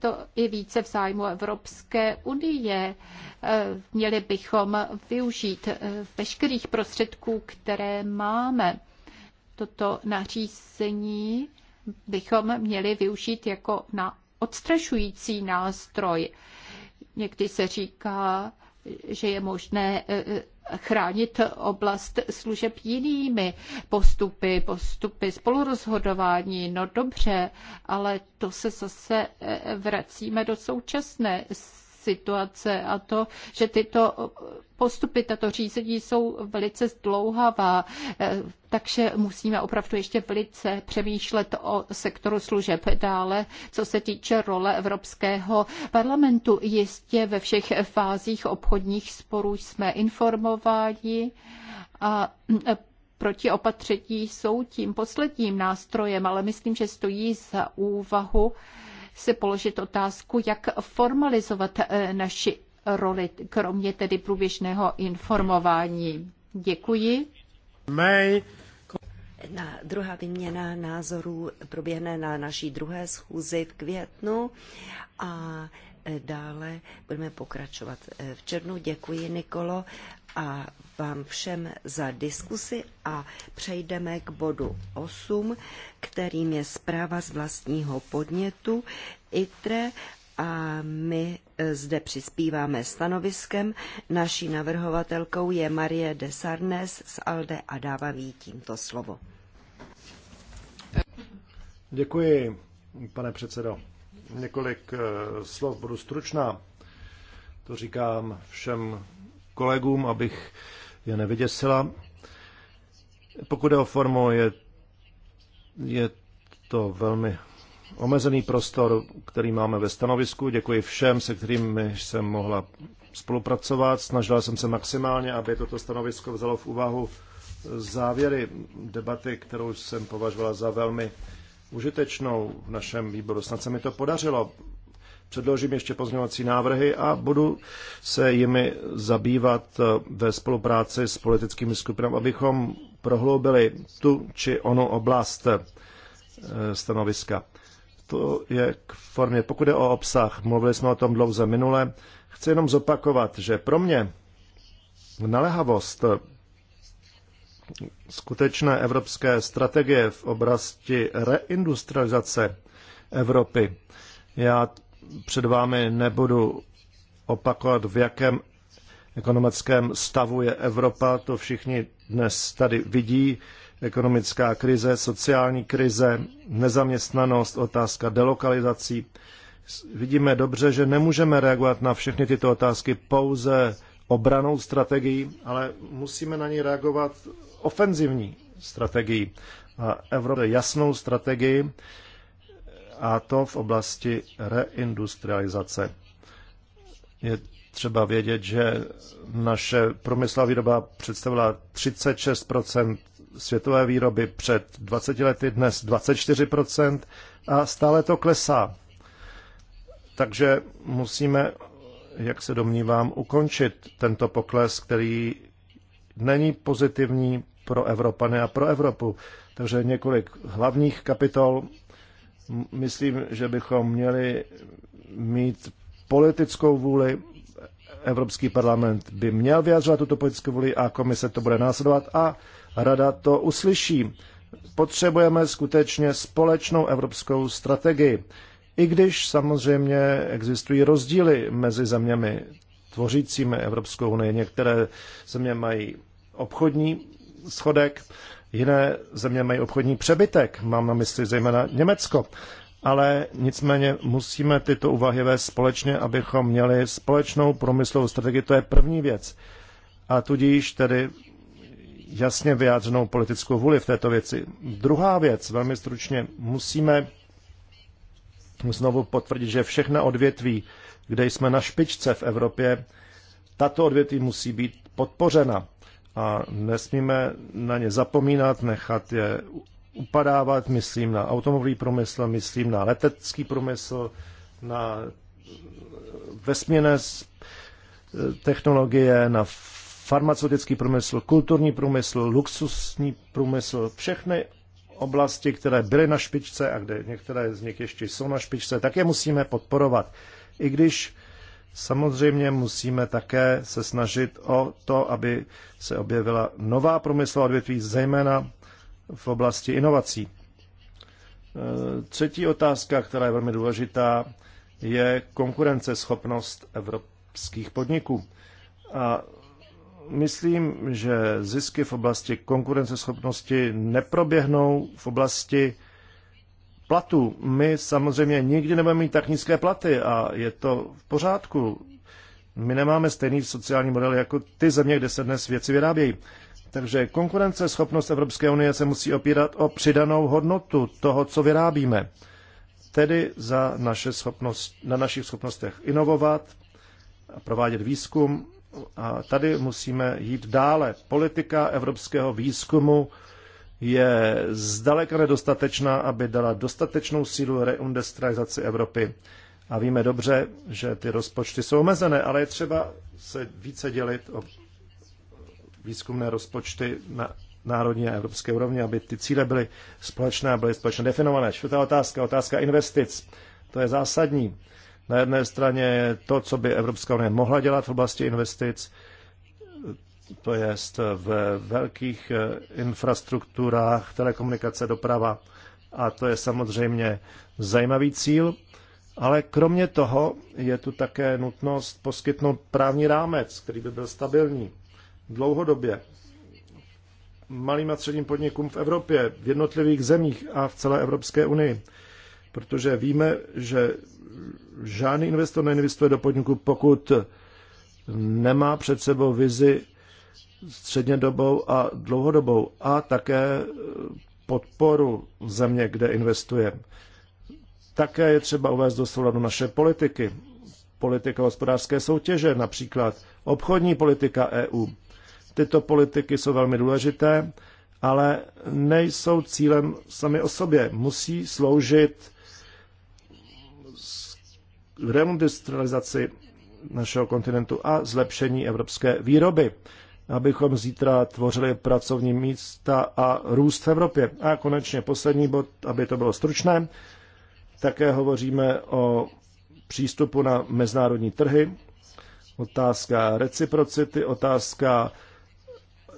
to i více v zájmu Evropské unie. Měli bychom využít veškerých prostředků, které máme. Toto nařízení bychom měli využít jako na odstrašující nástroj. Někdy se říká, že je možné eh, eh, chránit oblast služeb jinými postupy, postupy spolurozhodování. No dobře, ale to se zase eh, vracíme do současné situace a to, že tyto postupy, tato řízení jsou velice zdlouhavá, eh, takže musíme opravdu ještě velice přemýšlet o sektoru služeb dále, co se týče role Evropského parlamentu. Jistě ve všech fázích obchodních sporů jsme informováni a mm, eh, opatření jsou tím posledním nástrojem, ale myslím, že stojí za úvahu, si položit otázku, jak formalizovat eh, naši roli, kromě tedy průběžného informování. Děkuji. May. Na druhá výměna názorů proběhne na naší druhé schůzi v květnu a eh, dále budeme pokračovat eh, v červnu. Děkuji, Nikolo a vám všem za diskusi a přejdeme k bodu 8, kterým je zpráva z vlastního podnětu ITRE a my eh, zde přispíváme stanoviskem. Naší navrhovatelkou je Marie de Sarnes z ALDE a dávám jí tímto slovo. Děkuji, pane předsedo. Několik eh, slov budu stručná. To říkám všem kolegům, abych je nevyděsila. Pokud je o formu, je, je to velmi omezený prostor, který máme ve stanovisku. Děkuji všem, se kterými jsem mohla spolupracovat. Snažila jsem se maximálně, aby toto stanovisko vzalo v úvahu závěry debaty, kterou jsem považovala za velmi užitečnou v našem výboru. Snad se mi to podařilo předložím ještě pozměňovací návrhy a budu se jimi zabývat eh, ve spolupráci s politickými skupinami, abychom prohloubili tu či onu oblast eh, stanoviska. To je k formě. Pokud je o obsah, mluvili jsme o tom dlouze minule, chci jenom zopakovat, že pro mě naléhavost eh, skutečné evropské strategie v oblasti reindustrializace Evropy. Já před vámi nebudu opakovat, v jakém ekonomickém stavu je Evropa. To všichni dnes tady vidí. Ekonomická krize, sociální krize, nezaměstnanost, otázka delokalizací. Vidíme dobře, že nemůžeme reagovat na všechny tyto otázky pouze obranou strategií, ale musíme na ní reagovat ofenzivní strategií. A Evropa jasnou strategii, a to v oblasti reindustrializace. Je třeba vědět, že naše promyslová výroba představila 36 světové výroby před 20 lety, dnes 24 a stále to klesá. Takže musíme, jak se domnívám, ukončit tento pokles, který není pozitivní pro Evropany a pro Evropu. Takže několik hlavních kapitol Myslím, že bychom měli mít politickou vůli. Evropský parlament by měl vyjadřovat tuto politickou vůli a komise to bude následovat a rada to uslyší. Potřebujeme skutečně společnou evropskou strategii. I když samozřejmě existují rozdíly mezi zeměmi tvořícími Evropskou unii. Některé země mají obchodní schodek Jiné země mají obchodní přebytek, mám na mysli zejména Německo. Ale nicméně musíme tyto úvahy vést společně, abychom měli společnou promyslovou strategii. To je první věc. A tudíž tedy jasně vyjádřenou politickou vůli v této věci. Druhá věc, velmi stručně, musíme znovu potvrdit, že všechna odvětví, kde jsme na špičce v Evropě, tato odvětví musí být podpořena a nesmíme na ně zapomínat, nechat je upadávat, myslím na automobilový průmysl, myslím na letecký průmysl, na vesměné technologie, na farmaceutický průmysl, kulturní průmysl, luxusní průmysl, všechny oblasti, které byly na špičce a kde některé z nich ještě jsou na špičce, tak je musíme podporovat. I když Samozřejmě musíme také se snažit o to, aby se objevila nová průmyslová odvětví, zejména v oblasti inovací. E, třetí otázka, která je velmi důležitá, je konkurenceschopnost evropských podniků. A myslím, že zisky v oblasti konkurenceschopnosti neproběhnou v oblasti platů. My samozřejmě nikdy nebudeme mít tak nízké platy a je to v pořádku. My nemáme stejný sociální model jako ty země, kde se dnes věci vyrábějí. Takže konkurence, schopnost Evropské unie se musí opírat o přidanou hodnotu toho, co vyrábíme. Tedy za naše schopnost, na našich schopnostech inovovat, provádět výzkum. A tady musíme jít dále. Politika evropského výzkumu je zdaleka nedostatečná, aby dala dostatečnou sílu reindustrializaci Evropy. A víme dobře, že ty rozpočty jsou omezené, ale je třeba se více dělit o výzkumné rozpočty na národní a evropské úrovni, aby ty cíle byly společné a byly společně definované. Čtvrtá otázka, otázka investic. To je zásadní. Na jedné straně to, co by Evropská unie mohla dělat v oblasti investic, to je v velkých e, infrastrukturách, telekomunikace, doprava. A to je samozřejmě zajímavý cíl, ale kromě toho je tu také nutnost poskytnout právní rámec, který by byl stabilní dlouhodobě malým a středním podnikům v Evropě, v jednotlivých zemích a v celé Evropské unii. Protože víme, že žádný investor neinvestuje do podniku, pokud nemá před sebou vizi střednědobou a dlouhodobou a také e, podporu v země, kde investujeme. Také je třeba uvést do souladu naše politiky. Politika hospodářské soutěže, například obchodní politika EU. Tyto politiky jsou velmi důležité, ale nejsou cílem sami o sobě. Musí sloužit reindustrializaci našeho kontinentu a zlepšení evropské výroby abychom zítra tvořili pracovní místa a růst v Evropě. A konečně poslední bod, aby to bylo stručné. Také hovoříme o přístupu na mezinárodní trhy, otázka reciprocity, otázka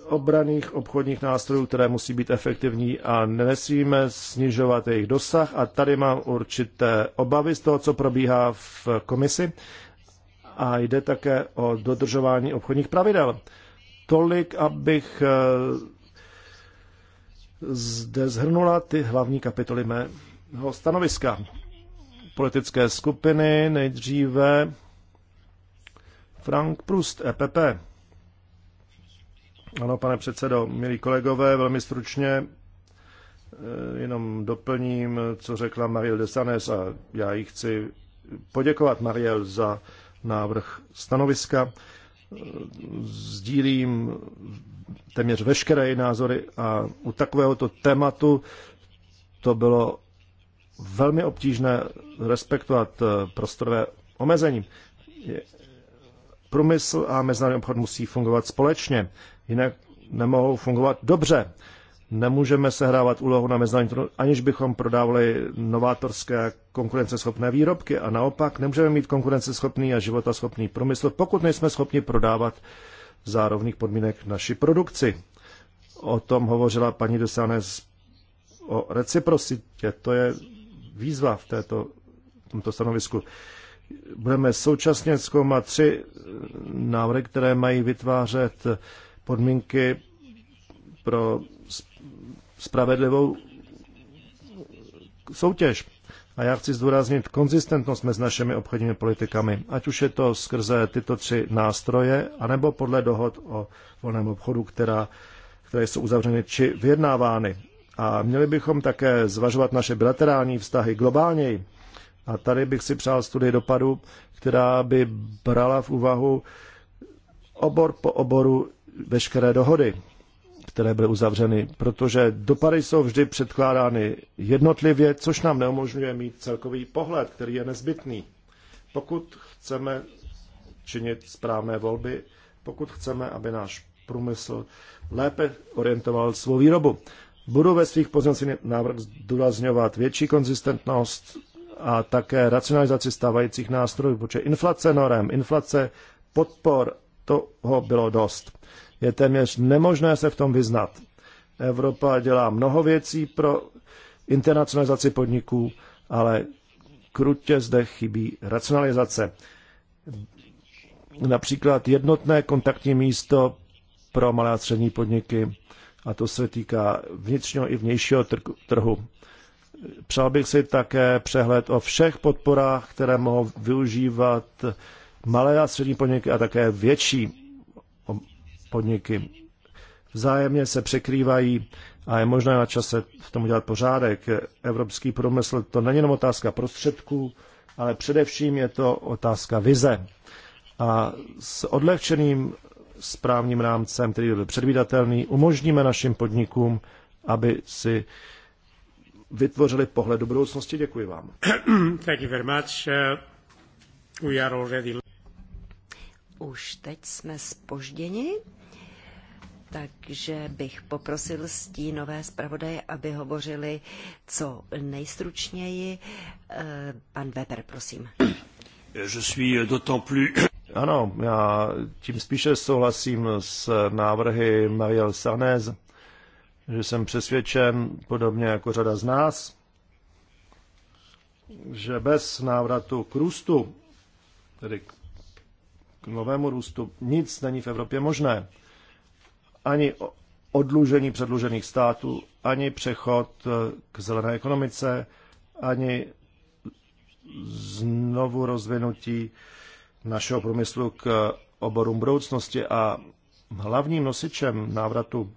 obraných obchodních nástrojů, které musí být efektivní a nesmíme snižovat jejich dosah. A tady mám určité obavy z toho, co probíhá v komisi. A jde také o dodržování obchodních pravidel. Tolik, abych eh, zde zhrnula ty hlavní kapitoly mého stanoviska. Politické skupiny, nejdříve Frank Prust, EPP. Ano, pane předsedo, milí kolegové, velmi stručně eh, jenom doplním, co řekla Mariel de Sanes a já jí chci poděkovat Mariel za návrh stanoviska sdílím téměř veškeré názory a u takovéhoto tématu to bylo velmi obtížné respektovat eh, prostorové omezení. Průmysl a mezinárodní obchod musí fungovat společně, jinak nemohou fungovat dobře nemůžeme sehrávat úlohu na mezinárodní trhu, aniž bychom prodávali novátorské konkurenceschopné výrobky a naopak nemůžeme mít konkurenceschopný a životaschopný průmysl, pokud nejsme schopni prodávat za rovných podmínek naši produkci. O tom hovořila paní Dosanes o reciprocitě. To je výzva v této, v tomto stanovisku. Budeme současně zkoumat tři návrhy, které mají vytvářet podmínky pro spravedlivou soutěž. A já chci zdůraznit konzistentnost mezi našimi obchodními politikami, ať už je to skrze tyto tři nástroje, anebo podle dohod o volném obchodu, která, které jsou uzavřeny či vyjednávány. A měli bychom také zvažovat naše bilaterální vztahy globálněji. A tady bych si přál studii dopadu, která by brala v úvahu obor po oboru veškeré dohody které byly uzavřeny, protože dopady jsou vždy předkládány jednotlivě, což nám neumožňuje mít celkový pohled, který je nezbytný. Pokud chceme činit správné volby, pokud chceme, aby náš průmysl lépe orientoval svou výrobu. Budu ve svých pozicích návrh zdůrazňovat větší konzistentnost a také racionalizaci stávajících nástrojů, protože inflace norem, inflace podpor, toho bylo dost je téměř nemožné se v tom vyznat. Evropa dělá mnoho věcí pro internacionalizaci podniků, ale krutě zde chybí racionalizace. Například jednotné kontaktní místo pro malé a střední podniky, a to se týká vnitřního i vnějšího trhu. Přál bych si také přehled o všech podporách, které mohou využívat malé a střední podniky a také větší podniky vzájemně se překrývají a je možné na čase v tom udělat pořádek. Evropský průmysl to není jenom otázka prostředků, ale především je to otázka vize. A s odlehčeným správním rámcem, který byl předvídatelný, umožníme našim podnikům, aby si vytvořili pohled do budoucnosti. Děkuji vám. Thank you very much. Uh, we are already... Už teď jsme spožděni takže bych poprosil stínové zpravodaje, aby hovořili co nejstručněji. Eh, pan Weber, prosím. Je suis d'autant plus... Ano, já tím spíše souhlasím s návrhy Mariel Sarnez, že jsem přesvědčen, podobně jako řada z nás, že bez návratu k růstu, tedy k novému růstu, nic není v Evropě možné ani odlužení předlužených států, ani přechod eh, k zelené ekonomice, ani znovu rozvinutí našeho průmyslu k oborům budoucnosti a hlavním nosičem návratu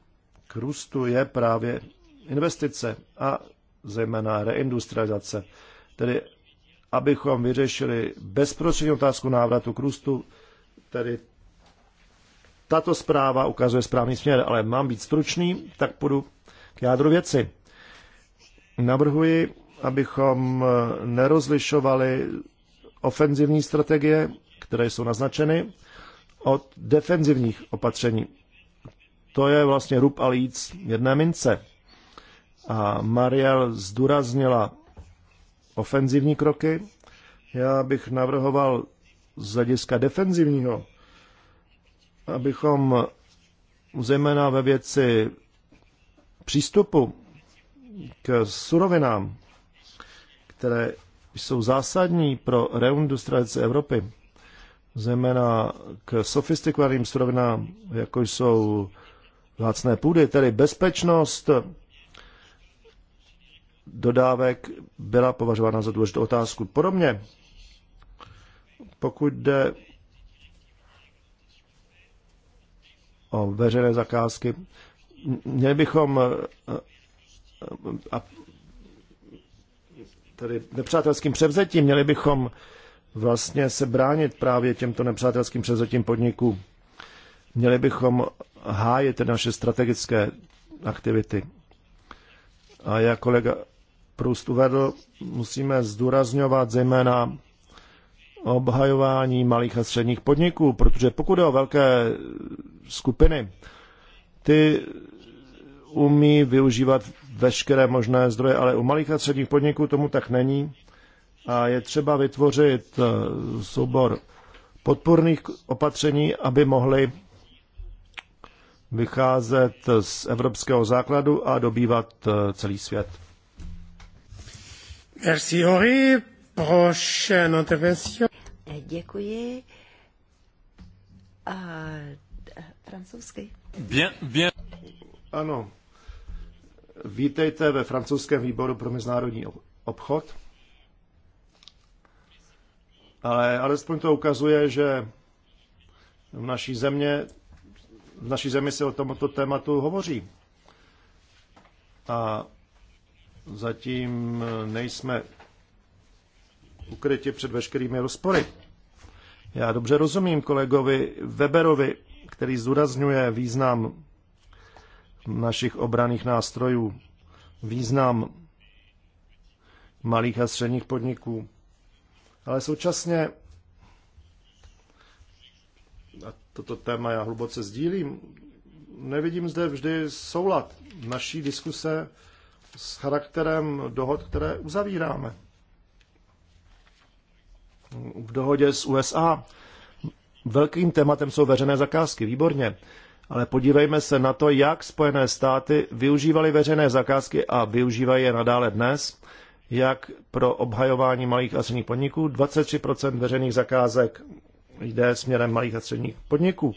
k růstu je právě investice a zejména reindustrializace. Tedy abychom vyřešili bezprostřední otázku návratu k růstu, tedy tato zpráva ukazuje správný směr, ale mám být stručný, tak půjdu k jádru věci. Navrhuji, abychom nerozlišovali ofenzivní strategie, které jsou naznačeny, od defenzivních opatření. To je vlastně rup a líc jedné mince. A Mariel zdůraznila ofenzivní kroky. Já bych navrhoval z hlediska defenzivního abychom zejména ve věci přístupu k surovinám, které jsou zásadní pro reindustrializaci Evropy, zejména k sofistikovaným surovinám, jako jsou vzácné půdy, tedy bezpečnost dodávek byla považována za důležitou otázku. Podobně, pokud jde o veřejné zakázky. Měli bychom eh, eh, a tedy nepřátelským převzetím, měli bychom vlastně se bránit právě těmto nepřátelským převzetím podniků. Měli bychom hájit naše strategické aktivity. A jak kolega Proust uvedl, musíme zdůrazňovat zejména obhajování malých a středních podniků, protože pokud je o velké skupiny, ty umí využívat veškeré možné zdroje, ale u malých a středních podniků tomu tak není a je třeba vytvořit eh, soubor podporných opatření, aby mohli vycházet z evropského základu a dobývat eh, celý svět. Merci Henri. Prochaine intervention. Děkuji. A eh, francouzsky. Bien, bien. Ano. Vítejte ve francouzském výboru pro mezinárodní obchod. Ale alespoň to ukazuje, že v naší země, v naší zemi se o tomto tématu hovoří. A zatím eh, nejsme ukryti před veškerými rozpory. Já dobře rozumím kolegovi Weberovi, který zdůrazňuje význam našich obraných nástrojů, význam malých a středních podniků. Ale současně, a toto téma já hluboce sdílím, nevidím zde vždy soulad naší diskuse s charakterem dohod, které uzavíráme v dohodě s USA. Velkým tématem jsou veřejné zakázky, výborně. Ale podívejme se na to, jak Spojené státy využívaly veřejné zakázky a využívají je nadále dnes, jak pro obhajování malých a středních podniků. 23% veřejných zakázek jde směrem malých a středních podniků.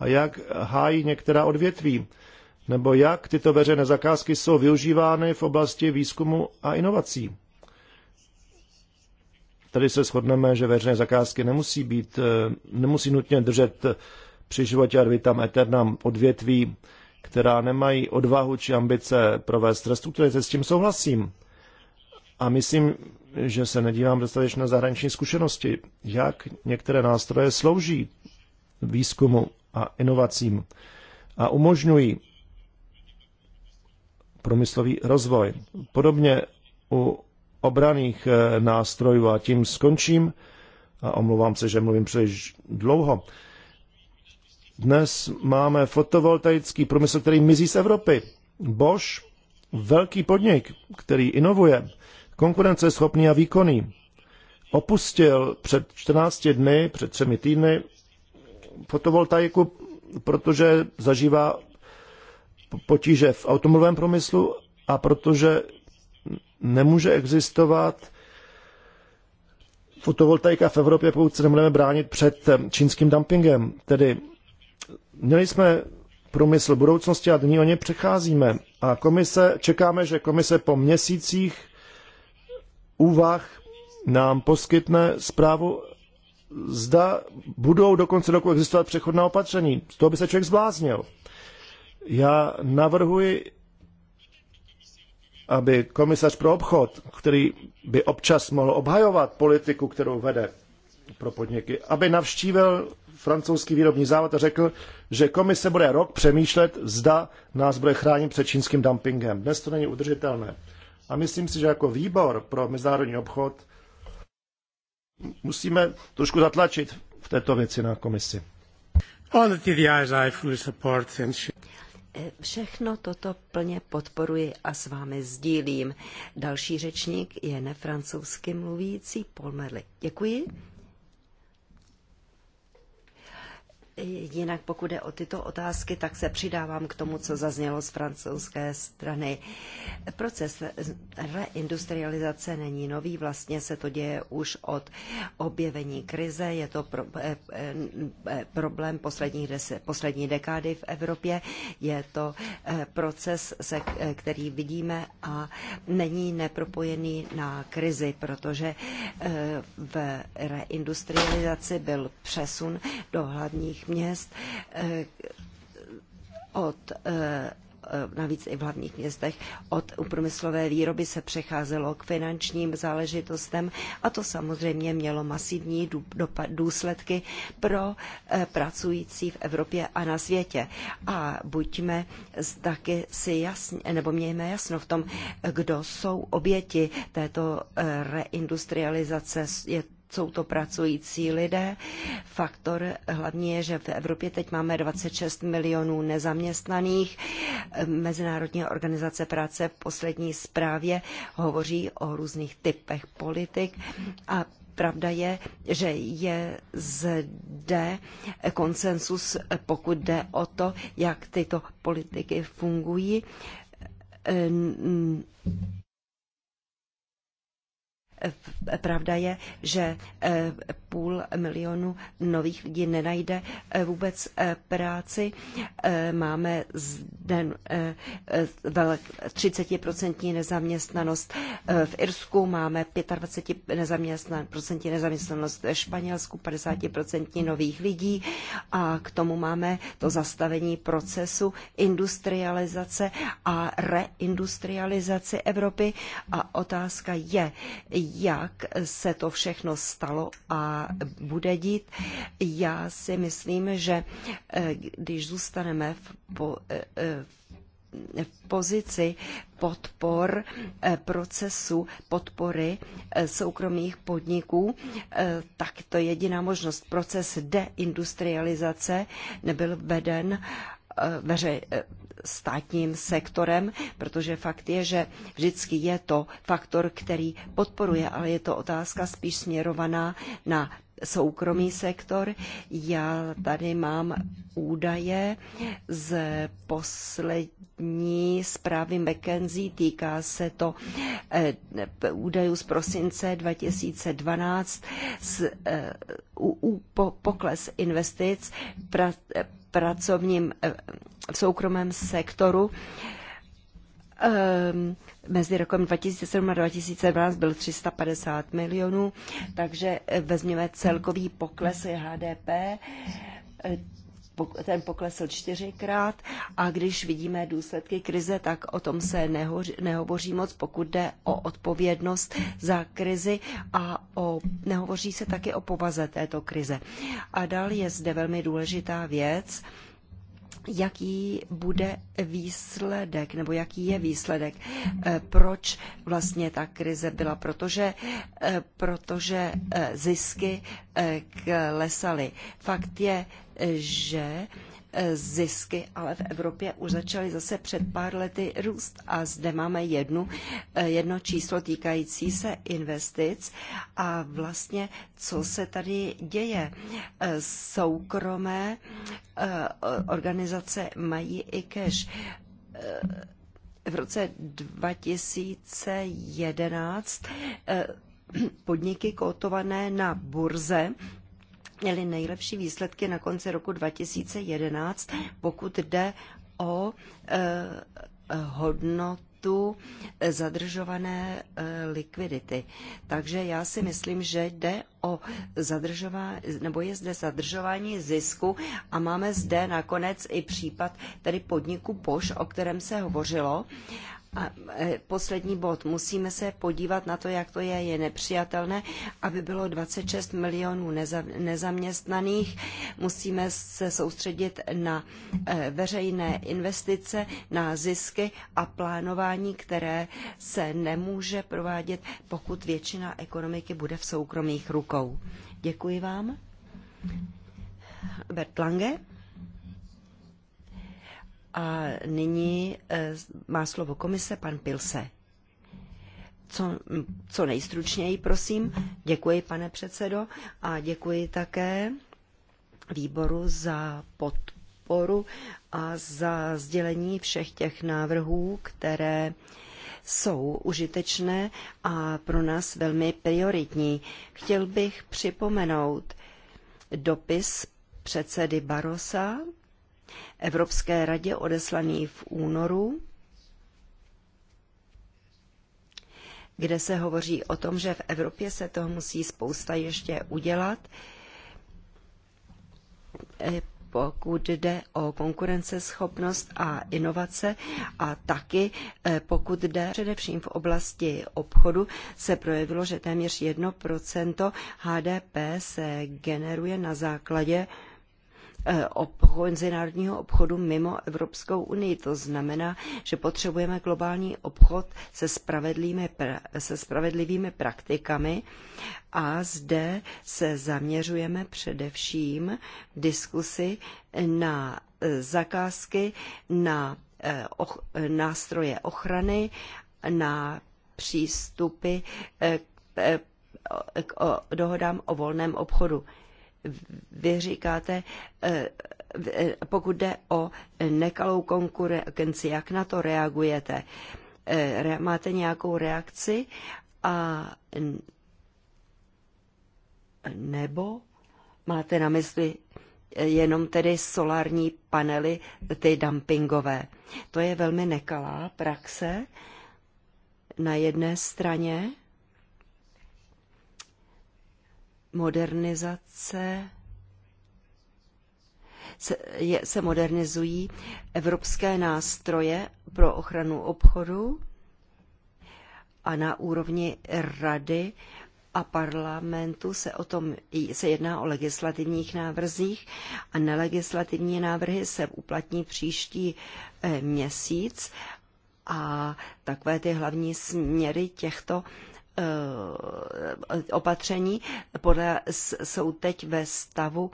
A jak hájí některá odvětví, nebo jak tyto veřejné zakázky jsou využívány v oblasti výzkumu a inovací. Tady se shodneme, že veřejné zakázky nemusí být, eh, nemusí nutně držet při životě ad vitam eternam odvětví, která nemají odvahu či ambice provést restrukturalizaci. S tím souhlasím. A myslím, že se nedívám dostatečně na zahraniční zkušenosti, jak některé nástroje slouží výzkumu a inovacím a umožňují promyslový rozvoj. Podobně u obraných eh, nástrojů a tím skončím. A omlouvám se, že mluvím příliš dlouho. Dnes máme fotovoltaický průmysl, který mizí z Evropy. Bosch, velký podnik, který inovuje, konkurenceschopný a výkonný, opustil před 14 dny, před třemi týdny fotovoltaiku, protože zažívá potíže v automobilovém průmyslu a protože nemůže existovat fotovoltaika v Evropě, pokud se nebudeme bránit před eh, čínským dumpingem. Tedy měli jsme průmysl budoucnosti a dní o ně přecházíme. A komise, čekáme, že komise po měsících úvah nám poskytne zprávu, zda budou do konce roku existovat přechodná opatření. Z toho by se člověk zbláznil. Já navrhuji aby komisař pro obchod, který by občas mohl obhajovat politiku, kterou vede pro podniky, aby navštívil francouzský výrobní závod a řekl, že komise bude rok přemýšlet, zda nás bude chránit před čínským dumpingem. Dnes to není udržitelné. A myslím si, že jako výbor pro mezinárodní obchod musíme trošku zatlačit v této věci na komisi. Všechno toto plně podporuji a s vámi sdílím. Další řečník je nefrancouzsky mluvící Paul Merli. Děkuji. Jinak pokud jde o tyto otázky, tak se přidávám k tomu, co zaznělo z francouzské strany. Proces reindustrializace není nový, vlastně se to děje už od objevení krize, je to pro, eh, eh problém posledních deset, poslední dekády v Evropě, je to eh, proces, se, eh, který vidíme a není nepropojený na krizi, protože eh, v reindustrializaci byl přesun do hlavních měst eh, od eh, navíc i v hlavních městech, od uprůmyslové výroby se přecházelo k finančním záležitostem a to samozřejmě mělo masivní důsledky pro eh, pracující v Evropě a na světě. A buďme taky si jasně, nebo mějme jasno v tom, kdo jsou oběti této reindustrializace. Je jsou to pracující lidé. Faktor hlavní je, že v Evropě teď máme 26 milionů nezaměstnaných. Mezinárodní organizace práce v poslední zprávě hovoří o různých typech politik a Pravda je, že je zde konsensus, pokud jde o to, jak tyto politiky fungují Pravda je, že eh, půl milionu nových lidí nenajde eh, vůbec eh, práci. Eh, máme zde 30% nezaměstnanost v Irsku, máme 25% nezaměstnan, nezaměstnanost ve Španělsku, 50% nových lidí a k tomu máme to zastavení procesu industrializace a reindustrializace Evropy a otázka je, jak se to všechno stalo a bude dít. Já si myslím, že eh, když zůstaneme v, po, eh, eh, v pozici podpor procesu podpory soukromých podniků, tak to je jediná možnost. Proces deindustrializace nebyl veden veře, státním sektorem, protože fakt je, že vždycky je to faktor, který podporuje, ale je to otázka spíš směrovaná na soukromý sektor. Já tady mám údaje z poslední zprávy McKenzie, týká se to eh, údajů z prosince 2012, s, eh, u, u, po, pokles investic pra, eh, pracovním, eh, v soukromém sektoru. Ehm, mezi rokem 2007 a 2012 byl 350 milionů, takže eh, vezměme celkový pokles HDP eh, ten poklesl čtyřikrát a když vidíme důsledky krize, tak o tom se nehoři, nehovoří moc, pokud jde o odpovědnost za krizi a o, nehovoří se taky o povaze této krize. A dál je zde velmi důležitá věc, jaký bude výsledek, nebo jaký je výsledek, eh, proč vlastně ta krize byla, protože, eh, protože eh, zisky klesaly. Fakt je že eh, zisky, ale v Evropě už začaly zase před pár lety růst a zde máme jednu, eh, jedno číslo týkající se investic a vlastně co se tady děje. Eh, soukromé organizace mají i cash. V roce 2011 podniky kotované na burze měli nejlepší výsledky na konci roku 2011, pokud jde o eh, hodnotu eh, zadržované eh, likvidity. Takže já si myslím, že jde o zadržování, nebo je zde zadržování zisku a máme zde nakonec i případ tedy podniku Poš, o kterém se hovořilo. A eh, poslední bod. Musíme se podívat na to, jak to je. Je nepřijatelné, aby bylo 26 milionů nezaměstnaných. Musíme se soustředit na eh, veřejné investice, na zisky a plánování, které se nemůže provádět, pokud většina ekonomiky bude v soukromých rukou. Děkuji vám. Bert Lange. A nyní eh, má slovo komise pan Pilse. Co, co nejstručněji, prosím. Děkuji, pane předsedo, a děkuji také výboru za podporu a za sdělení všech těch návrhů, které jsou užitečné a pro nás velmi prioritní. Chtěl bych připomenout dopis předsedy Barosa Evropské radě odeslaný v únoru, kde se hovoří o tom, že v Evropě se toho musí spousta ještě udělat, e, pokud jde o konkurenceschopnost a inovace a taky e, pokud jde především v oblasti obchodu, se projevilo, že téměř 1% HDP se generuje na základě Eh, obchod, mezinárodního obchodu mimo Evropskou unii. To znamená, že potřebujeme globální obchod se spravedlivými, se spravedlivými praktikami a zde se zaměřujeme především v diskusi na eh, zakázky, na eh, nástroje ochrany, na přístupy k, k, k dohodám o volném obchodu vy říkáte, eh, eh, pokud jde o nekalou konkurenci, jak na to reagujete? Eh, máte nějakou reakci a nebo máte na mysli jenom tedy solární panely, ty dumpingové. To je velmi nekalá praxe na jedné straně modernizace se, je, se modernizují evropské nástroje pro ochranu obchodu a na úrovni rady a parlamentu se o tom se jedná o legislativních návrzích a nelegislativní návrhy se uplatní příští eh, měsíc a takové ty hlavní směry těchto Eh, opatření podle, jsou teď ve stavu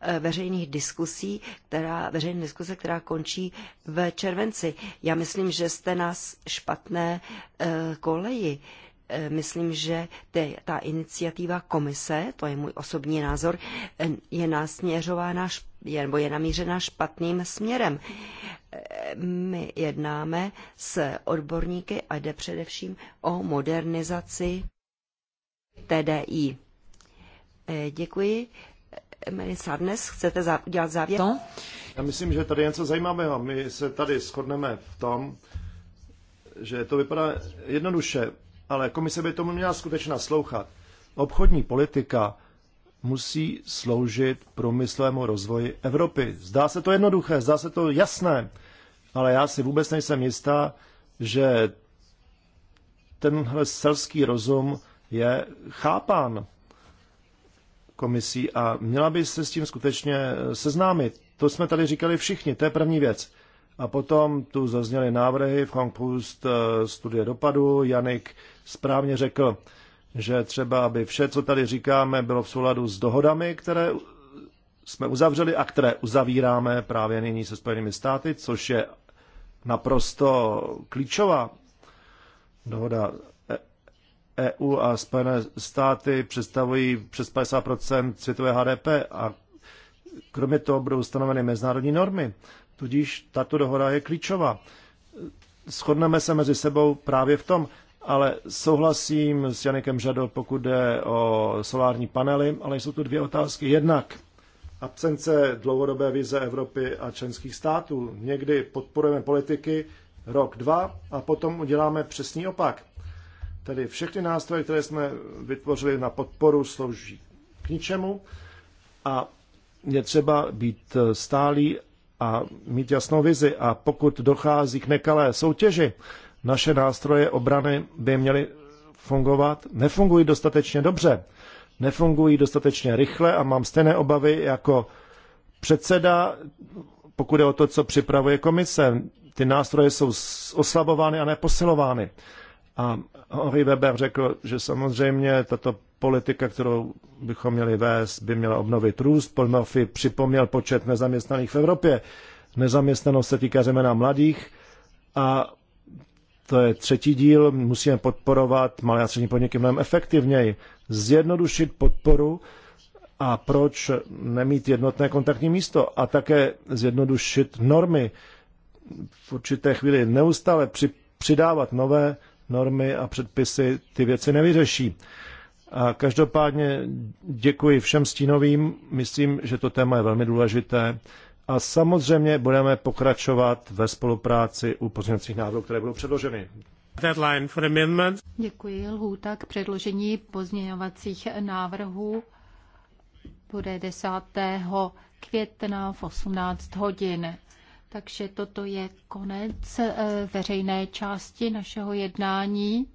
eh, veřejných diskusí, která, veřejné diskuse, která končí v červenci. Já myslím, že jste na špatné eh, koleji. Myslím, že te, ta iniciativa komise, to je můj osobní názor, je nasměřována špatně nebo je namířena špatným směrem. My jednáme s odborníky a jde především o modernizaci TDI. Eh, děkuji. Melissa, dnes chcete udělat závěr? To? Já myslím, že tady je něco zajímavého. My se tady shodneme v tom, že to vypadá jednoduše, ale komise by tomu měla skutečně naslouchat. Obchodní politika musí sloužit průmyslovému rozvoji Evropy. Zdá se to jednoduché, zdá se to jasné, ale já si vůbec nejsem jistá, že tenhle selský rozum je chápán komisí a měla by se s tím skutečně eh, seznámit. To jsme tady říkali všichni, to je první věc. A potom tu zazněly návrhy, v Pust, eh, studie dopadu, Janik správně řekl, že třeba, aby vše, co tady říkáme, bylo v souladu s dohodami, které jsme uzavřeli a které uzavíráme právě nyní se Spojenými státy, což je naprosto klíčová dohoda. EU e a Spojené státy představují přes 50 světové HDP a kromě toho budou stanoveny mezinárodní normy. Tudíž tato dohoda je klíčová. Shodneme se mezi sebou právě v tom ale souhlasím s Janikem Žado, pokud jde o solární panely, ale jsou tu dvě otázky. Jednak absence dlouhodobé vize Evropy a členských států. Někdy podporujeme politiky rok, dva a potom uděláme přesný opak. Tedy všechny nástroje, které jsme vytvořili na podporu, slouží k ničemu a je třeba být stálý a mít jasnou vizi. A pokud dochází k nekalé soutěži, naše nástroje obrany by měly fungovat, nefungují dostatečně dobře, nefungují dostatečně rychle a mám stejné obavy jako předseda, pokud je o to, co připravuje komise. Ty nástroje jsou oslabovány a neposilovány. A Henri Weber řekl, že samozřejmě tato politika, kterou bychom měli vést, by měla obnovit růst. Paul Murphy připomněl počet nezaměstnaných v Evropě. Nezaměstnanost se týká zejména mladých a to je třetí díl, musíme podporovat malé a střední podniky mnohem efektivněji, zjednodušit podporu a proč nemít jednotné kontaktní místo a také zjednodušit normy. V určité chvíli neustále při, přidávat nové normy a předpisy ty věci nevyřeší. A každopádně děkuji všem stínovým. Myslím, že to téma je velmi důležité a samozřejmě budeme pokračovat ve spolupráci u pozměňovacích návrhů, které budou předloženy. Deadline for amendment. Děkuji. Lhůta k předložení pozměňovacích návrhů bude 10. května v 18 hodin. Takže toto je konec eh, veřejné části našeho jednání.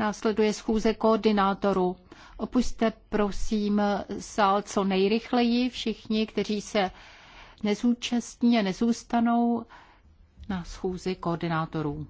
Následuje schůze koordinátorů. Opuste prosím sál co nejrychleji. Všichni, kteří se nezúčastní a nezůstanou na schůzi koordinátorů.